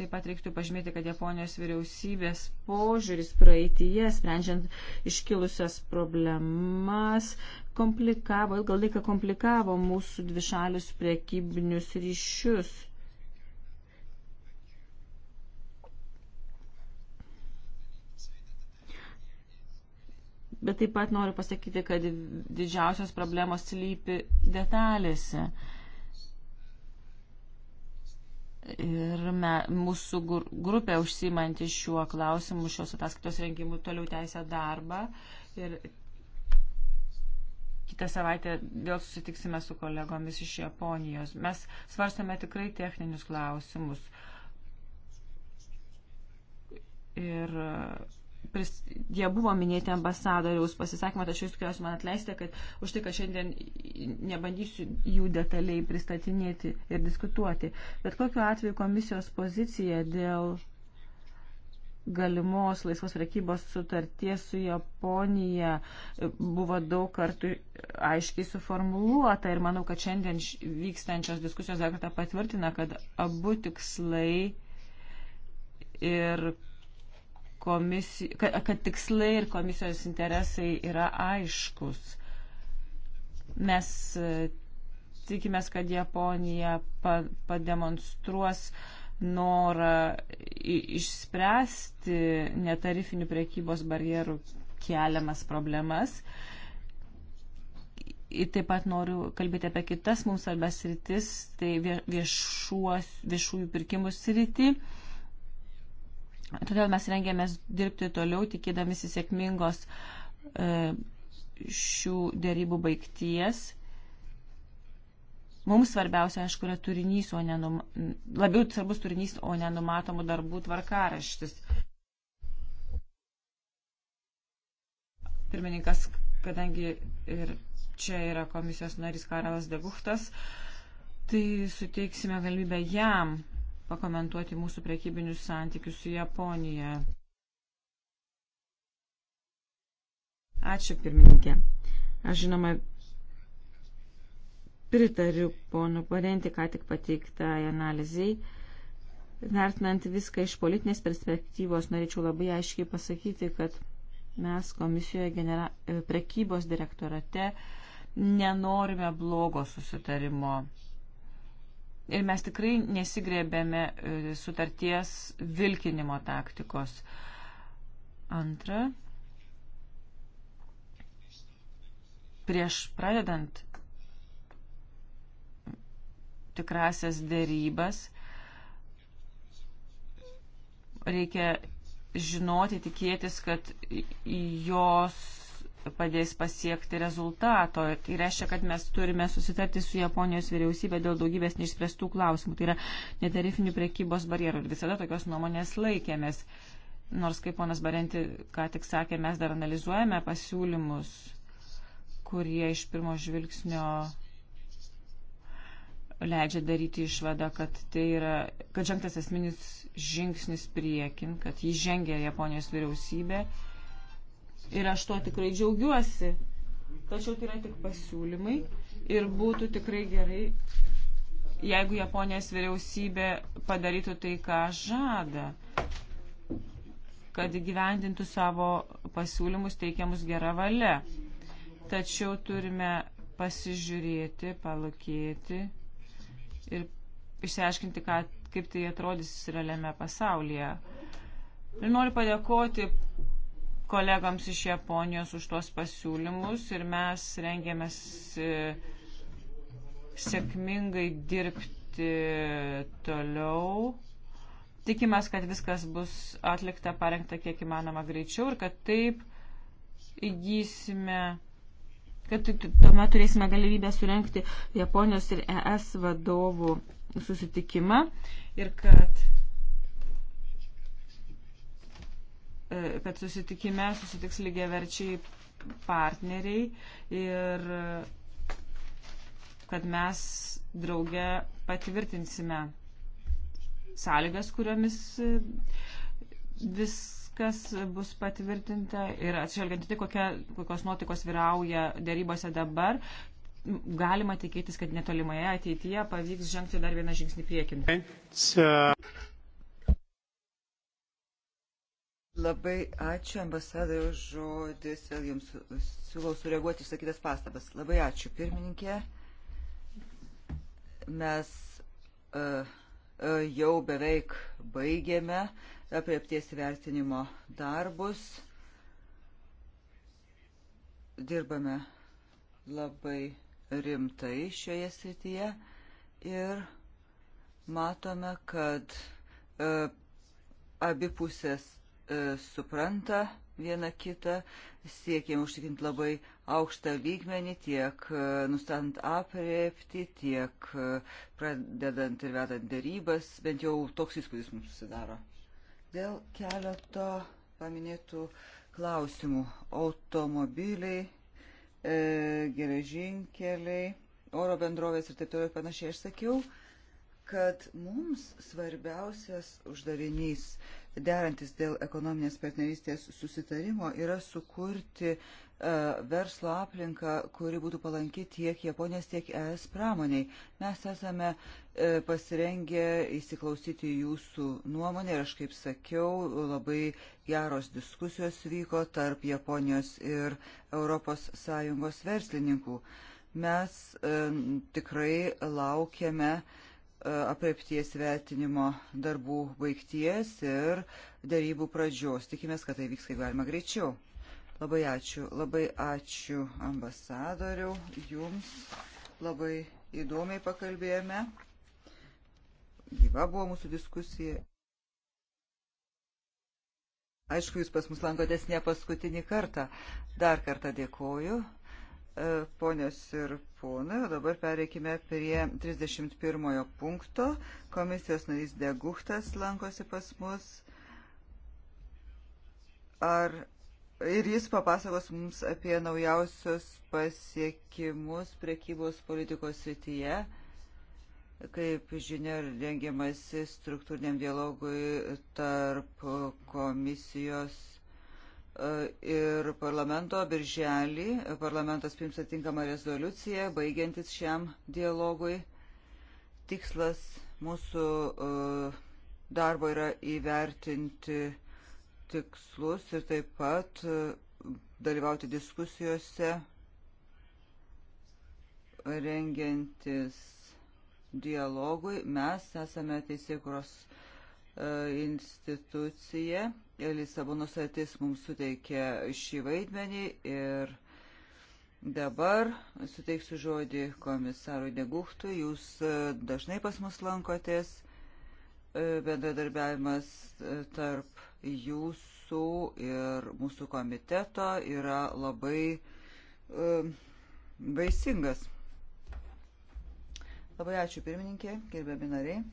Speaker 2: Taip pat reiktų pažymėti, kad Japonijos vyriausybės požiūris praeitie, sprendžiant iškilusias problemas, komplikavo, ilgą laiką komplikavo mūsų dvišalius priekybinius ryšius. Bet taip pat noriu pasakyti, kad didžiausios problemos slypi detalėse. Ir me, mūsų grupė užsimanti šiuo klausimu, šios ataskaitos rengimu toliau tęsia darbą. Ir kitą savaitę vėl susitiksime su kolegomis iš Japonijos. Mes svarstame tikrai techninius klausimus. Ir pris, jie buvo minėti ambasadoriaus pasisakymą, tačiau jūs tikriausiai man atleisite, kad už tai, kad šiandien nebandysiu jų detaliai pristatinėti ir diskutuoti. Bet kokiu atveju komisijos pozicija dėl galimos laisvos prekybos sutarties su Japonija buvo daug kartų aiškiai suformuluota ir manau, kad šiandien vykstančios diskusijos dar kartą patvirtina, kad abu tikslai ir komisij, kad, kad tikslai ir komisijos interesai yra aiškus. Mes tikimės, kad Japonija pa, pademonstruos norą išspręsti netarifinių prekybos barjerų keliamas problemas. Ir taip pat noriu kalbėti apie kitas mums svarbias rytis, tai viešuos, viešųjų pirkimų sritį. Uh, Todėl mes rengėmės dirbti toliau, tikėdamisi sėkmingos e, šių dėrybų baigties. Mums svarbiausia, aišku, yra turinys, o ne num... labiau svarbus turinys, o ne numatomų darbų tvarkaraštis. Pirmininkas, kadangi ir čia yra komisijos narys Karelas Deguhtas, tai suteiksime galimybę jam pakomentuoti mūsų prekybinius santykius su Japonija. Ačiū pirmininkė. Aš žinoma pritariu ponų parenti, ką tik pateiktai analizai. Vertinant viską iš politinės perspektyvos, norėčiau labai aiškiai pasakyti, kad mes komisijoje genera... E, prekybos direktorate nenorime blogo susitarimo Ir mes tikrai nesigrėbėme e, sutarties vilkinimo taktikos. Antra, prieš pradedant tikrasias dėrybas reikia žinoti, tikėtis, kad jos padės pasiekti rezultato. Ir tai reiškia, kad mes turime susitarti su Japonijos vyriausybė dėl daugybės neišspręstų klausimų. Tai yra netarifinių priekybos barjerų. Ir visada tokios nuomonės laikėmės. Nors, kaip ponas Barenti ką tik sakė, mes dar analizuojame pasiūlymus, kurie iš pirmo žvilgsnio leidžia daryti išvadą, kad tai yra, kad žengtas esminis žingsnis priekin, kad jį žengia Japonijos vyriausybė Ir aš tuo tikrai džiaugiuosi. Tačiau tai yra tik pasiūlymai ir būtų tikrai gerai, jeigu Japonijos vyriausybė padarytų tai, ką žada kad įgyvendintų savo pasiūlymus teikiamus gerą valią. Tačiau turime pasižiūrėti, palūkėti ir išsiaiškinti, ką, kaip tai atrodys realiame pasaulyje. Ir noriu padėkoti kolegams iš Japonijos už tuos pasiūlymus ir mes rengėmės e, sėkmingai dirbti toliau. Tikimės, kad viskas bus atlikta, parengta kiek įmanoma greičiau ir kad taip įgysime, kad tuomet turėsime galimybę surenkti Japonijos ir ES vadovų susitikimą ir kad E, kad susitikime susitiks lygiaverčiai partneriai ir e, kad mes drauge patvirtinsime sąlygas, kuriomis e, viskas bus patvirtinta ir atsižvelgiant tai, kokia, kokios nuotaikos vyrauja dėrybose dabar, galima tikėtis, kad netolimoje ateityje pavyks žengti dar vieną žingsnį
Speaker 3: priekin. Labai ačiū ambasadoriu žodis, vėl jums siūlau sureaguoti išsakytas pastabas. Labai ačiū pirmininkė. Mes uh, uh, jau beveik baigėme apriepties įvertinimo darbus. Dirbame labai rimtai šioje srityje ir matome, kad uh, abi pusės E, supranta vieną kitą, siekėm užtikrinti labai aukštą lygmenį, tiek e, nustatant apriepti, tiek e, pradedant ir vedant dėrybas, bent jau toks įspūdis mums susidaro. Dėl keleto paminėtų klausimų - automobiliai, e, geležinkeliai, oro bendrovės ir taip toliau ir panašiai. Aš sakiau, kad mums svarbiausias uždavinys derantis dėl ekonominės partnerystės susitarimo yra sukurti e, verslo aplinką, kuri būtų palanki tiek Japonijos, tiek ES pramoniai. Mes esame e, pasirengę įsiklausyti jūsų nuomonę ir aš kaip sakiau, labai geros diskusijos vyko tarp Japonijos ir ES verslininkų. Mes e, tikrai laukiame e, E, apriepties vertinimo darbų baigties ir darybų pradžios. Tikimės, kad tai vyks kaip galima greičiau. Labai ačiū, labai ačiū ambasadoriau, jums labai įdomiai pakalbėjome. Gyva buvo mūsų diskusija. Aišku, jūs pas mus lankotės ne paskutinį kartą. Dar kartą dėkoju. Ponios ir ponai, dabar pereikime prie 31 punkto. Komisijos narys Deguhtas lankosi pas mus. Ar ir jis papasakos mums apie naujausios pasiekimus prekybos politikos srityje kaip žinia, rengiamasi struktūriniam dialogui tarp komisijos ir parlamento birželį. Parlamentas priims atinkamą rezoliuciją, baigiantis šiam dialogui. Tikslas mūsų e, darbo yra įvertinti tikslus ir taip pat e, dalyvauti diskusijose, rengiantis dialogui. Mes esame teisėkuros e, institucija Lisabono sutartis mums suteikė šį vaidmenį ir dabar suteiksiu žodį komisarui Deguchtui. Jūs e, dažnai pas mus lankotės, e, bendradarbiavimas e, tarp jūsų ir mūsų komiteto yra labai vaisingas. Labai ačiū pirmininkė, gerbiami nariai.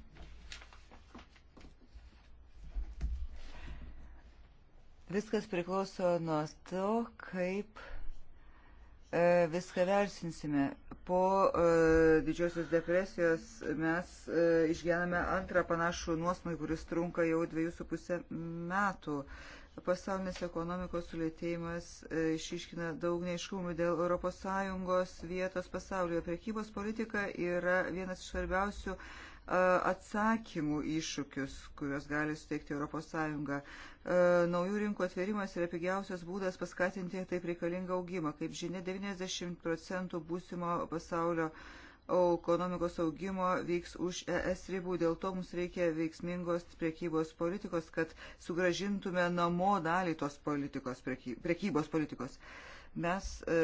Speaker 3: Viskas priklauso nuo to, kaip e, viską versinsime. Po e, didžiosios depresijos mes e, išgyvename antrą panašų nuosmą, kuris trunka jau dviejų su pusę metų. Pasaulinės ekonomikos sulėtėjimas e, išiškina daug neiškumų dėl ES vietos pasaulyje. Prekybos politika yra vienas iš svarbiausių e, atsakymų iššūkius, kuriuos gali suteikti ES. Naujų rinkų atverimas yra pigiausias būdas paskatinti taip reikalingą augimą. Kaip žinia, 90 procentų būsimo pasaulio ekonomikos augimo vyks už ES ribų. Dėl to mums reikia veiksmingos priekybos politikos, kad sugražintume namo dalį tos politikos, priekybos politikos. Mes e,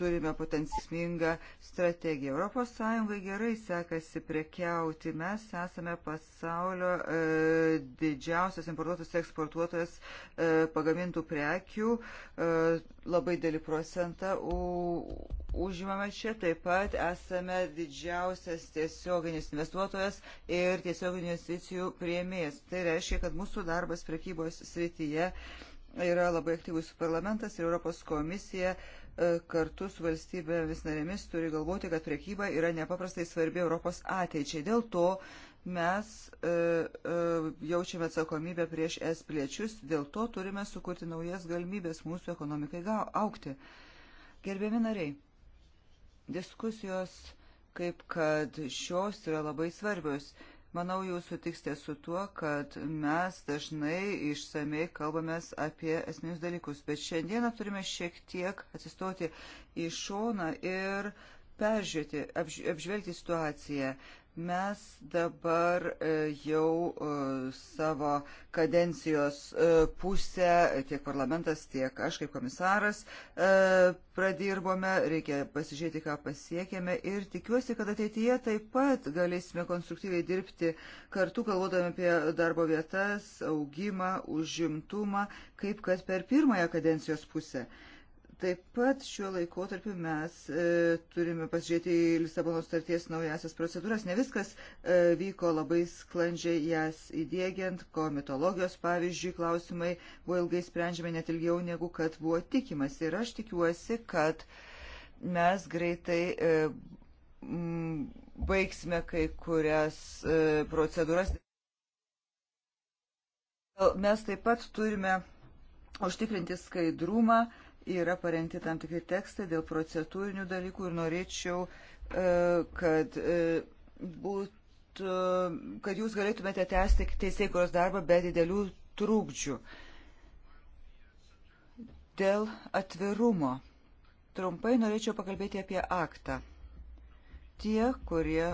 Speaker 3: turime potencijingą strategiją. Europos Sąjungai gerai sekasi prekiauti. Mes esame pasaulio e, didžiausias importuotojas ir eksportuotojas e, pagamintų prekių. E, labai dėlį procentą u, užimame čia. Taip pat esame didžiausias tiesioginis investuotojas ir tiesioginių investicijų prieimėjas. Tai reiškia, kad mūsų darbas prekybos srityje yra labai aktyvus parlamentas ir Europos komisija. E, kartu su valstybėmis narėmis turi galvoti, kad priekyba yra nepaprastai svarbi Europos ateičiai. Dėl to mes e, e, jaučiame atsakomybę prieš es piliečius, dėl to turime sukurti naujas galimybės mūsų ekonomikai aukti. Gerbiami nariai, diskusijos kaip kad šios yra labai svarbios Manau, jūs sutiksite su tuo, kad mes dažnai išsamei kalbamės apie esminius dalykus, bet šiandieną turime šiek tiek atsistoti į šoną ir peržiūrėti, apž, apžvelgti situaciją. Mes dabar e, jau e, savo kadencijos e, pusę, tiek parlamentas, tiek aš kaip komisaras, pradirbome, reikia pasižiūrėti, ką pasiekėme ir tikiuosi, kad ateityje taip pat galėsime konstruktyviai dirbti kartu, kalvodami apie darbo vietas, augimą, užimtumą, kaip kad per pirmąją kadencijos pusę. Taip pat šiuo laikotarpiu mes e, turime pasižiūrėti į Lisabono starties naujasias procedūras. Ne viskas e, vyko labai sklandžiai jas įdėgiant, komitologijos pavyzdžiui klausimai buvo ilgai sprendžiami net ilgiau negu kad buvo tikimas. Ir aš tikiuosi, kad mes greitai. E, m, Baigsime kai kurias e, procedūras. Mes taip pat turime užtikrinti skaidrumą, e, yra parengti tam tikri tekstai dėl procedūrinių dalykų ir norėčiau, e, kad e, būtų, e, kad jūs galėtumėte tęsti teisėkuros darbą be didelių trūkdžių. Dėl atvirumo. Trumpai norėčiau pakalbėti apie aktą. Tie, kurie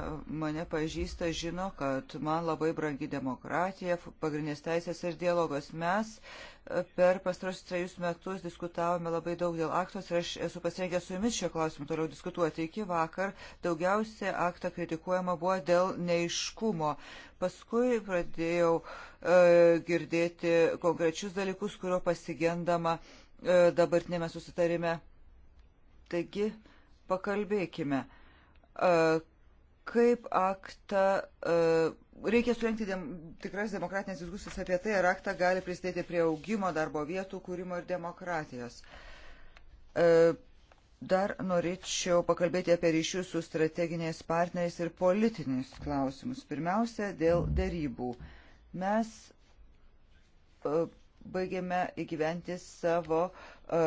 Speaker 3: mane pažįsta, žino, kad man labai brangi demokratija, pagrindinės teisės ir dialogas. Mes e, per pastarosius trejus metus diskutavome labai daug dėl aktos ir aš esu pasirengęs su jumis šio klausimu toliau diskutuoti. Iki vakar daugiausia aktą kritikuojama buvo dėl neiškumo. Paskui pradėjau e, girdėti konkrečius dalykus, kurio pasigendama e, dabartinėme susitarime. Taigi, pakalbėkime. E, E, kaip aktą e, reikia surenkti dem, tikras demokratinės diskusijas apie tai, ar aktą gali prisidėti prie augimo, darbo vietų kūrimo ir demokratijos. E, dar norėčiau pakalbėti apie ryšius su strateginiais partneriais ir politiniais klausimus. Pirmiausia, dėl dėrybų. Mes baigėme įgyventi savo uh, E,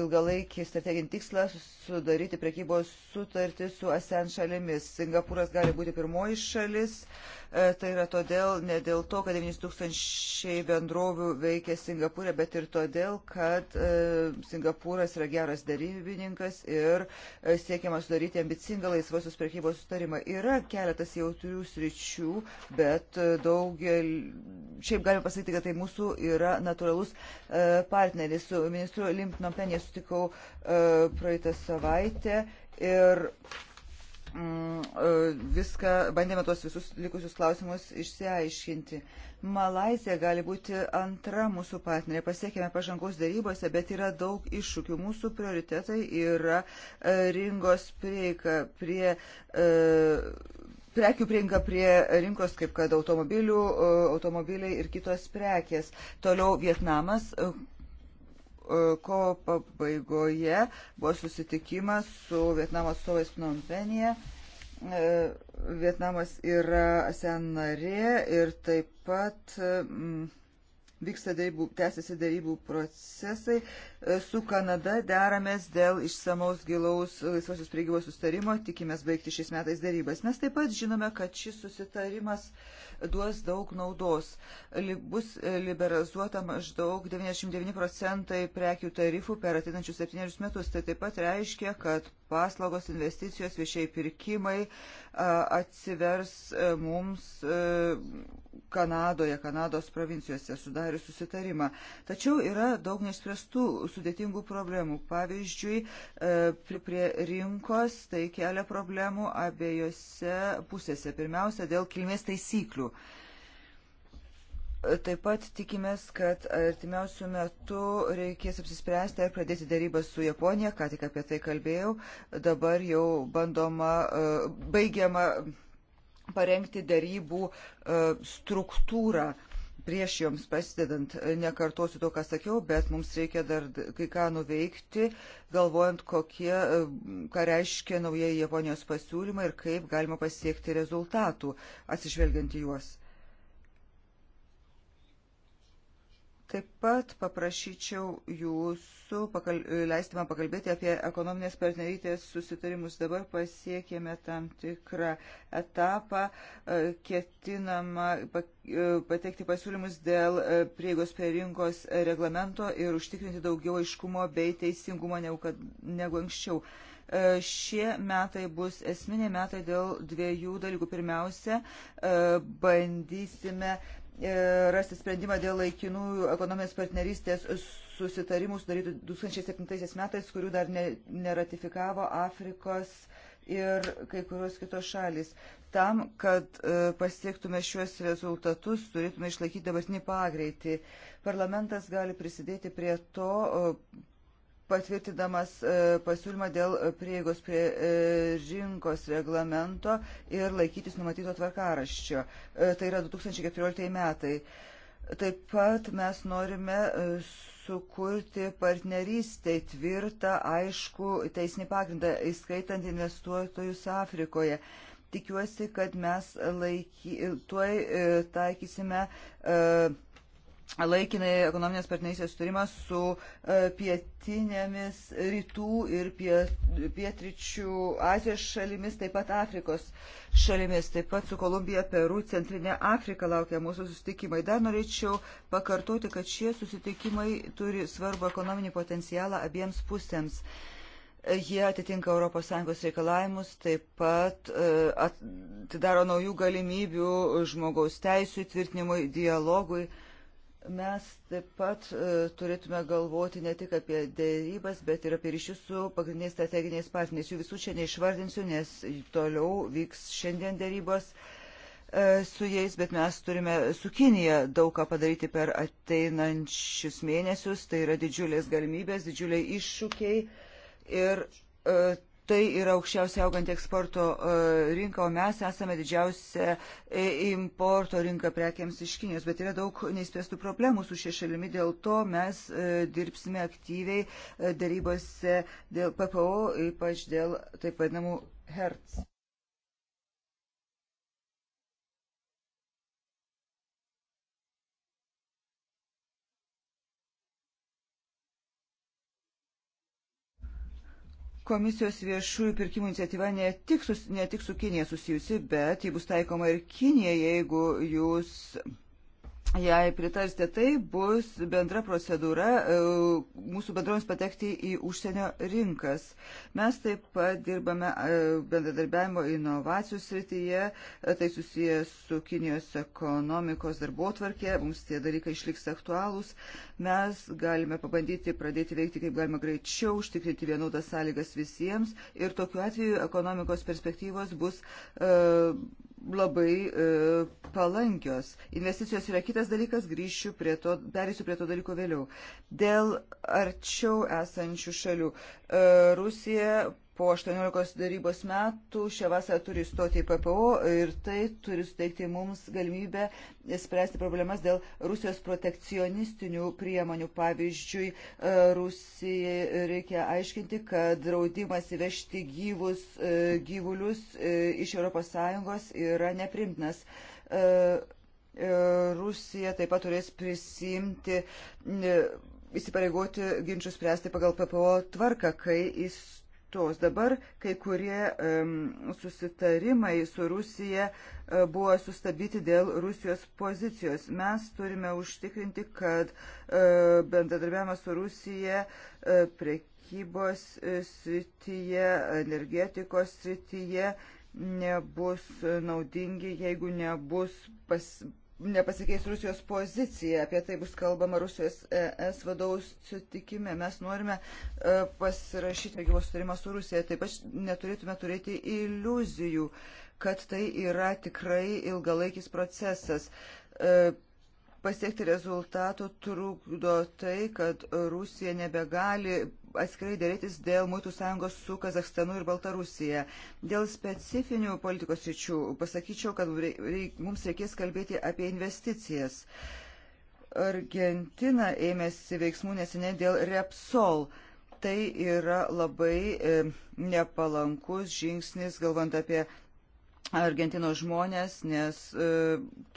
Speaker 3: ilgalaikį strateginį tikslą sudaryti prekybos sutartį su ASEAN šalimis. Singapūras gali būti pirmoji šalis, e, tai yra todėl, ne dėl to, kad 9000 bendrovių veikia Singapūrė, bet ir todėl, kad e, Singapūras yra geras darybininkas ir siekiama sudaryti ambicingą laisvosios prekybos sutarimą. Yra keletas jautrių sričių, bet daugel... šiaip galime pasakyti, kad tai mūsų yra natūralus partneris su ministru šalim Pnompenė sutikau e, praeitą savaitę ir mm, e, viską, bandėme tuos visus likusius klausimus išsiaiškinti. Malazija gali būti antra mūsų partnerė. Pasiekėme pažangos darybose, bet yra daug iššūkių. Mūsų prioritetai yra e, rinkos prieika prie. Prekių prieinka prie rinkos, kaip kad automobilių, automobiliai ir kitos prekės. Toliau Vietnamas, kovo pabaigoje buvo susitikimas su Vietnamo atstovais Pnompenyje. Vietnamas yra ASEAN narė ir taip pat mm, vyksta darybų, tęsiasi darybų procesai. E, su Kanada deramės dėl išsamaus gilaus laisvosios priegyvos sustarimo, tikimės baigti šiais metais darybas. Mes taip pat žinome, kad šis susitarimas duos daug naudos. Bus e, liberalizuota maždaug 99 procentai prekių tarifų per atinančius septynerius metus. Tai taip pat reiškia, kad paslaugos investicijos viešiai pirkimai atsivers e, mums Kanadoje, Kanados provincijose sudarius susitarimą. Tačiau yra daug neišspręstų sudėtingų problemų. Pavyzdžiui, e, prie rinkos tai kelia problemų abiejose pusėse. Pirmiausia, dėl kilmės taisyklių. E, taip pat tikimės, kad artimiausių metų reikės apsispręsti ar pradėti darybas su Japonija, ką tik apie tai kalbėjau. Dabar jau bandoma, e, baigiama parengti darybų struktūrą prieš joms pasidedant. E, nekartosiu to, ką sakiau, bet mums reikia dar kai ką nuveikti, galvojant, kokie, e, ką reiškia naujieji Japonijos pasiūlymai ir kaip galima pasiekti rezultatų, atsižvelgiant į juos. Taip pat paprašyčiau jūsų pakal... leisti man pakalbėti apie ekonominės partnerytės susitarimus. Dabar pasiekėme tam tikrą etapą, e, ketinama e, pateikti pasiūlymus dėl e, prieigos prie rinkos reglamento ir užtikrinti daugiau aiškumo bei teisingumo negu, kad, negu anksčiau. Šie metai bus esminiai metai dėl dviejų dalykų. Pirmiausia, bandysime E, rasti sprendimą dėl laikinų ekonominės partnerystės susitarimų sudarytų 2007 metais, kurių dar ne, neratifikavo Afrikos ir kai kurios kitos šalis. Tam, kad e, pasiektume šiuos rezultatus, turėtume išlaikyti dabartinį pagreitį. Parlamentas gali prisidėti prie to, patvirtindamas e, pasiūlymą dėl prieigos prie e, rinkos reglamento ir laikytis numatyto tvarkaraščio. E, tai yra 2014 metai. Taip pat mes norime sukurti partnerystę tvirtą, aišku, teisinį pagrindą, įskaitant investuotojus Afrikoje tikiuosi, kad mes laiky, tuoj taikysime laikinai ekonominės partnerystės sutarimą su e, pietinėmis rytų ir piet, pietričių Azijos šalimis, taip pat Afrikos šalimis, taip pat su Kolumbija, Peru, Centrinė Afrika laukia mūsų susitikimai. Dar norėčiau pakartoti, kad šie susitikimai turi svarbu ekonominį potencialą abiems pusėms. Jie atitinka ES reikalavimus, taip pat e, atidaro naujų galimybių žmogaus teisų įtvirtinimui, dialogui. Mes taip pat e, turėtume galvoti ne tik apie dėrybas, bet ir apie ryšius su pagrindiniais strateginiais partneriais. Jų visų čia neišvardinsiu, nes toliau vyks šiandien dėrybos e, su jais, bet mes turime su Kinija daug ką padaryti per ateinančius mėnesius. Tai yra didžiulės galimybės, didžiuliai iššūkiai ir e, tai yra aukščiausiai auganti eksporto e, rinka, o mes esame didžiausia e, importo rinka prekiams iš Kinijos, bet yra daug neįspręstų problemų su šia šalimi, dėl to mes e, dirbsime aktyviai darybose dėl PPO, ypač dėl taip vadinamų HERTS. Komisijos viešųjų pirkimų iniciatyva ne tik, sus, ne tik su Kinėje susijusi, bet ji bus taikoma ir Kinėje, jeigu jūs Jei pritarsite, tai bus bendra procedūra e, mūsų bendrovėms patekti į užsienio rinkas. Mes taip pat dirbame e, bendradarbiavimo inovacijų srityje, e, tai susijęs su Kinijos ekonomikos darbuotvarkė, mums tie dalykai išliks aktualūs. Mes galime pabandyti pradėti veikti kaip galima greičiau, užtikrinti vienodas sąlygas visiems ir tokiu atveju ekonomikos perspektyvos bus. Uh, labai e, palankios. Investicijos yra kitas dalykas, grįšiu prie to, darysiu prie to dalyko vėliau. Dėl arčiau esančių šalių. E, Rusija po 18 darybos metų šią vasarą turi įstoti į PPO ir tai turi suteikti mums galimybę spręsti problemas dėl Rusijos protekcionistinių priemonių. Pavyzdžiui, e, Rusijai reikia aiškinti, kad draudimas įvežti gyvus e, gyvulius e, iš ES yra neprimtinas. Rusija taip pat turės prisimti, įsipareigoti ginčius spręsti pagal PPO tvarką, kai jis kitos. Dabar kai kurie um, susitarimai su Rusija uh, buvo sustabdyti dėl Rusijos pozicijos. Mes turime užtikrinti, kad uh, bendradarbiavimas su Rusija uh, prekybos srityje, energetikos srityje nebus naudingi, jeigu nebus pas, nepasikeis Rusijos pozicija, apie tai bus kalbama Rusijos ES vadovus sutikime. Mes norime e, pasirašyti gyvos sutarimą su Rusija, taip pat neturėtume turėti iliuzijų, kad tai yra tikrai ilgalaikis procesas. E, pasiekti rezultatų trukdo tai, kad Rusija nebegali atskirai dėrėtis dėl muitų sąjungos su Kazakstanu ir Baltarusija. Dėl specifinių politikos ryčių pasakyčiau, kad reik, mums reikės kalbėti apie investicijas. Argentina ėmėsi veiksmų neseniai dėl Repsol. Tai yra labai e, nepalankus žingsnis, galvant apie Argentinos žmonės, nes e,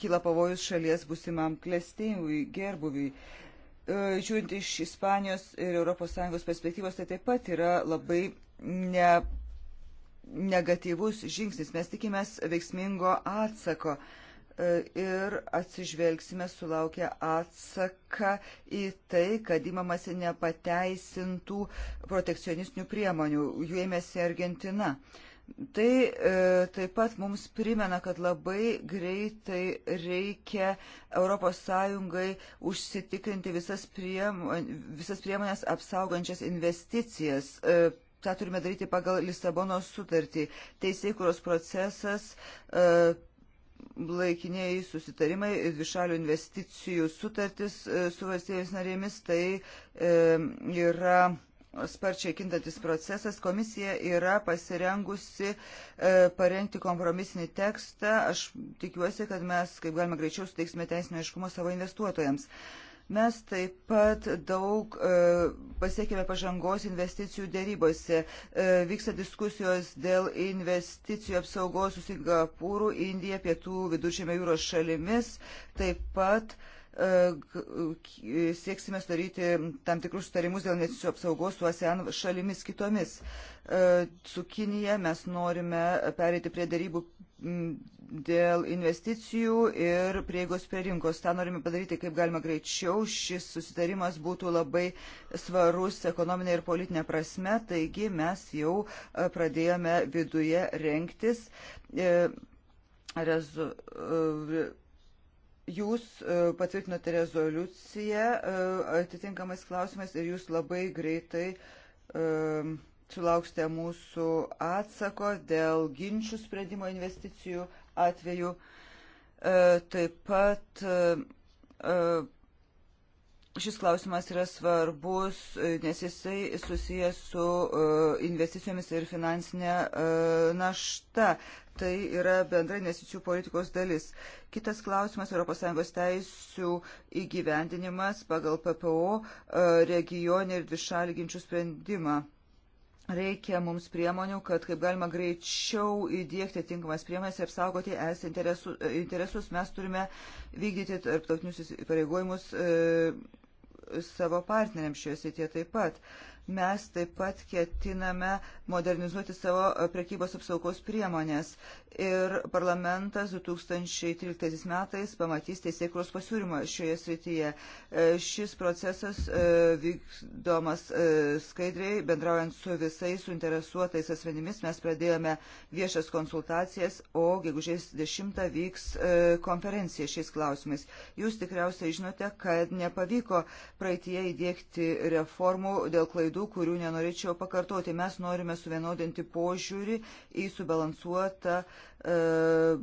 Speaker 3: kyla pavojus šalies busimam klestėjimui, gerbuviui. E, žiūrint iš Ispanijos ir ES perspektyvos, tai taip pat yra labai ne, negatyvus žingsnis. Mes tikimės veiksmingo atsako e, ir atsižvelgsime sulaukę atsaką į tai, kad įmamasi nepateisintų protekcionistinių priemonių. Jų ėmėsi Argentina. E, Tai e, taip pat mums primena, kad labai greitai reikia ES užsitikrinti visas, priemon, visas priemonės apsaugančias investicijas. E, tą turime daryti pagal Lisabonos sutartį. Teisėkuros procesas, e, laikiniai susitarimai, dvišalių investicijų sutartis e, su valstybės narėmis, tai e, yra sparčiai kintantis procesas. Komisija yra pasirengusi e, parengti kompromisinį tekstą. Aš tikiuosi, kad mes, kaip galima greičiau, suteiksime teisinio aiškumo savo investuotojams. Mes taip pat daug e, pasiekėme pažangos investicijų dėrybose. E, vyksta diskusijos dėl investicijų apsaugos su Singapūru, Indija, Pietų viduržėmio jūros šalimis. Taip pat e, E, sieksime sudaryti tam tikrus sutarimus dėl investicijų apsaugos su ASEAN šalimis kitomis. E, su Kinija mes norime pereiti prie darybų dėl investicijų ir prieigos prie rinkos. Ta norime padaryti kaip galima greičiau. Šis susitarimas būtų labai svarus ekonominė ir politinė prasme, taigi mes jau e, pradėjome viduje renktis. Rezu, Jūs e, patvirtinote rezoliuciją e, atitinkamais klausimais ir jūs labai greitai e, sulauksite mūsų atsako dėl ginčių sprendimo investicijų atveju. Taip pat Šis klausimas yra svarbus, e, nes jisai susijęs su e, investicijomis ir finansinė e, našta. Tai yra bendra investicijų politikos dalis. Kitas klausimas - ES teisų įgyvendinimas pagal PPO regionį ir dvišalį ginčių sprendimą. Reikia mums priemonių, kad kaip galima greičiau įdėkti tinkamas priemonės ir apsaugoti es interesu, interesus. Mes turime vykdyti tarptautinius įpareigojimus e, savo partneriams šioje srityje taip pat. E, Mes taip pat ketiname modernizuoti savo prekybos apsaugos priemonės. Ir parlamentas 2013 metais pamatys teisėkros pasiūlymą šioje srityje. E, šis procesas e, vykdomas e, skaidriai, bendraujant su visais suinteresuotais asmenimis. Mes pradėjome viešas konsultacijas, o gegužės 10 vyks konferencija šiais klausimais. Jūs tikriausiai žinote, kad nepavyko praeitie įdėkti reformų dėl klaidų klaidų, kurių nenorėčiau pakartoti. Mes norime suvienodinti požiūrį į subalansuotą e,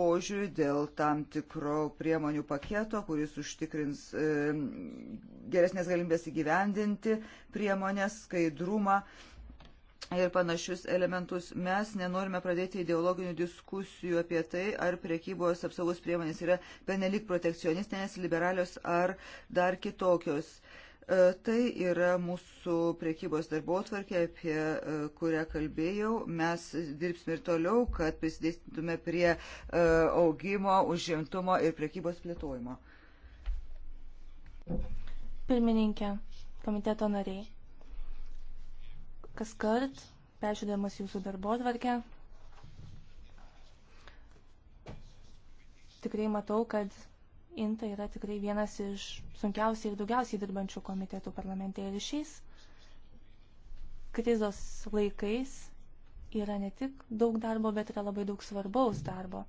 Speaker 3: požiūrį dėl tam tikro priemonių paketo, kuris užtikrins e, geresnės galimybės įgyvendinti priemonės, skaidrumą. Ir panašius elementus mes nenorime pradėti ideologinių diskusijų apie tai, ar priekybos apsaugos priemonės yra penelik protekcionistinės, liberalios ar dar kitokios. E, E, tai yra mūsų priekybos darbo tvarkė, apie e, kurią kalbėjau. Mes dirbsime ir toliau, kad prisidėtume prie e, augimo, užimtumo ir priekybos plėtojimo.
Speaker 4: Pirmininkė, komiteto nariai, kas kart, peržiūrėdamas jūsų darbo tvarkę, tikrai matau, kad INTA yra tikrai vienas iš sunkiausiai ir daugiausiai dirbančių komitetų parlamente ir šiais krizos laikais yra ne tik daug darbo, bet yra labai daug svarbaus darbo,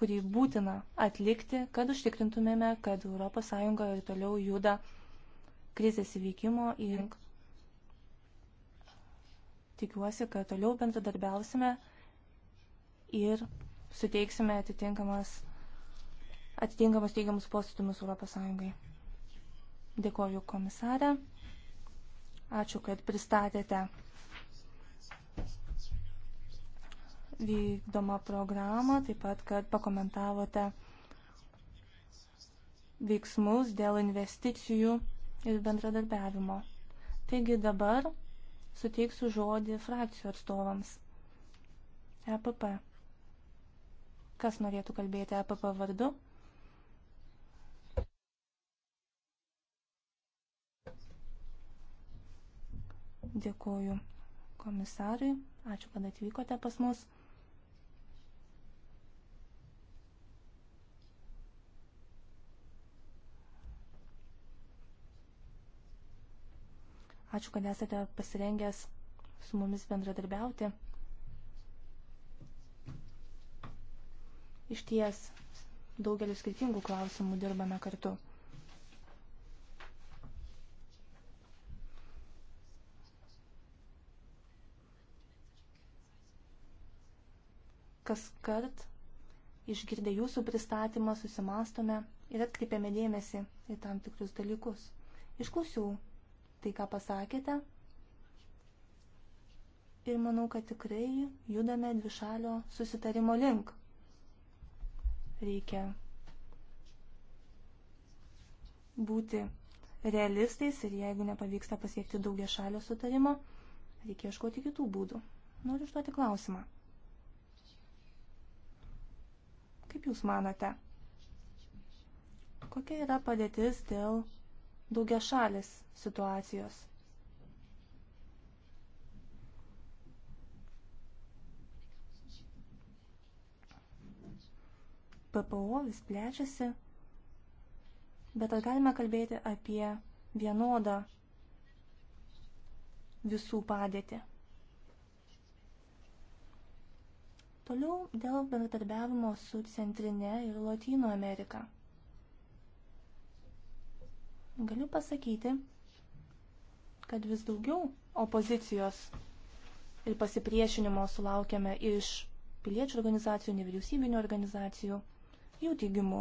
Speaker 4: kurį būtina atlikti, kad užtikrintumėme, kad ES ir toliau juda krizės įvykimo ir tikiuosi, kad toliau bendradarbiausime ir suteiksime atitinkamas atitinkamus teigiamus postumus Europos Sąjungai. Dėkoju komisarę. Ačiū, kad pristatėte vykdomą programą, taip pat, kad pakomentavote veiksmus dėl investicijų ir bendradarbiavimo. Taigi dabar suteiksiu žodį frakcijų atstovams. EPP. Kas norėtų kalbėti EPP vardu? Dėkoju komisarui. Ačiū, kad atvykote pas mus. Ačiū, kad esate pasirengęs su mumis bendradarbiauti. Iš ties daugeliu skirtingų klausimų dirbame kartu. kas kart išgirdę jūsų pristatymą susimastome ir atkreipiame dėmesį į tam tikrus dalykus. Išklausiau tai, ką pasakėte ir manau, kad tikrai judame dvišalio susitarimo link. Reikia būti realistais ir jeigu nepavyksta pasiekti daugia šalio sutarimo, reikia iškoti kitų būdų. Noriu užduoti klausimą. Kaip Jūs manote, kokia yra padėtis dėl daugia šalis situacijos? PPO vis plečiasi, bet ar galime kalbėti apie vienodą visų padėtį? Toliau dėl bendradarbiavimo su Centrinė ir Latino Amerika. Galiu pasakyti, kad vis daugiau opozicijos ir pasipriešinimo sulaukiame iš piliečių organizacijų, nevyriausybinių organizacijų. Jų teigimu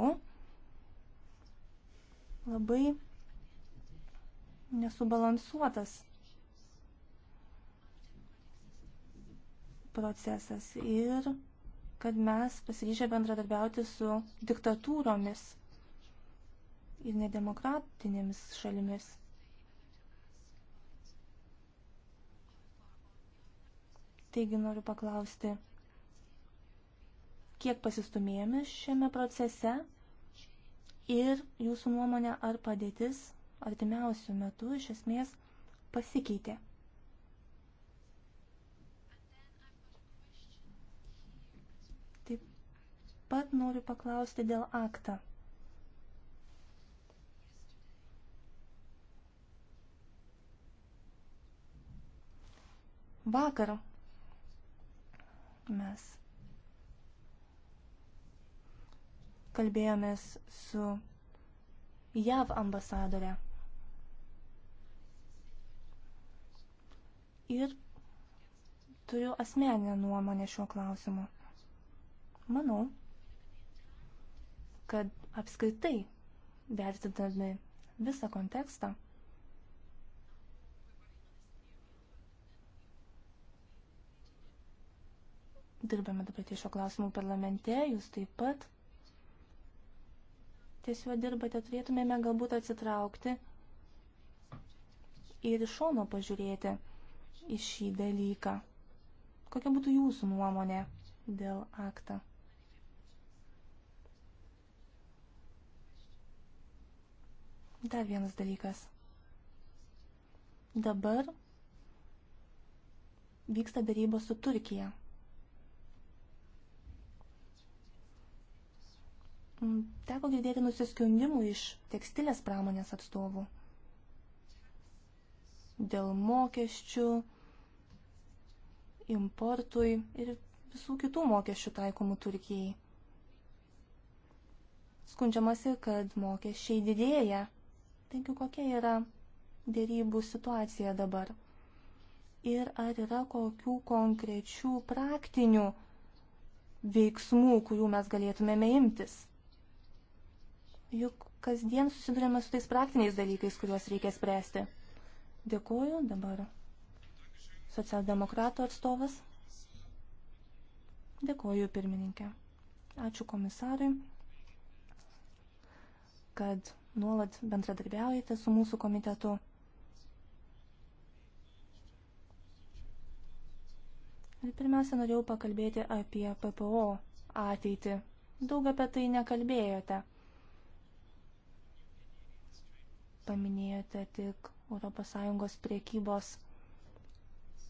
Speaker 4: labai nesubalansuotas procesas ir kad mes pasiryžę bendradarbiauti su diktatūromis ir nedemokratinėmis šalimis. Taigi noriu paklausti, kiek pasistumėjome šiame procese ir jūsų nuomonė, ar padėtis artimiausių metų iš esmės pasikeitė. pat noriu paklausti dėl aktą. Vakar mes kalbėjomės su JAV ambasadore. Ir turiu asmeninę nuomonę šiuo klausimu. Manau, kad apskritai vertindami visą kontekstą dirbame dabar ties šio klausimų parlamente, jūs taip pat ties juo dirbate, turėtumėme galbūt atsitraukti ir iš šono pažiūrėti į šį dalyką. Kokia būtų jūsų nuomonė dėl aktą? Dar vienas dalykas. Dabar vyksta darybos su Turkija. Mm, teko girdėti nusiskundimų iš tekstilės pramonės atstovų dėl mokesčių, importui ir visų kitų mokesčių taikomų Turkijai. Skundžiamasi, kad mokesčiai didėja Taigi, kokia yra dėrybų situacija dabar? Ir ar yra kokių konkrečių praktinių veiksmų, kurių mes galėtumėme imtis? Juk kasdien susidurėme su tais praktiniais dalykais, kuriuos reikia spręsti. Dėkuoju dabar. Socialdemokratų atstovas. Dėkuoju pirmininkė. Ačiū komisarui, kad nuolat bendradarbiaujate su mūsų komitetu. Ir pirmiausia, norėjau pakalbėti apie PPO ateitį. Daug apie tai nekalbėjote. Paminėjote tik ES priekybos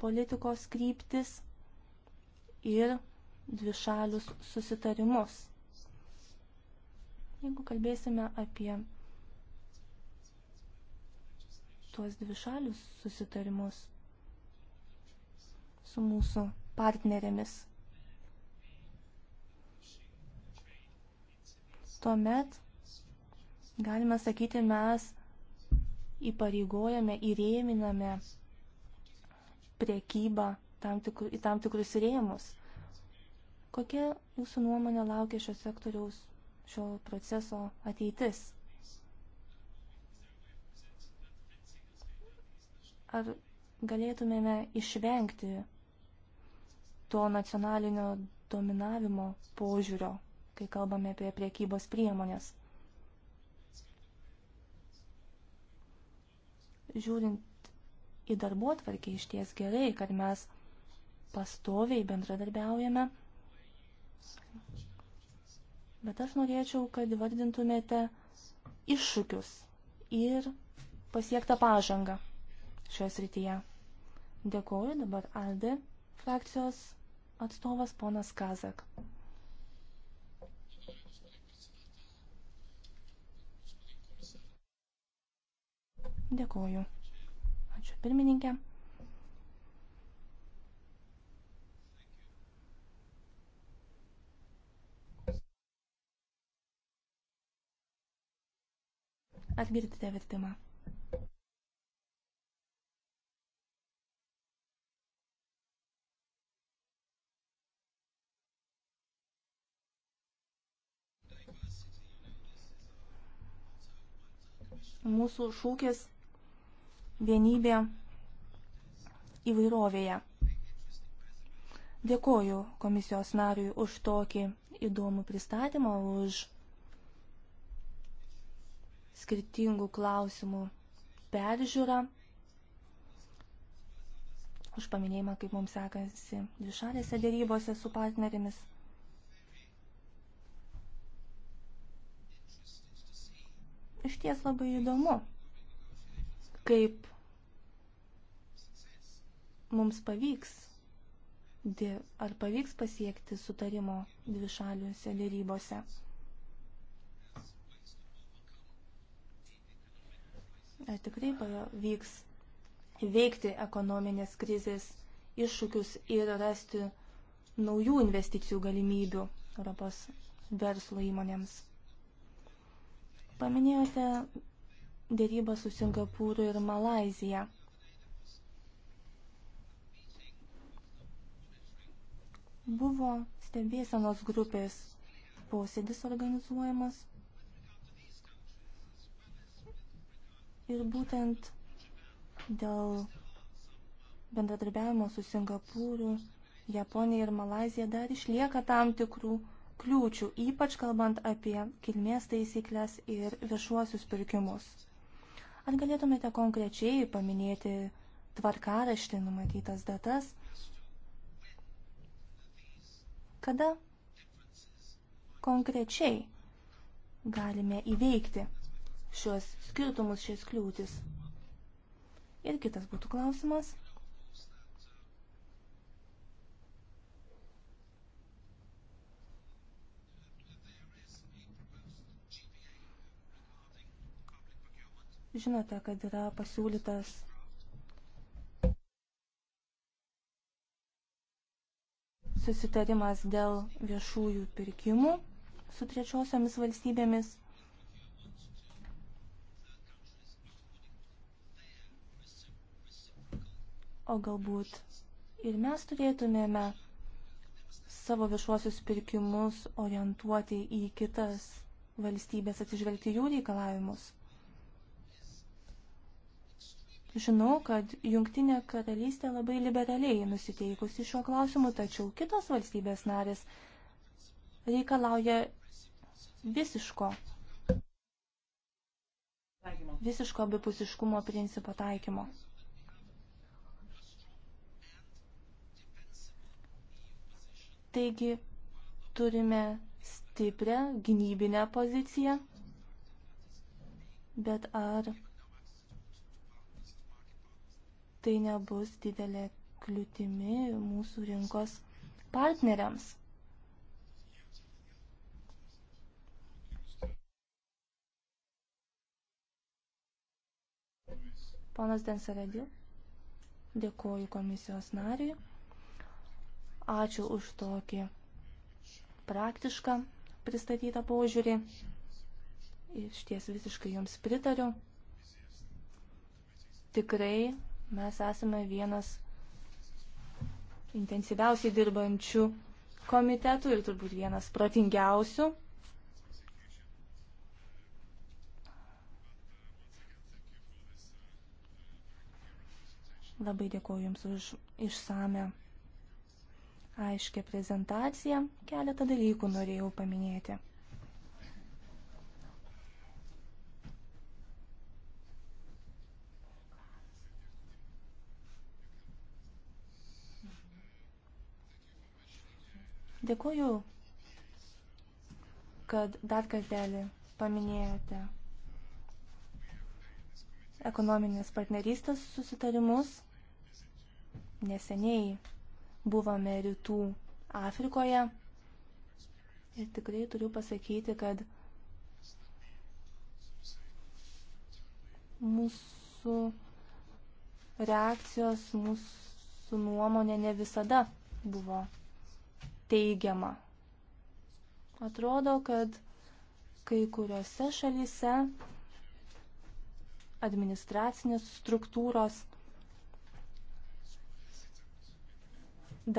Speaker 4: politikos kryptis ir dvišalius susitarimus. Jeigu kalbėsime apie tuos dvišalius susitarimus su mūsų partnerėmis. Tuomet, galime sakyti, mes įpareigojame, įrėminame priekybą tam tikru, į tam tikrus rėmus. Kokia jūsų nuomonė laukia šio sektoriaus, šio proceso ateitis? ar galėtumėme išvengti to nacionalinio dominavimo požiūrio, kai kalbame apie priekybos priemonės. Žiūrint į darbo tvarkį iš ties gerai, kad mes pastoviai bendradarbiaujame, bet aš norėčiau, kad vardintumėte iššūkius ir pasiektą pažangą šioje srityje. Dėkuoju dabar Alde frakcijos atstovas ponas Kazak. Dėkuoju. Ačiū pirmininkė. Atgirdite vertimą. mūsų šūkis vienybė įvairovėje. Dėkoju komisijos nariui už tokį įdomų pristatymą, už skirtingų klausimų peržiūrą, už paminėjimą, kaip mums sekasi dvišalėse dėrybose su partnerėmis. iš ties labai įdomu, kaip mums pavyks ar pavyks pasiekti sutarimo dvišaliuose dėrybose. Ar tikrai pavyks įveikti ekonominės krizės iššūkius ir rasti naujų investicijų galimybių Europos verslo įmonėms. Paminėjote dėrybą su Singapūru ir Malazija. Buvo stebėsenos grupės posėdis organizuojamas. Ir būtent dėl bendradarbiavimo su Singapūru, Japonija ir Malazija dar išlieka tam tikrų kliūčių, ypač kalbant apie kilmės taisyklės ir viešuosius pirkimus. Ar galėtumėte konkrečiai paminėti tvarkaraštį numatytas datas? Kada konkrečiai galime įveikti šios skirtumus, šias kliūtis? Ir kitas būtų klausimas. Žinote, kad yra pasiūlytas susitarimas dėl viešųjų pirkimų su trečiosiomis valstybėmis. O galbūt ir mes turėtumėme savo viešuosius pirkimus orientuoti į kitas valstybės, atsižvelgti jų reikalavimus. Žinau, kad Jungtinė karalystė labai liberaliai nusiteikusi šiuo klausimu, tačiau kitos valstybės narės reikalauja visiško, visiško abipusiškumo principo taikymo. Taigi turime stiprią gynybinę poziciją, bet ar tai nebus didelė kliūtimi mūsų rinkos partneriams. Ponas Densaradė, dėkoju komisijos nariui. Ačiū už tokį praktišką pristatytą požiūrį. Iš ties visiškai jums pritariu. Tikrai Mes esame vienas intensyviausiai dirbančių komitetų ir turbūt vienas pratingiausių. Labai dėkuoju Jums už išsame aiškę prezentaciją. Keletą dalykų norėjau paminėti. Dėkuoju, kad dar kartelį paminėjote ekonominės partnerystės susitarimus. Neseniai buvome rytų Afrikoje ir tikrai turiu pasakyti, kad mūsų reakcijos, mūsų nuomonė ne visada buvo teigiama. Atrodo, kad kai kuriuose šalyse administracinės struktūros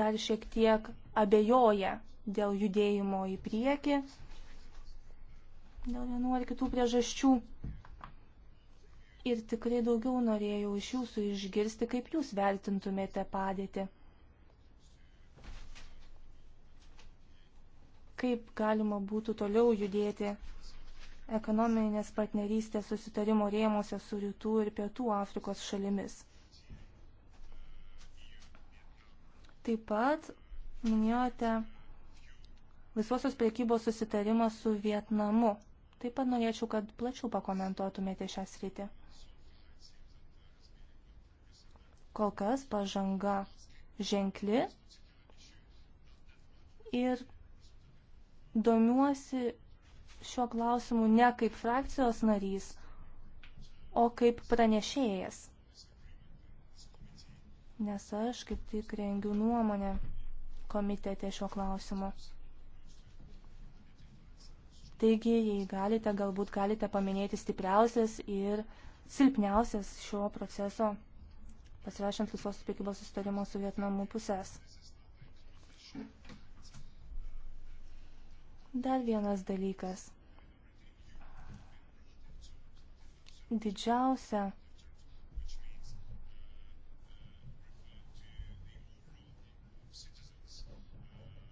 Speaker 4: dar šiek tiek abejoja dėl judėjimo į priekį, dėl vienų ar kitų priežasčių. Ir tikrai daugiau norėjau iš jūsų išgirsti, kaip jūs vertintumėte padėtį. kaip galima būtų toliau judėti ekonominės partnerystės susitarimo rėmose su rytų ir pietų Afrikos šalimis. Taip pat minėjote laisvosios priekybos susitarimą su Vietnamu. Taip pat norėčiau, kad plačiau pakomentuotumėte šią sritį. Kol kas pažanga ženkli ir domiuosi šiuo klausimu ne kaip frakcijos narys, o kaip pranešėjas. Nes aš kaip tik rengiu nuomonę komitete šiuo klausimu. Taigi, jei galite, galbūt galite paminėti stipriausias ir silpniausias šio proceso pasirašant visos priekybos sustarimo su Vietnamu pusės. Dar vienas dalykas. Didžiausia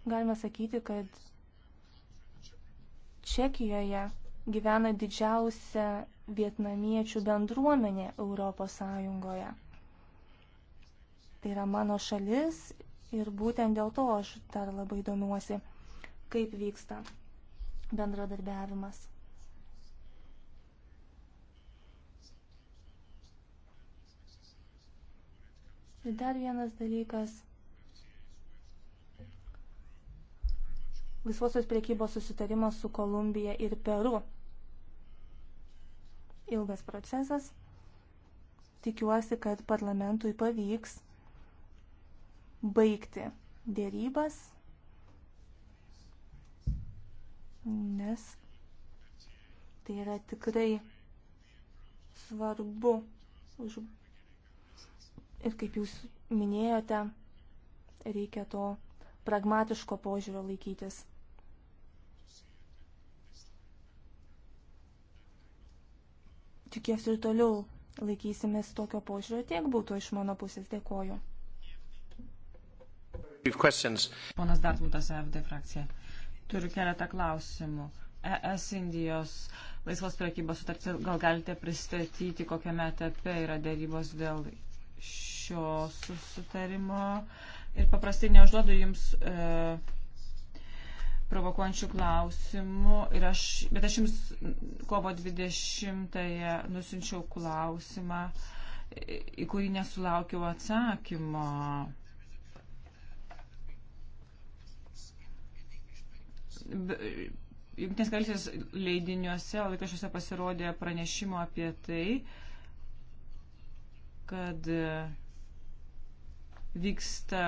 Speaker 4: galima sakyti, kad Čekijoje gyvena didžiausia vietnamiečių bendruomenė Europos Sąjungoje. Tai yra mano šalis ir būtent dėl to aš dar labai domiuosi kaip vyksta bendradarbiavimas. Ir dar vienas dalykas. Laisvosios priekybos susitarimas su Kolumbija ir Peru. Ilgas procesas. Tikiuosi, kad parlamentui pavyks baigti dėrybas nes tai yra tikrai svarbu. Ir kaip jūs minėjote, reikia to pragmatiško požiūrio laikytis. Tikiuosi ir toliau laikysimės tokio požiūrio, tiek būtų iš mano pusės. Dėkoju.
Speaker 2: Ponas Dartmutas, AFD frakcija. Turiu keletą klausimų. ES Indijos laisvos prekybos sutartis, gal galite pristatyti, kokiame etape yra dėrybos dėl šio susitarimo. Ir paprastai neužduodu jums e, provokuojančių klausimų, aš, bet aš jums kovo 20-ąją nusinčiau klausimą, į kurį nesulaukiau atsakymo. Junktinės karalystės leidiniuose, laikrašiuose pasirodė pranešimo apie tai, kad e, vyksta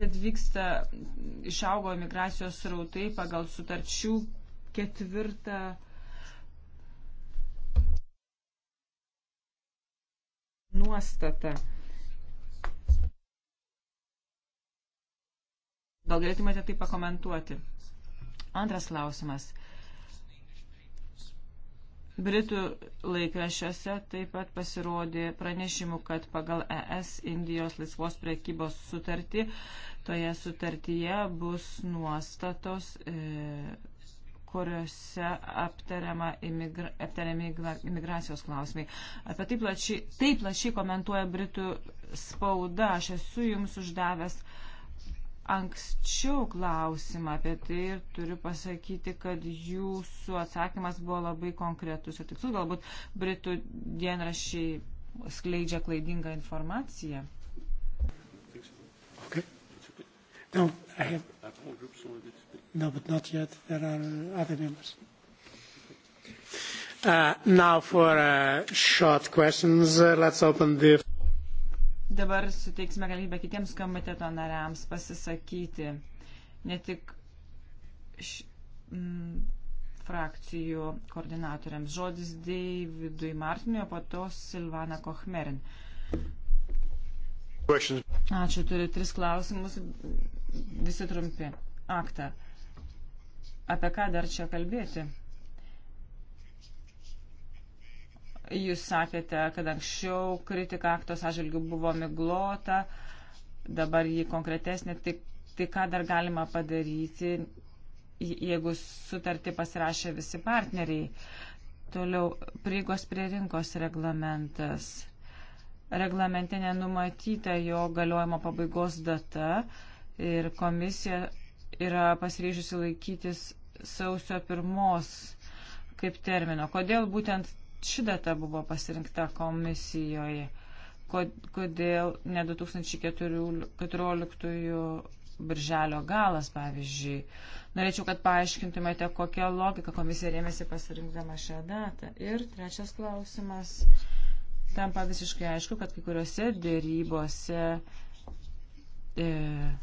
Speaker 2: kad vyksta išaugo migracijos srautai pagal sutarčių ketvirtą nuostatą. Gal galėtumėte tai pakomentuoti? Antras klausimas. Britų laikrašiuose taip pat pasirodė pranešimų, kad pagal ES Indijos laisvos prekybos sutartį toje sutartyje bus nuostatos, e, kuriuose aptariama imigra, aptariami imigracijos klausimai. Apie tai plačiai, tai plačiai komentuoja Britų spauda. Aš esu jums uždavęs uh, anksčiau klausimą apie tai ir turiu pasakyti, kad jūsų atsakymas buvo labai konkretus ir tikslus. Galbūt Britų dienrašiai skleidžia klaidingą informaciją.
Speaker 1: Okay. No, I have... No, but not yet. There are other members. Uh, now for uh, short questions. Uh, let's open the
Speaker 2: Dabar suteiksime galimybę kitiems komiteto nariams pasisakyti ne tik š, m, mm, frakcijų koordinatoriams. Žodis Deividui Martinui, o po to Silvana Kochmerin. Ačiū, turiu tris klausimus, visi trumpi. Akta. Apie ką dar čia kalbėti? Jūs sakėte, kad anksčiau kritika aktos atžvilgių buvo miglota, dabar jį konkretesnė. Tai, tai ką dar galima padaryti, jeigu sutartį pasirašė visi partneriai? Toliau prieigos prie rinkos reglamentas. Reglamente nenumatyta jo galiojimo pabaigos data ir komisija yra pasiryžusi laikytis sausio pirmos kaip termino. Kodėl būtent ši data buvo pasirinkta komisijoje. Kodėl ne 2014 birželio galas, pavyzdžiui. Norėčiau, kad paaiškintumėte, kokią logiką komisija rėmėsi pasirinkdama šią datą. Ir trečias klausimas. Tampa visiškai aišku, kad kai kuriuose dėrybose e,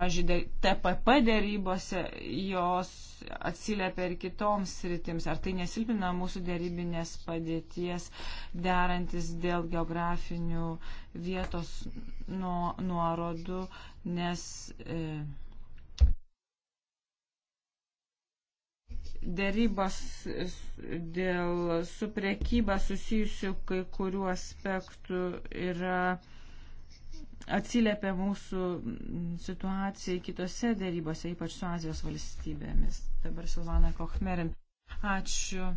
Speaker 2: pavyzdžiui, TPP dėrybose jos atsiliepia ir kitoms sritims. Ar tai nesilpina mūsų dėrybinės padėties, derantis dėl geografinių vietos nuorodų, nes. E, Dėrybos dėl su priekyba susijusių kai kurių aspektų yra atsiliepia mūsų mm, situacijai kitose dėrybose, ypač su Azijos valstybėmis. Dabar Silvana Kochmerin. Ačiū.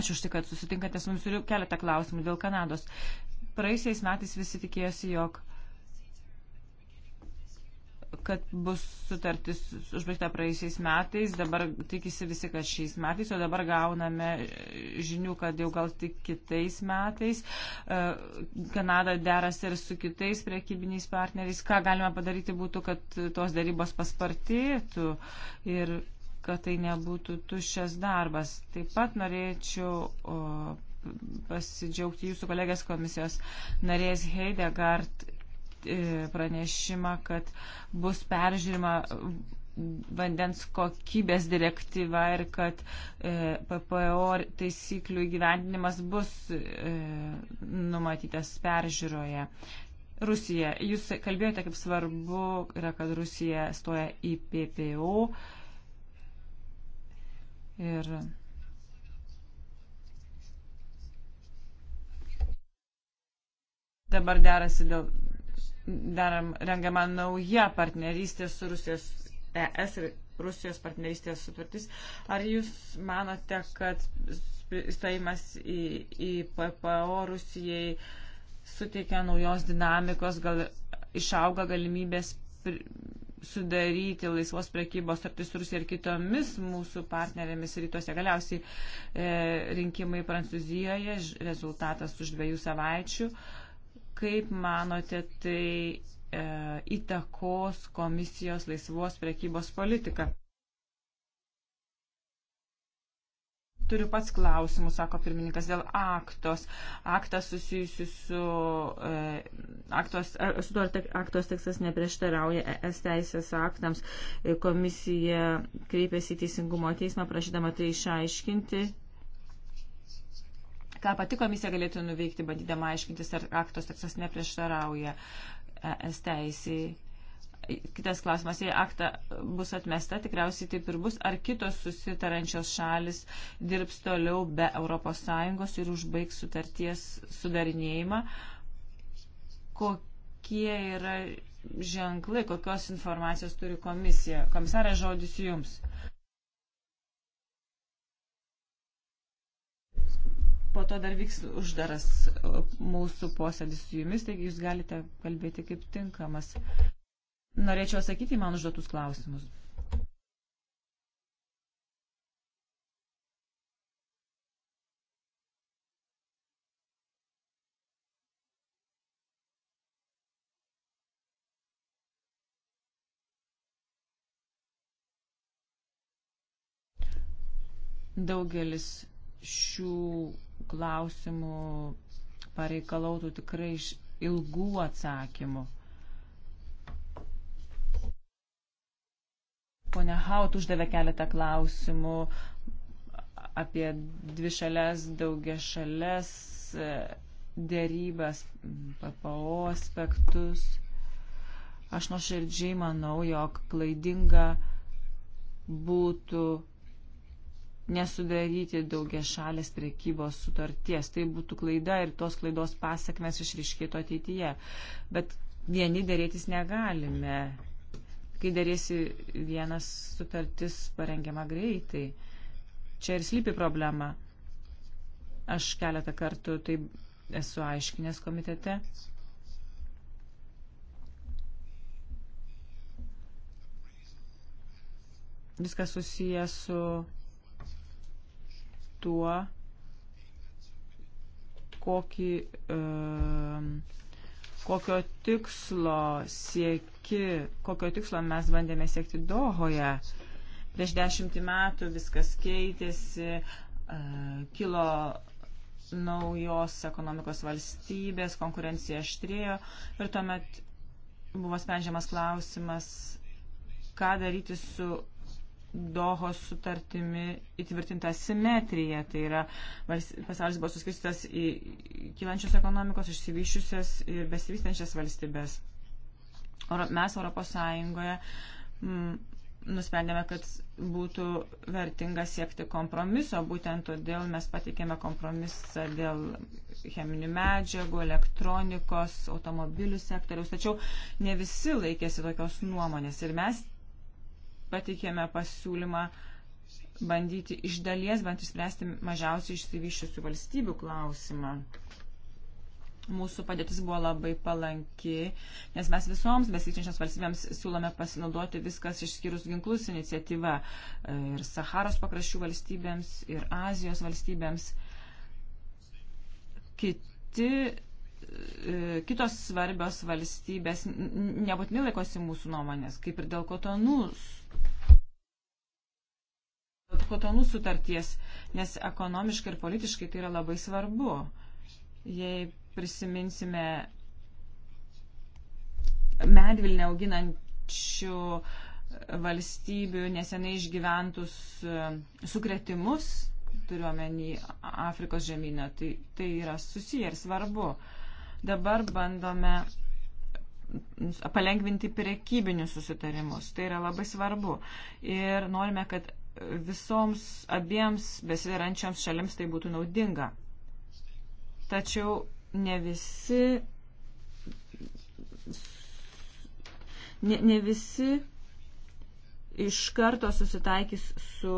Speaker 2: Ačiū už tai, kad susitinkate su mumis. Turiu keletą klausimų dėl Kanados. Praeisiais metais visi tikėjosi, jog kad bus sutartis užbaigta praeisiais metais, dabar tikisi visi, kad šiais metais, o dabar gauname e, žinių, kad jau gal tik kitais metais. E, Kanada deras ir su kitais priekybiniais partneriais. Ką galime padaryti būtų, kad tos darybos paspartėtų ir kad tai nebūtų tuščias darbas. Taip pat norėčiau. O, pasidžiaugti jūsų kolegės komisijos narės Heidegard E, pranešimą, kad bus peržiūrima vandens kokybės direktyva ir kad e, PPO taisyklių įgyvendinimas bus e, numatytas peržiūroje. Rusija, jūs kalbėjote, kaip svarbu yra, kad Rusija stoja į PPO ir dabar derasi dėl daram, rengiama nauja partnerystė su Rusijos ES ir Rusijos partnerystės sutartis. Ar jūs manote, kad stojimas į, į PPO Rusijai suteikia naujos dinamikos, gal išauga galimybės sudaryti laisvos prekybos tarptis Rusija ir kitomis mūsų partnerėmis rytuose. Galiausiai e, rinkimai Prancūzijoje, rezultatas už dviejų savaičių. E, Kaip manote, tai e, įtakos komisijos laisvos prekybos politiką? Turiu pats klausimų, sako pirmininkas, dėl aktos. Aktas susijusi su e, aktos, e, su to, aktos tekstas neprieštarauja ES teisės aktams. E, komisija kreipėsi į Teisingumo teismą prašydama tai išaiškinti ką pati komisija galėtų nuveikti, bandydama aiškintis, ar aktos tekstas neprieštarauja es teisiai. Kitas klausimas, jei akta bus atmesta, tikriausiai taip ir bus, ar kitos susitarančios šalis dirbs toliau be ES ir užbaigs sutarties sudarinėjimą. Kokie yra ženklai, kokios informacijos turi komisija? Komisarė, žodis jums. po to dar vyks uždaras e, mūsų posėdis su jumis, taigi jūs galite kalbėti kaip tinkamas. Norėčiau atsakyti į man užduotus klausimus. Daugelis šių klausimų pareikalautų tikrai iš ilgų atsakymų. Pone Haut uždavė keletą klausimų apie dvi šalias, daugia šalias, e, dėrybas, PPO aspektus. Aš nuoširdžiai manau, jog klaidinga būtų nesudaryti daugia šalės priekybos sutarties. Tai būtų klaida ir tos klaidos pasiekmes išriškėtų ateityje. Bet vieni dėrėtis negalime. Kai dėrėsi vienas sutartis parengiama greitai. Čia ir slypi problema. Aš keletą kartų tai esu aiškinęs komitete. Viskas susijęs su tuo, kokį, kokio tikslo sieki, kokio tikslo mes bandėme siekti Dohoje. Prieš dešimtį metų viskas keitėsi, e, kilo naujos ekonomikos valstybės, konkurencija aštrėjo ir tuomet buvo sprendžiamas klausimas, ką daryti su Dohos sutartimi įtvirtinta simetrija. Tai yra, pasaulis buvo suskirstytas į kylančios ekonomikos, išsivyščiusias ir besivystančias valstybės. Mes Europos Sąjungoje m, mm, nusprendėme, kad būtų vertinga siekti kompromiso, būtent todėl mes pateikėme kompromisą dėl cheminių medžiagų, elektronikos, automobilių sektoriaus, tačiau ne visi laikėsi tokios nuomonės ir mes pateikėme pasiūlymą bandyti iš dalies bent išspręsti mažiausiai išsivyščiusių valstybių klausimą. Mūsų padėtis buvo labai palanki, nes mes visoms besikeičiančiams valstybėms siūlome pasinaudoti viskas išskyrus ginklus iniciatyva e, ir Saharos pakraščių valstybėms, ir Azijos valstybėms. Kiti e, kitos svarbios valstybės nebūtinai laikosi mūsų nuomonės, kaip ir dėl kotonų kotonų sutarties, nes ekonomiškai ir politiškai tai yra labai svarbu. Jei prisiminsime medvilnę auginančių valstybių nesenai išgyventus e, sukretimus, turiuomenį Afrikos žemyną, tai, tai yra susiję ir svarbu. Dabar bandome palengvinti prekybinius susitarimus. Tai yra labai svarbu. Ir norime, kad visoms abiems besverančiams šalims tai būtų naudinga. Tačiau ne visi, ne, ne visi iš karto susitaikys su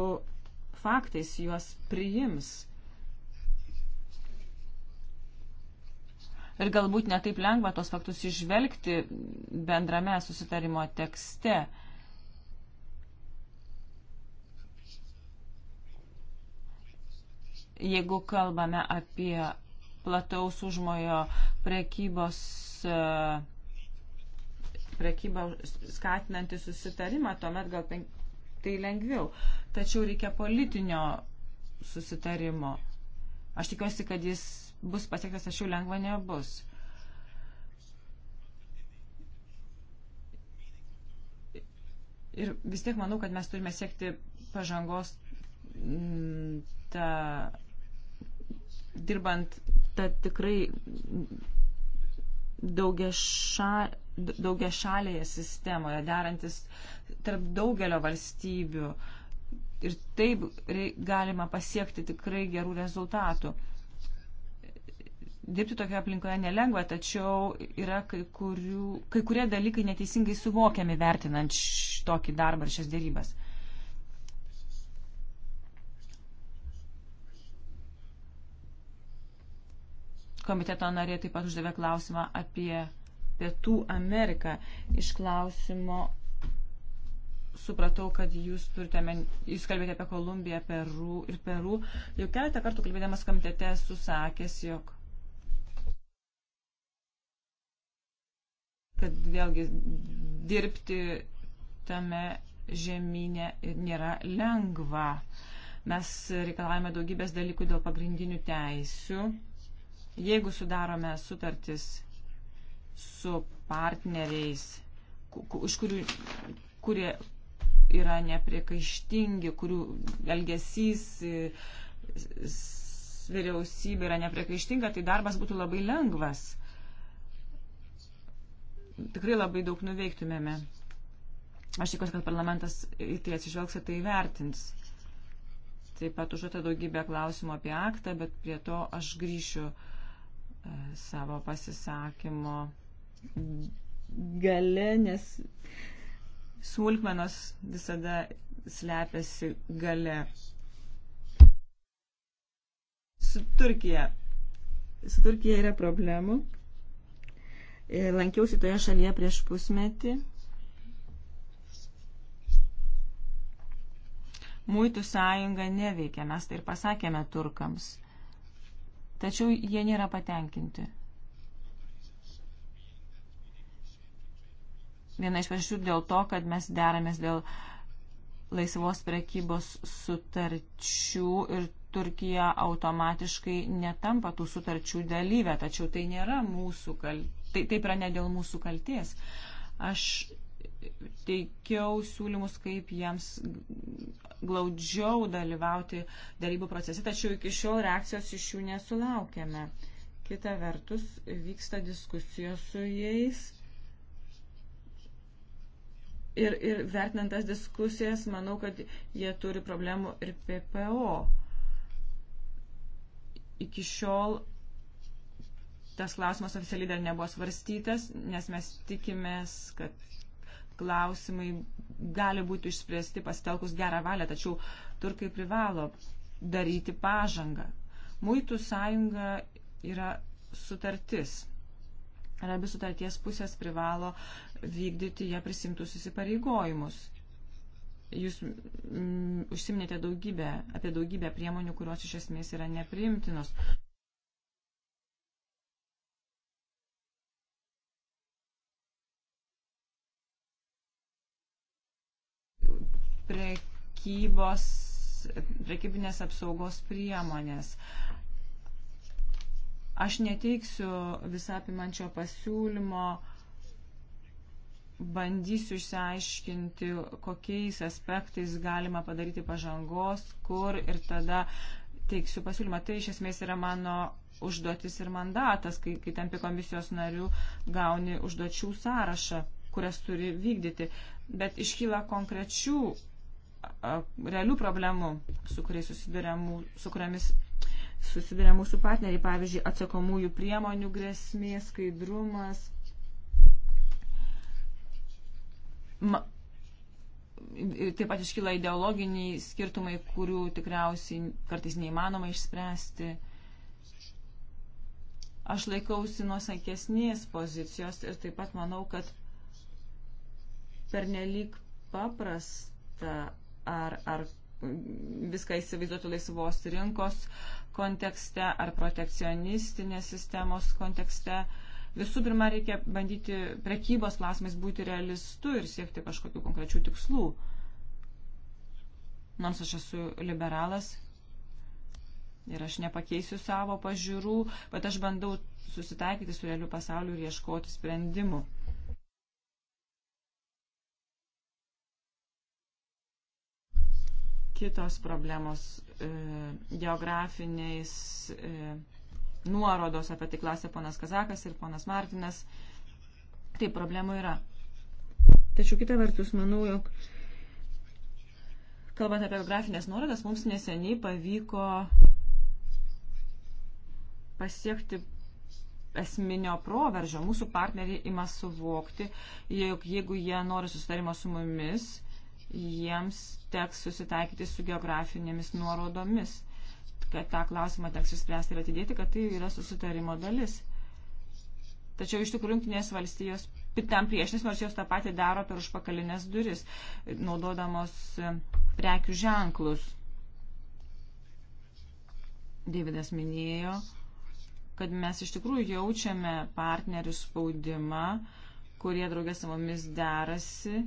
Speaker 2: faktais, juos priims. ir galbūt netaip lengva tos faktus išvelgti bendrame susitarimo tekste. jeigu kalbame apie plataus užmojo prekybos e, prekybą skatinantį susitarimą, tuomet gal tai lengviau. Tačiau reikia politinio susitarimo. Aš tikiuosi, kad jis bus pasiektas, tačiau lengva nebus. Ir vis tiek manau, kad mes turime siekti pažangos mm, tą dirbant tą tikrai daugia, ša, daugia šalėje sistemoje, derantis tarp daugelio valstybių. Ir taip galima pasiekti tikrai gerų rezultatų. Dirbti tokioje aplinkoje nelengva, tačiau yra kai, kurių, kai kurie dalykai neteisingai suvokiami vertinant tokį darbą ir šias dėrybas. komiteto narė taip pat uždavė klausimą apie Pietų Ameriką. Iš klausimo supratau, kad jūs turite, jūs kalbėte apie Kolumbiją, Peru ir Peru. Jau keletą kartų kalbėdamas komitete esu sakęs, jog kad vėlgi dirbti tame žemynė nėra lengva. Mes reikalavome daugybės dalykų dėl pagrindinių teisių Jeigu sudarome sutartis su partneriais, iš kurių, kurie yra nepriekaištingi, kurių elgesys e, vyriausybė yra nepriekaištinga, tai darbas būtų labai lengvas. Tikrai labai daug nuveiktumėme. Aš tikiuosi, kad parlamentas į tai atsižvelgs ir tai vertins. Taip pat užuota daugybę klausimų apie aktą, bet prie to aš grįšiu savo pasisakymo gale, nes smulkmenos visada slepiasi gale. Su Turkija. Su Turkija yra problemų. Lankiausi toje šalyje prieš pusmetį. Muitų sąjunga neveikia, mes tai ir pasakėme turkams tačiau jie nėra patenkinti. Viena iš priežasčių dėl to, kad mes deramės dėl laisvos prekybos sutarčių ir Turkija automatiškai netampa tų sutarčių dalyvę, tačiau tai nėra mūsų kaltė, tai, taip yra ne dėl mūsų kalties. Aš teikiau siūlymus, kaip jiems glaudžiau dalyvauti darybų procese, tačiau iki šiol reakcijos iš jų nesulaukėme. Kita vertus, vyksta diskusijos su jais. Ir, ir vertinant tas diskusijas, manau, kad jie turi problemų ir PPO. Iki šiol tas klausimas oficialiai dar nebuvo svarstytas, nes mes tikimės, kad klausimai gali būti išspręsti pasitelkus gerą valią, tačiau turkai privalo daryti pažangą. Muitų sąjunga yra sutartis. Ir abi sutarties pusės privalo vykdyti ją prisimtus įsipareigojimus. Jūs mm, užsiminėte daugybę, apie daugybę priemonių, kurios iš esmės yra nepriimtinos. prekybos, prekybinės apsaugos priemonės. Aš neteiksiu visapimančio pasiūlymo, bandysiu išsiaiškinti, kokiais aspektais galima padaryti pažangos, kur ir tada teiksiu pasiūlymą. Tai iš esmės yra mano užduotis ir mandatas, kai, kai tampi komisijos narių, gauni užduočių sąrašą, kurias turi vykdyti. Bet iškyla konkrečių realių problemų, su, mū, su kuriamis susiduria mūsų partneriai, pavyzdžiui, atsakomųjų priemonių grėsmė, skaidrumas. Ma, taip pat iškyla ideologiniai skirtumai, kurių tikriausiai kartais neįmanoma išspręsti. Aš laikausi nuosankesnės pozicijos ir taip pat manau, kad pernelyg paprasta ar, ar viską įsivaizduotų laisvos rinkos kontekste ar protekcionistinės sistemos kontekste. Visų pirma, reikia bandyti prekybos klausimais būti realistu ir siekti kažkokių konkrečių tikslų. Nors aš esu liberalas ir aš nepakeisiu savo pažiūrų, bet aš bandau susitaikyti su realiu pasauliu ir ieškoti sprendimų. kitos problemos e, geografiniais e, nuorodos, apie tai klasė ponas Kazakas ir ponas Martinas. Tai problemų yra. Tačiau kita vertus, manau, jog kalbant apie geografinės nuorodas, mums neseniai pavyko pasiekti esminio proveržio. Mūsų partneriai ima suvokti, jog jeigu jie nori susitarimo su mumis, jiems teks susitaikyti su geografinėmis nuorodomis, kad tą klausimą teks išspręsti ir atidėti, kad tai yra susitarimo dalis. Tačiau iš tikrųjų jungtinės valstijos tam priešinis, nors jos tą patį daro per užpakalinės duris, naudodamos e, prekių ženklus. Davidas minėjo, kad mes iš tikrųjų jaučiame partnerių spaudimą, kurie draugės su mumis derasi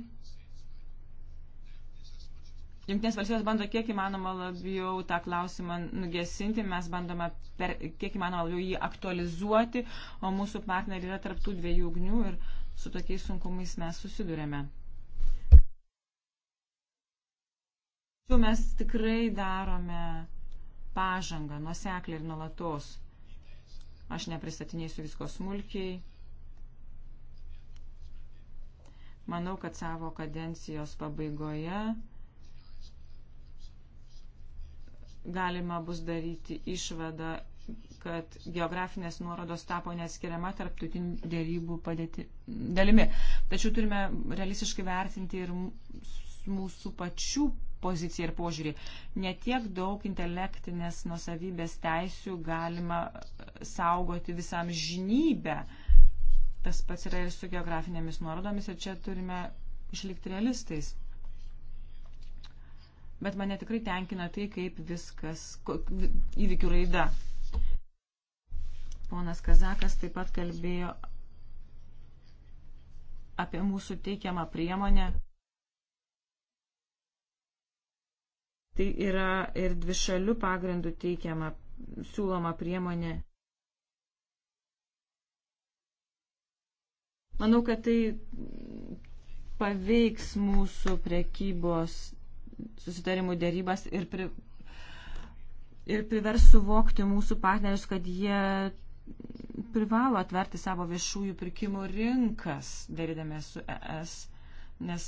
Speaker 2: Junktinės valstybės bando kiek įmanoma labiau tą klausimą nugesinti, mes bandome per, kiek įmanoma labiau jį aktualizuoti, o mūsų partneriai yra tarptų dviejų ugnių ir su tokiais sunkumais mes susidurėme. Tačiau mes tikrai darome pažangą nuoseklį ir nuolatos. Aš nepristatinėsiu visko smulkiai. Manau, kad savo kadencijos pabaigoje galima bus daryti išvadą, kad geografinės nuorodos tapo neatskiriama tarptautinių dėrybų padėti, dalimi. Tačiau turime realistiškai vertinti ir mūsų pačių poziciją ir požiūrį. Netiek daug intelektinės nusavybės teisių galima saugoti visam žinybę. Tas pats yra ir su geografinėmis nuorodomis ir čia turime išlikti realistais bet mane tikrai tenkina tai, kaip viskas, įvykių raida. Ponas Kazakas taip pat kalbėjo apie mūsų teikiamą priemonę. Tai yra ir dvišalių pagrindų teikiama, siūloma priemonė. Manau, kad tai paveiks mūsų prekybos susitarimų dėrybas ir, pri, ir privers suvokti mūsų partnerius, kad jie privalo atverti savo viešųjų pirkimų rinkas, darydami su ES, nes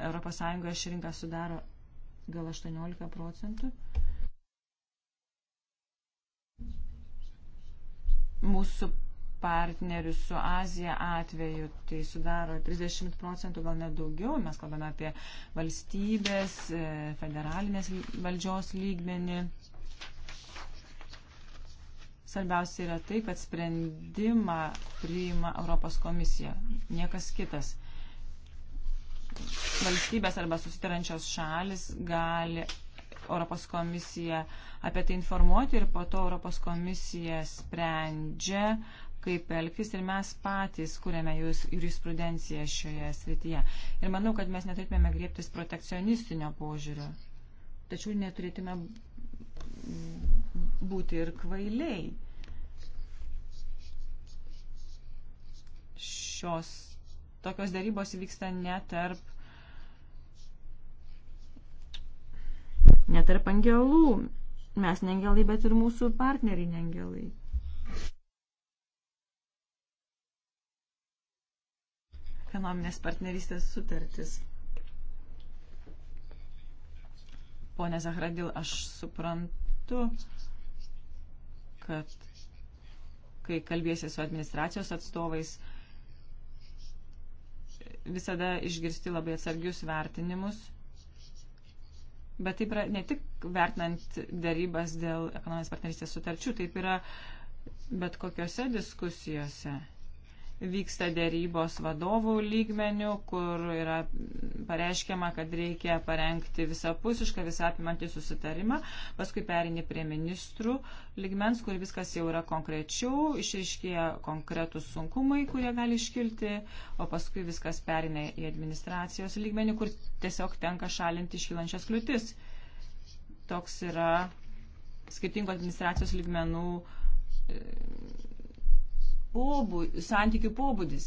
Speaker 2: ES ši rinka sudaro gal 18 procentų. Mūsų partnerių su Azija atveju, tai sudaro 30 procentų, gal net daugiau. Mes kalbame apie valstybės, e, federalinės valdžios lygmenį. Svarbiausia yra tai, kad sprendimą priima Europos komisija, niekas kitas. Valstybės arba susitarančios šalis gali Europos komisija apie tai informuoti ir po to Europos komisija sprendžia, kaip elgtis ir mes patys kūrėme jurisprudenciją šioje srityje. Ir manau, kad mes neturėtume griebtis protekcionistinio požiūrio. Tačiau neturėtume būti ir kvailiai. Šios tokios darybos vyksta ne tarp ne tarp angelų. Mes ne angelai, bet ir mūsų partneriai ne angelai. ekonominės partnerystės sutartis. Pone Zahradil, aš suprantu, kad kai kalbėsi su administracijos atstovais, visada išgirsti labai atsargius vertinimus. Bet taip yra ne tik vertinant darybas dėl ekonominės partnerystės sutarčių, taip yra bet kokiose diskusijose vyksta dėrybos vadovų lygmenių, kur yra pareiškiama, kad reikia parengti visapusišką, visapimantį susitarimą, paskui perini prie ministrų lygmens, kur viskas jau yra konkrečiau, išriškėja konkretus sunkumai, kurie gali iškilti, o paskui viskas perina į administracijos lygmenį, kur tiesiog tenka šalinti iškylančias kliūtis. Toks yra skirtingų administracijos lygmenų pobū, santykių pobūdis,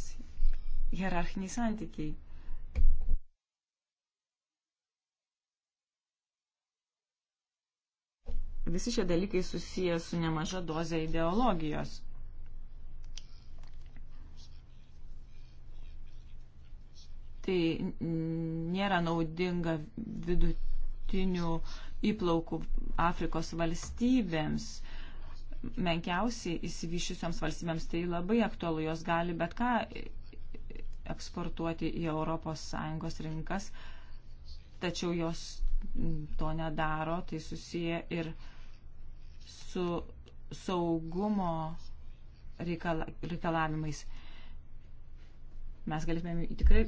Speaker 2: hierarchiniai santykiai. Visi šie dalykai susiję su nemaža doze ideologijos. Tai nėra naudinga vidutinių įplaukų Afrikos valstybėms menkiausiai įsivyšiusioms valstybėms tai labai aktualu, jos gali bet ką eksportuoti į ES rinkas, tačiau jos to nedaro, tai susiję ir su saugumo reikala, reikalavimais. Mes galėtume tikrai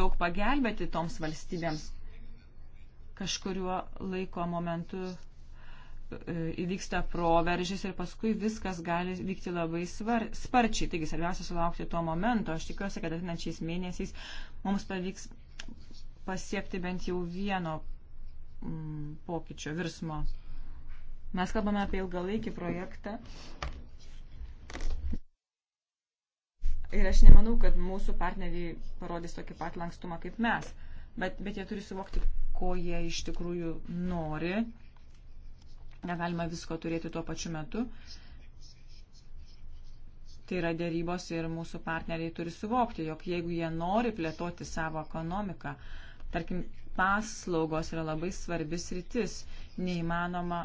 Speaker 2: daug pagelbėti toms valstybėms kažkuriuo laiko momentu E, įvyksta proveržis ir paskui viskas gali vykti labai svar, sparčiai. Taigi svarbiausia sulaukti to momento. Aš tikiuosi, kad atinančiais mėnesiais mums pavyks pasiekti bent jau vieno mm, pokyčio, virsmo. Mes kalbame apie ilgalaikį projektą. Ir aš nemanau, kad mūsų partneriai parodys tokį pat lankstumą kaip mes. Bet, bet jie turi suvokti, ko jie iš tikrųjų nori Negalima visko turėti tuo pačiu metu. Tai yra dėrybos ir mūsų partneriai turi suvokti, jog jeigu jie nori plėtoti savo ekonomiką, tarkim, paslaugos yra labai svarbis rytis, neįmanoma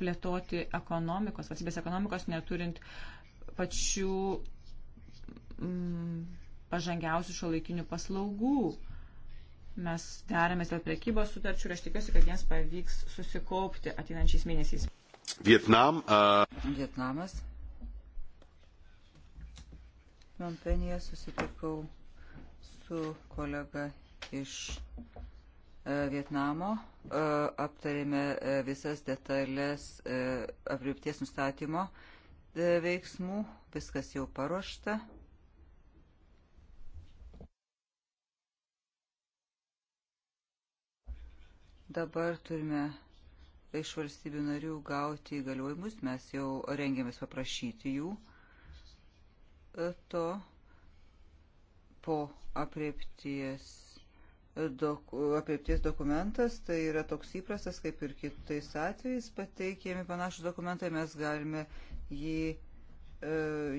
Speaker 2: plėtoti ekonomikos, valstybės ekonomikos neturint pačių mm, pažangiausių šio laikinių paslaugų. Mes deramės dėl prekybos sutarčių ir aš tikiuosi, kad jiems pavyks susikaupti ateinančiais mėnesiais.
Speaker 5: Vietnam. Uh...
Speaker 3: Vietnamas. Kampanija susitikau su kolega iš e, Vietnamo, e, aptarėme e, visas detalės apriepties nustatymo veiksmų, viskas jau paruošta. Dabar turime iš valstybių narių gauti įgaliojimus, mes jau rengiamės paprašyti jų e, to po apriepties, doku, apriepties dokumentas, tai yra toks įprastas, kaip ir kitais atvejais pateikiami panašus dokumentai, mes galime jį E,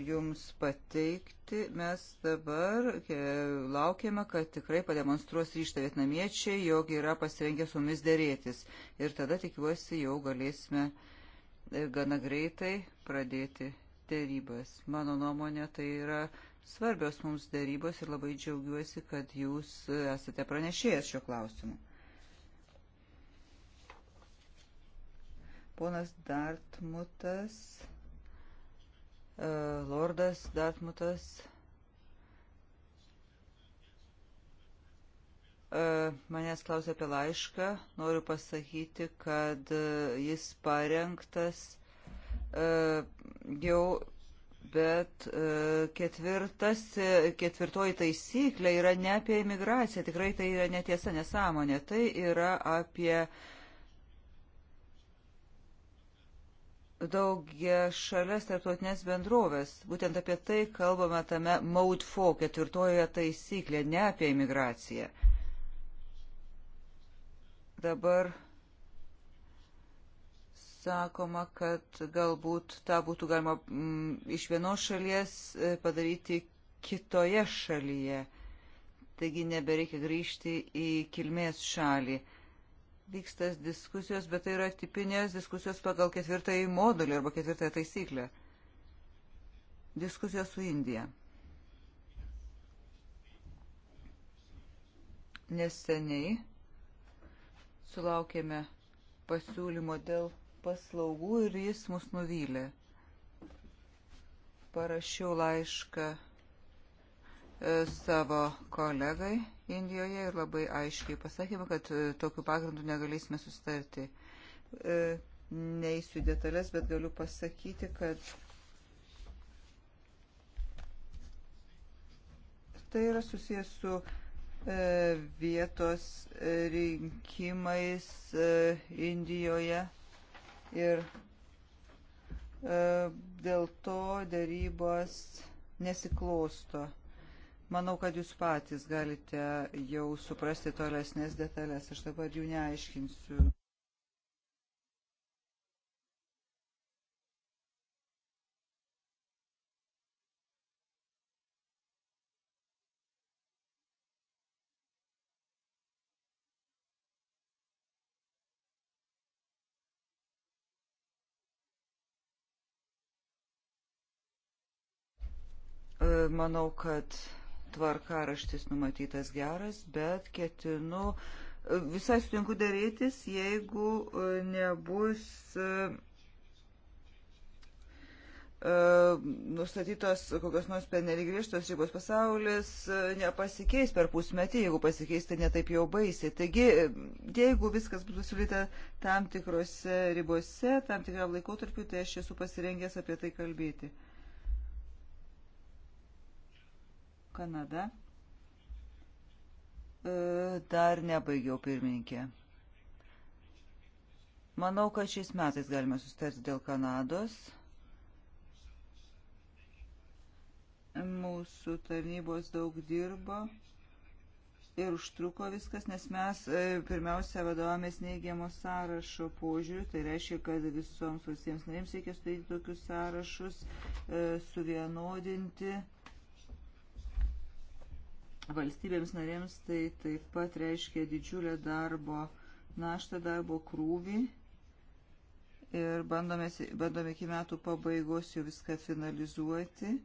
Speaker 3: jums pateikti. Mes dabar e, laukiame, kad tikrai pademonstruos ryštą vietnamiečiai, jog yra pasirengę su mumis dėrėtis. Ir tada tikiuosi jau galėsime e, gana greitai pradėti dėrybas. Mano nuomonė tai yra svarbios mums dėrybos ir labai džiaugiuosi, kad jūs esate pranešėjęs šio klausimu. Ponas Dartmutas. E, Lordas Dartmutas. E, manęs klausė apie laišką. Noriu pasakyti, kad e, jis parengtas jau Bet ketvirtas, ketvirtoji taisyklė yra ne apie imigraciją, tikrai tai yra netiesa, nesąmonė, tai yra apie daugia šalias tarptautinės bendrovės. Būtent apie tai kalbame tame MODFO ketvirtojoje taisyklė, ne apie imigraciją. Dabar sakoma, kad galbūt tą būtų galima m, mm, iš vienos šalies e, padaryti kitoje šalyje. Taigi nebereikia grįžti į kilmės šalį vyksta diskusijos, bet tai yra tipinės diskusijos pagal ketvirtąjį modulį arba ketvirtąją taisyklę. Diskusijos su Indija. Neseniai sulaukėme pasiūlymo dėl paslaugų ir jis mus nuvylė. Parašiau laišką e, savo kolegai Indijoje ir labai aiškiai pasakėme, kad e, tokiu pagrindu negalėsime sustarti. E, Neįsiu detalės, bet galiu pasakyti, kad tai yra susijęs su e, vietos rinkimais Indijoje ir dėl to darybos nesiklosto. Manau, kad jūs patys galite jau suprasti tolesnės detalės. Aš dabar jų neaiškinsiu. Manau, kad tvarkaraštis numatytas geras, bet ketinu e, visai sutinku dėrėtis, jeigu e, nebus e, nustatytos kokios nors pernelyg griežtos ribos pasaulis nepasikeis per pusmetį, jeigu pasikeis, tai netaip jau baisiai. Taigi, jeigu viskas būtų siūlyta tam tikrose ribose, tam tikram laikotarpiu, tai aš esu pasirengęs apie tai kalbėti. Kanada. E, dar nebaigiau pirmininkė. Manau, kad šiais metais galime sustarti dėl Kanados. Mūsų tarnybos daug dirbo ir užtruko viskas, nes mes e, pirmiausia vadovomės neigiamo sąrašo požiūriu. Tai reiškia, kad visoms valstybėms narėms reikia sudaryti tokius sąrašus, e, suvienodinti valstybėms narėms tai taip pat reiškia didžiulę darbo naštą, darbo krūvį. Ir bandome, bandome iki metų pabaigos jau viską finalizuoti.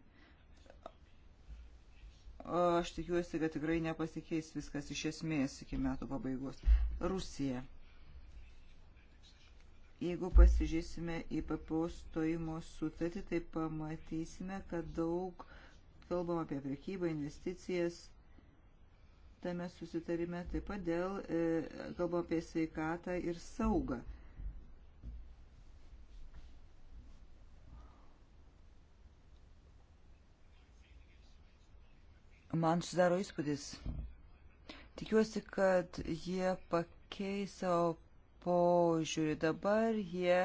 Speaker 3: O aš tikiuosi, kad tikrai nepasikeis viskas iš esmės iki metų pabaigos. Rusija. Jeigu pasižiūrėsime į PPO stojimo sutartį, tai pamatysime, kad daug kalbam apie prekybą, investicijas, tame susitarime, taip pat dėl, e, kalbu apie sveikatą ir saugą. Man sudaro įspūdis. Tikiuosi, kad jie pakeis savo požiūrį. Dabar jie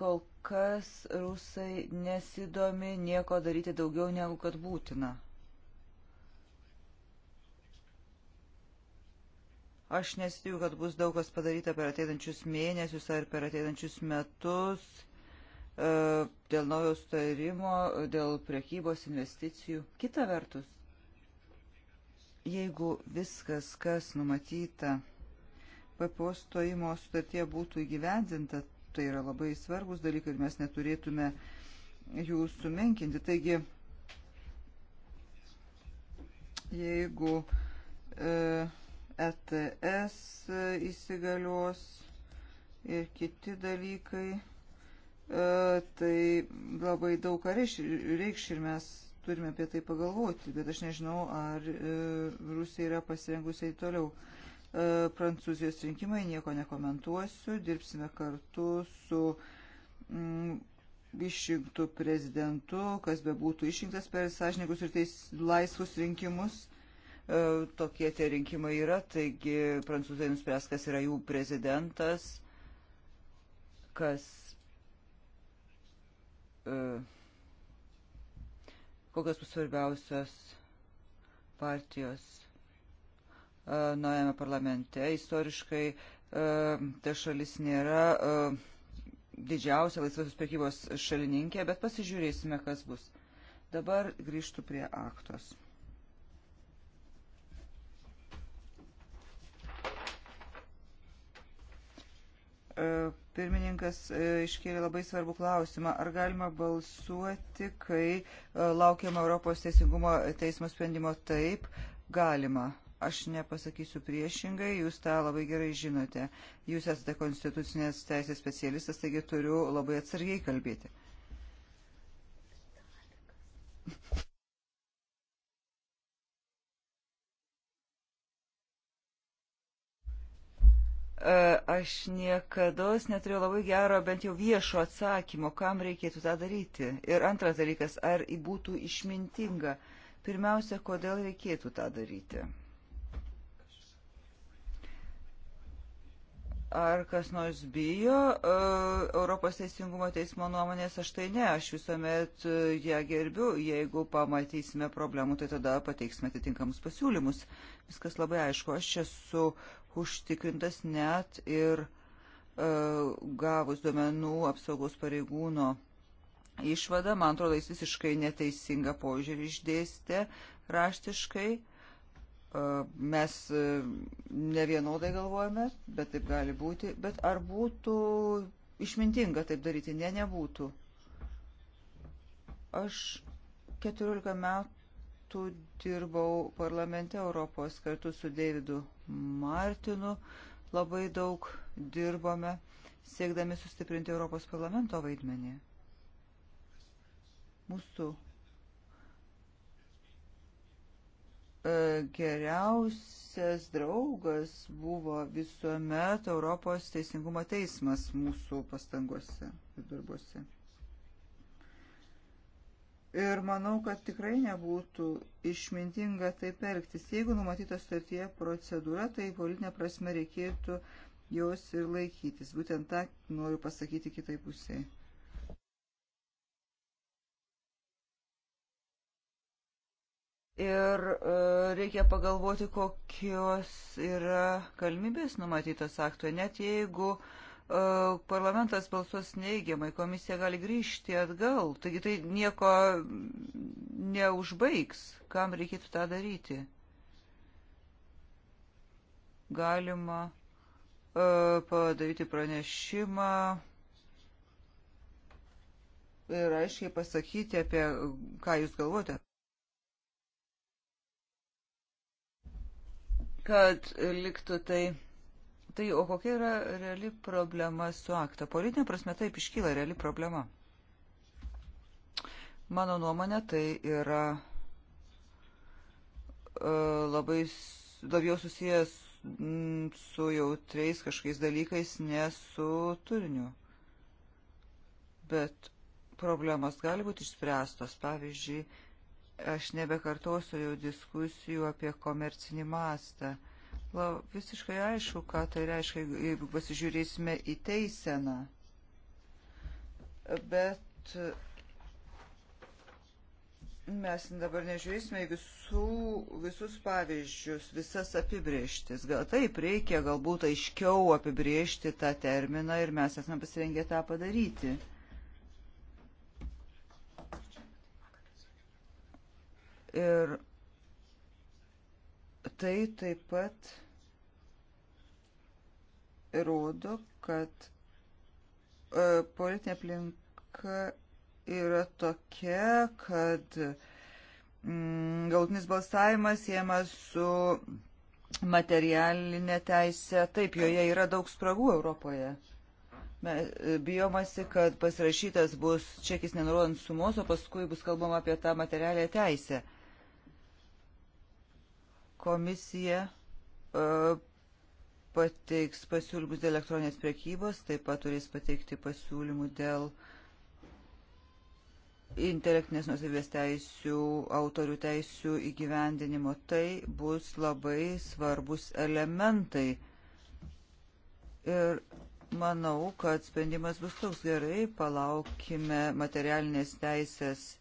Speaker 3: kol kas rusai nesidomi nieko daryti daugiau negu kad būtina. Aš nesitikiu, kad bus daug kas padaryta per ateinančius mėnesius ar per ateinančius metus e, dėl naujo sutarimo, dėl prekybos investicijų. Kita vertus, jeigu viskas, kas numatyta PPO stojimo sutartie būtų įgyvendinta, tai yra labai svarbus dalykai ir mes neturėtume jų sumenkinti. Taigi, jeigu e, ETS įsigalios ir kiti dalykai. E, tai labai daug ką reikš ir mes turime apie tai pagalvoti, bet aš nežinau, ar e, Rusija yra pasirengusiai toliau. E, Prancūzijos rinkimai, nieko nekomentuosiu, dirbsime kartu su mm, išrinktų prezidentu, kas be būtų išrinktas per sąžininkus ir teis laisvus rinkimus. E, tokie tie rinkimai yra, taigi prancūzai nuspręs, kas yra jų prezidentas, kas. E, kokios bus svarbiausios partijos e, naujame parlamente. Istoriškai ta šalis nėra didžiausia laisvosios prekybos šalininkė, bet pasižiūrėsime, kas bus. Dabar grįžtų prie aktos. E, pirmininkas e, iškėlė labai svarbų klausimą. Ar galima balsuoti, kai e, laukiama Europos teisingumo teismo sprendimo? Taip, galima. Aš nepasakysiu priešingai, jūs tą labai gerai žinote. Jūs esate konstitucinės teisės specialistas, taigi turiu labai atsargiai kalbėti. Uh, E, aš niekada neturėjau labai gero, bent jau viešo atsakymo, kam reikėtų tą daryti. Ir antras dalykas, ar būtų išmintinga. Pirmiausia, kodėl reikėtų tą daryti. Ar kas nors bijo e, Europos Teisingumo teismo nuomonės, aš tai ne, aš visuomet e, ją gerbiu, jeigu pamatysime problemų, tai tada pateiksime atitinkamus pasiūlymus. Viskas labai aišku, aš čia su užtikrintas net ir e, gavus duomenų apsaugos pareigūno išvadą. Man atrodo, jis visiškai neteisingą požiūrį išdėstė raštiškai. E, mes e, ne vienodai galvojame, bet taip gali būti. Bet ar būtų išmintinga taip daryti? Ne, nebūtų. Aš 14 metų dirbau parlamente Europos kartu su Davidu Martinu labai daug dirbome, siekdami sustiprinti Europos parlamento vaidmenį. Mūsų e, geriausias draugas buvo visuomet Europos teisingumo teismas mūsų pastanguose ir darbuose. Ir manau, kad tikrai nebūtų išmintinga taip elgtis. Jeigu numatyta sutartyje procedūra, tai politinė prasme reikėtų jos ir laikytis. Būtent tą noriu pasakyti kitai pusiai. Ir e, reikia pagalvoti, kokios yra galimybės numatytos aktoje, net jeigu uh, E, parlamentas balsuos neigiamai, komisija gali grįžti atgal, taigi tai nieko neužbaigs, kam reikėtų tą daryti. Galima e, padaryti pranešimą ir aiškiai pasakyti, apie ką jūs galvojate. Kad liktų tai Tai o kokia yra reali problema su akta? Politinė prasme taip iškyla reali problema. Mano nuomonė tai yra e, labai labiau susijęs su jautriais kažkokiais dalykais, ne su turiniu. Bet problemos gali būti išspręstos. Pavyzdžiui, aš nebekartosiu jau diskusijų apie komercinį mastą. E, Visiškai aišku, ką tai reiškia, jeigu pasižiūrėsime į teiseną. Bet mes dabar nežiūrėsime visų, visus pavyzdžius, visas apibrieštis. Gal taip reikia galbūt aiškiau apibriežti tą terminą ir mes esame pasirengę tą padaryti. Ir Tai taip pat rodo, kad e, politinė aplinka yra tokia, kad mm, galutinis balsavimas siejamas su materialinė teisė. Taip, joje yra daug spragų Europoje. E, bijomasi, kad pasirašytas bus čekis nenurodant sumos, o paskui bus kalbama apie tą materialę teisę. Komisija e, pateiks pasiūlymus dėl elektroninės prekybos, taip pat turės pateikti pasiūlymų dėl intelektinės nusavybės teisių, autorių teisių įgyvendinimo. Tai bus labai svarbus elementai. Ir manau, kad sprendimas bus toks gerai, palaukime materialinės teisės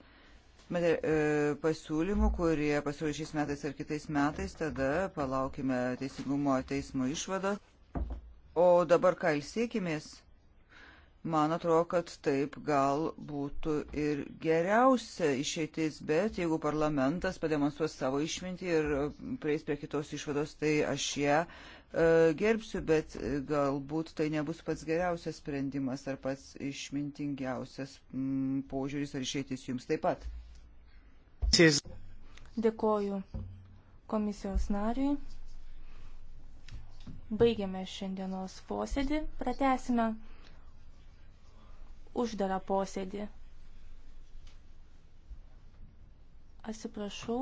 Speaker 3: E, pasiūlymų, kurie pasiūlė šiais metais ar kitais metais, tada palaukime teisingumo teismo išvado. O dabar ką ilsėkimės? Man atrodo, kad taip gal būtų ir geriausia išeitis, bet jeigu parlamentas pademonstruos savo išmintį ir prieis prie kitos išvados, tai aš ją e, gerbsiu, bet galbūt tai nebus pats geriausias sprendimas ar pats išmintingiausias m, požiūris ar išeitis jums taip pat.
Speaker 4: Dėkoju komisijos nariui. Baigiame šiandienos posėdį, pratesime uždarą posėdį. Atsiprašau,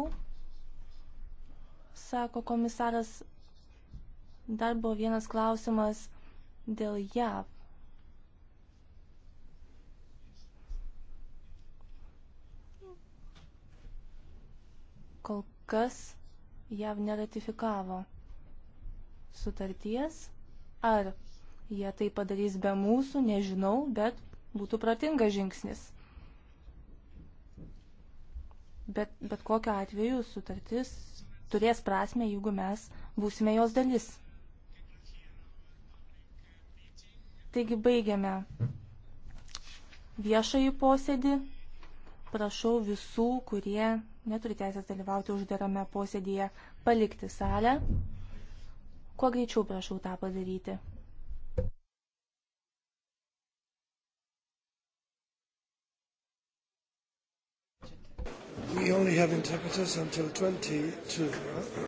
Speaker 4: sako komisaras, dar buvo vienas klausimas dėl JAV. kas jav neratifikavo sutarties. Ar jie tai padarys be mūsų, nežinau, bet būtų protingas žingsnis. Bet, bet kokiu atveju sutartis turės prasme, jeigu mes būsime jos dalis. Taigi baigiame viešąjį posėdį prašau visų, kurie neturi teisės dalyvauti uždarame posėdėje, palikti salę. Kuo greičiau prašau tą padaryti.
Speaker 5: We only have interpreters until 22.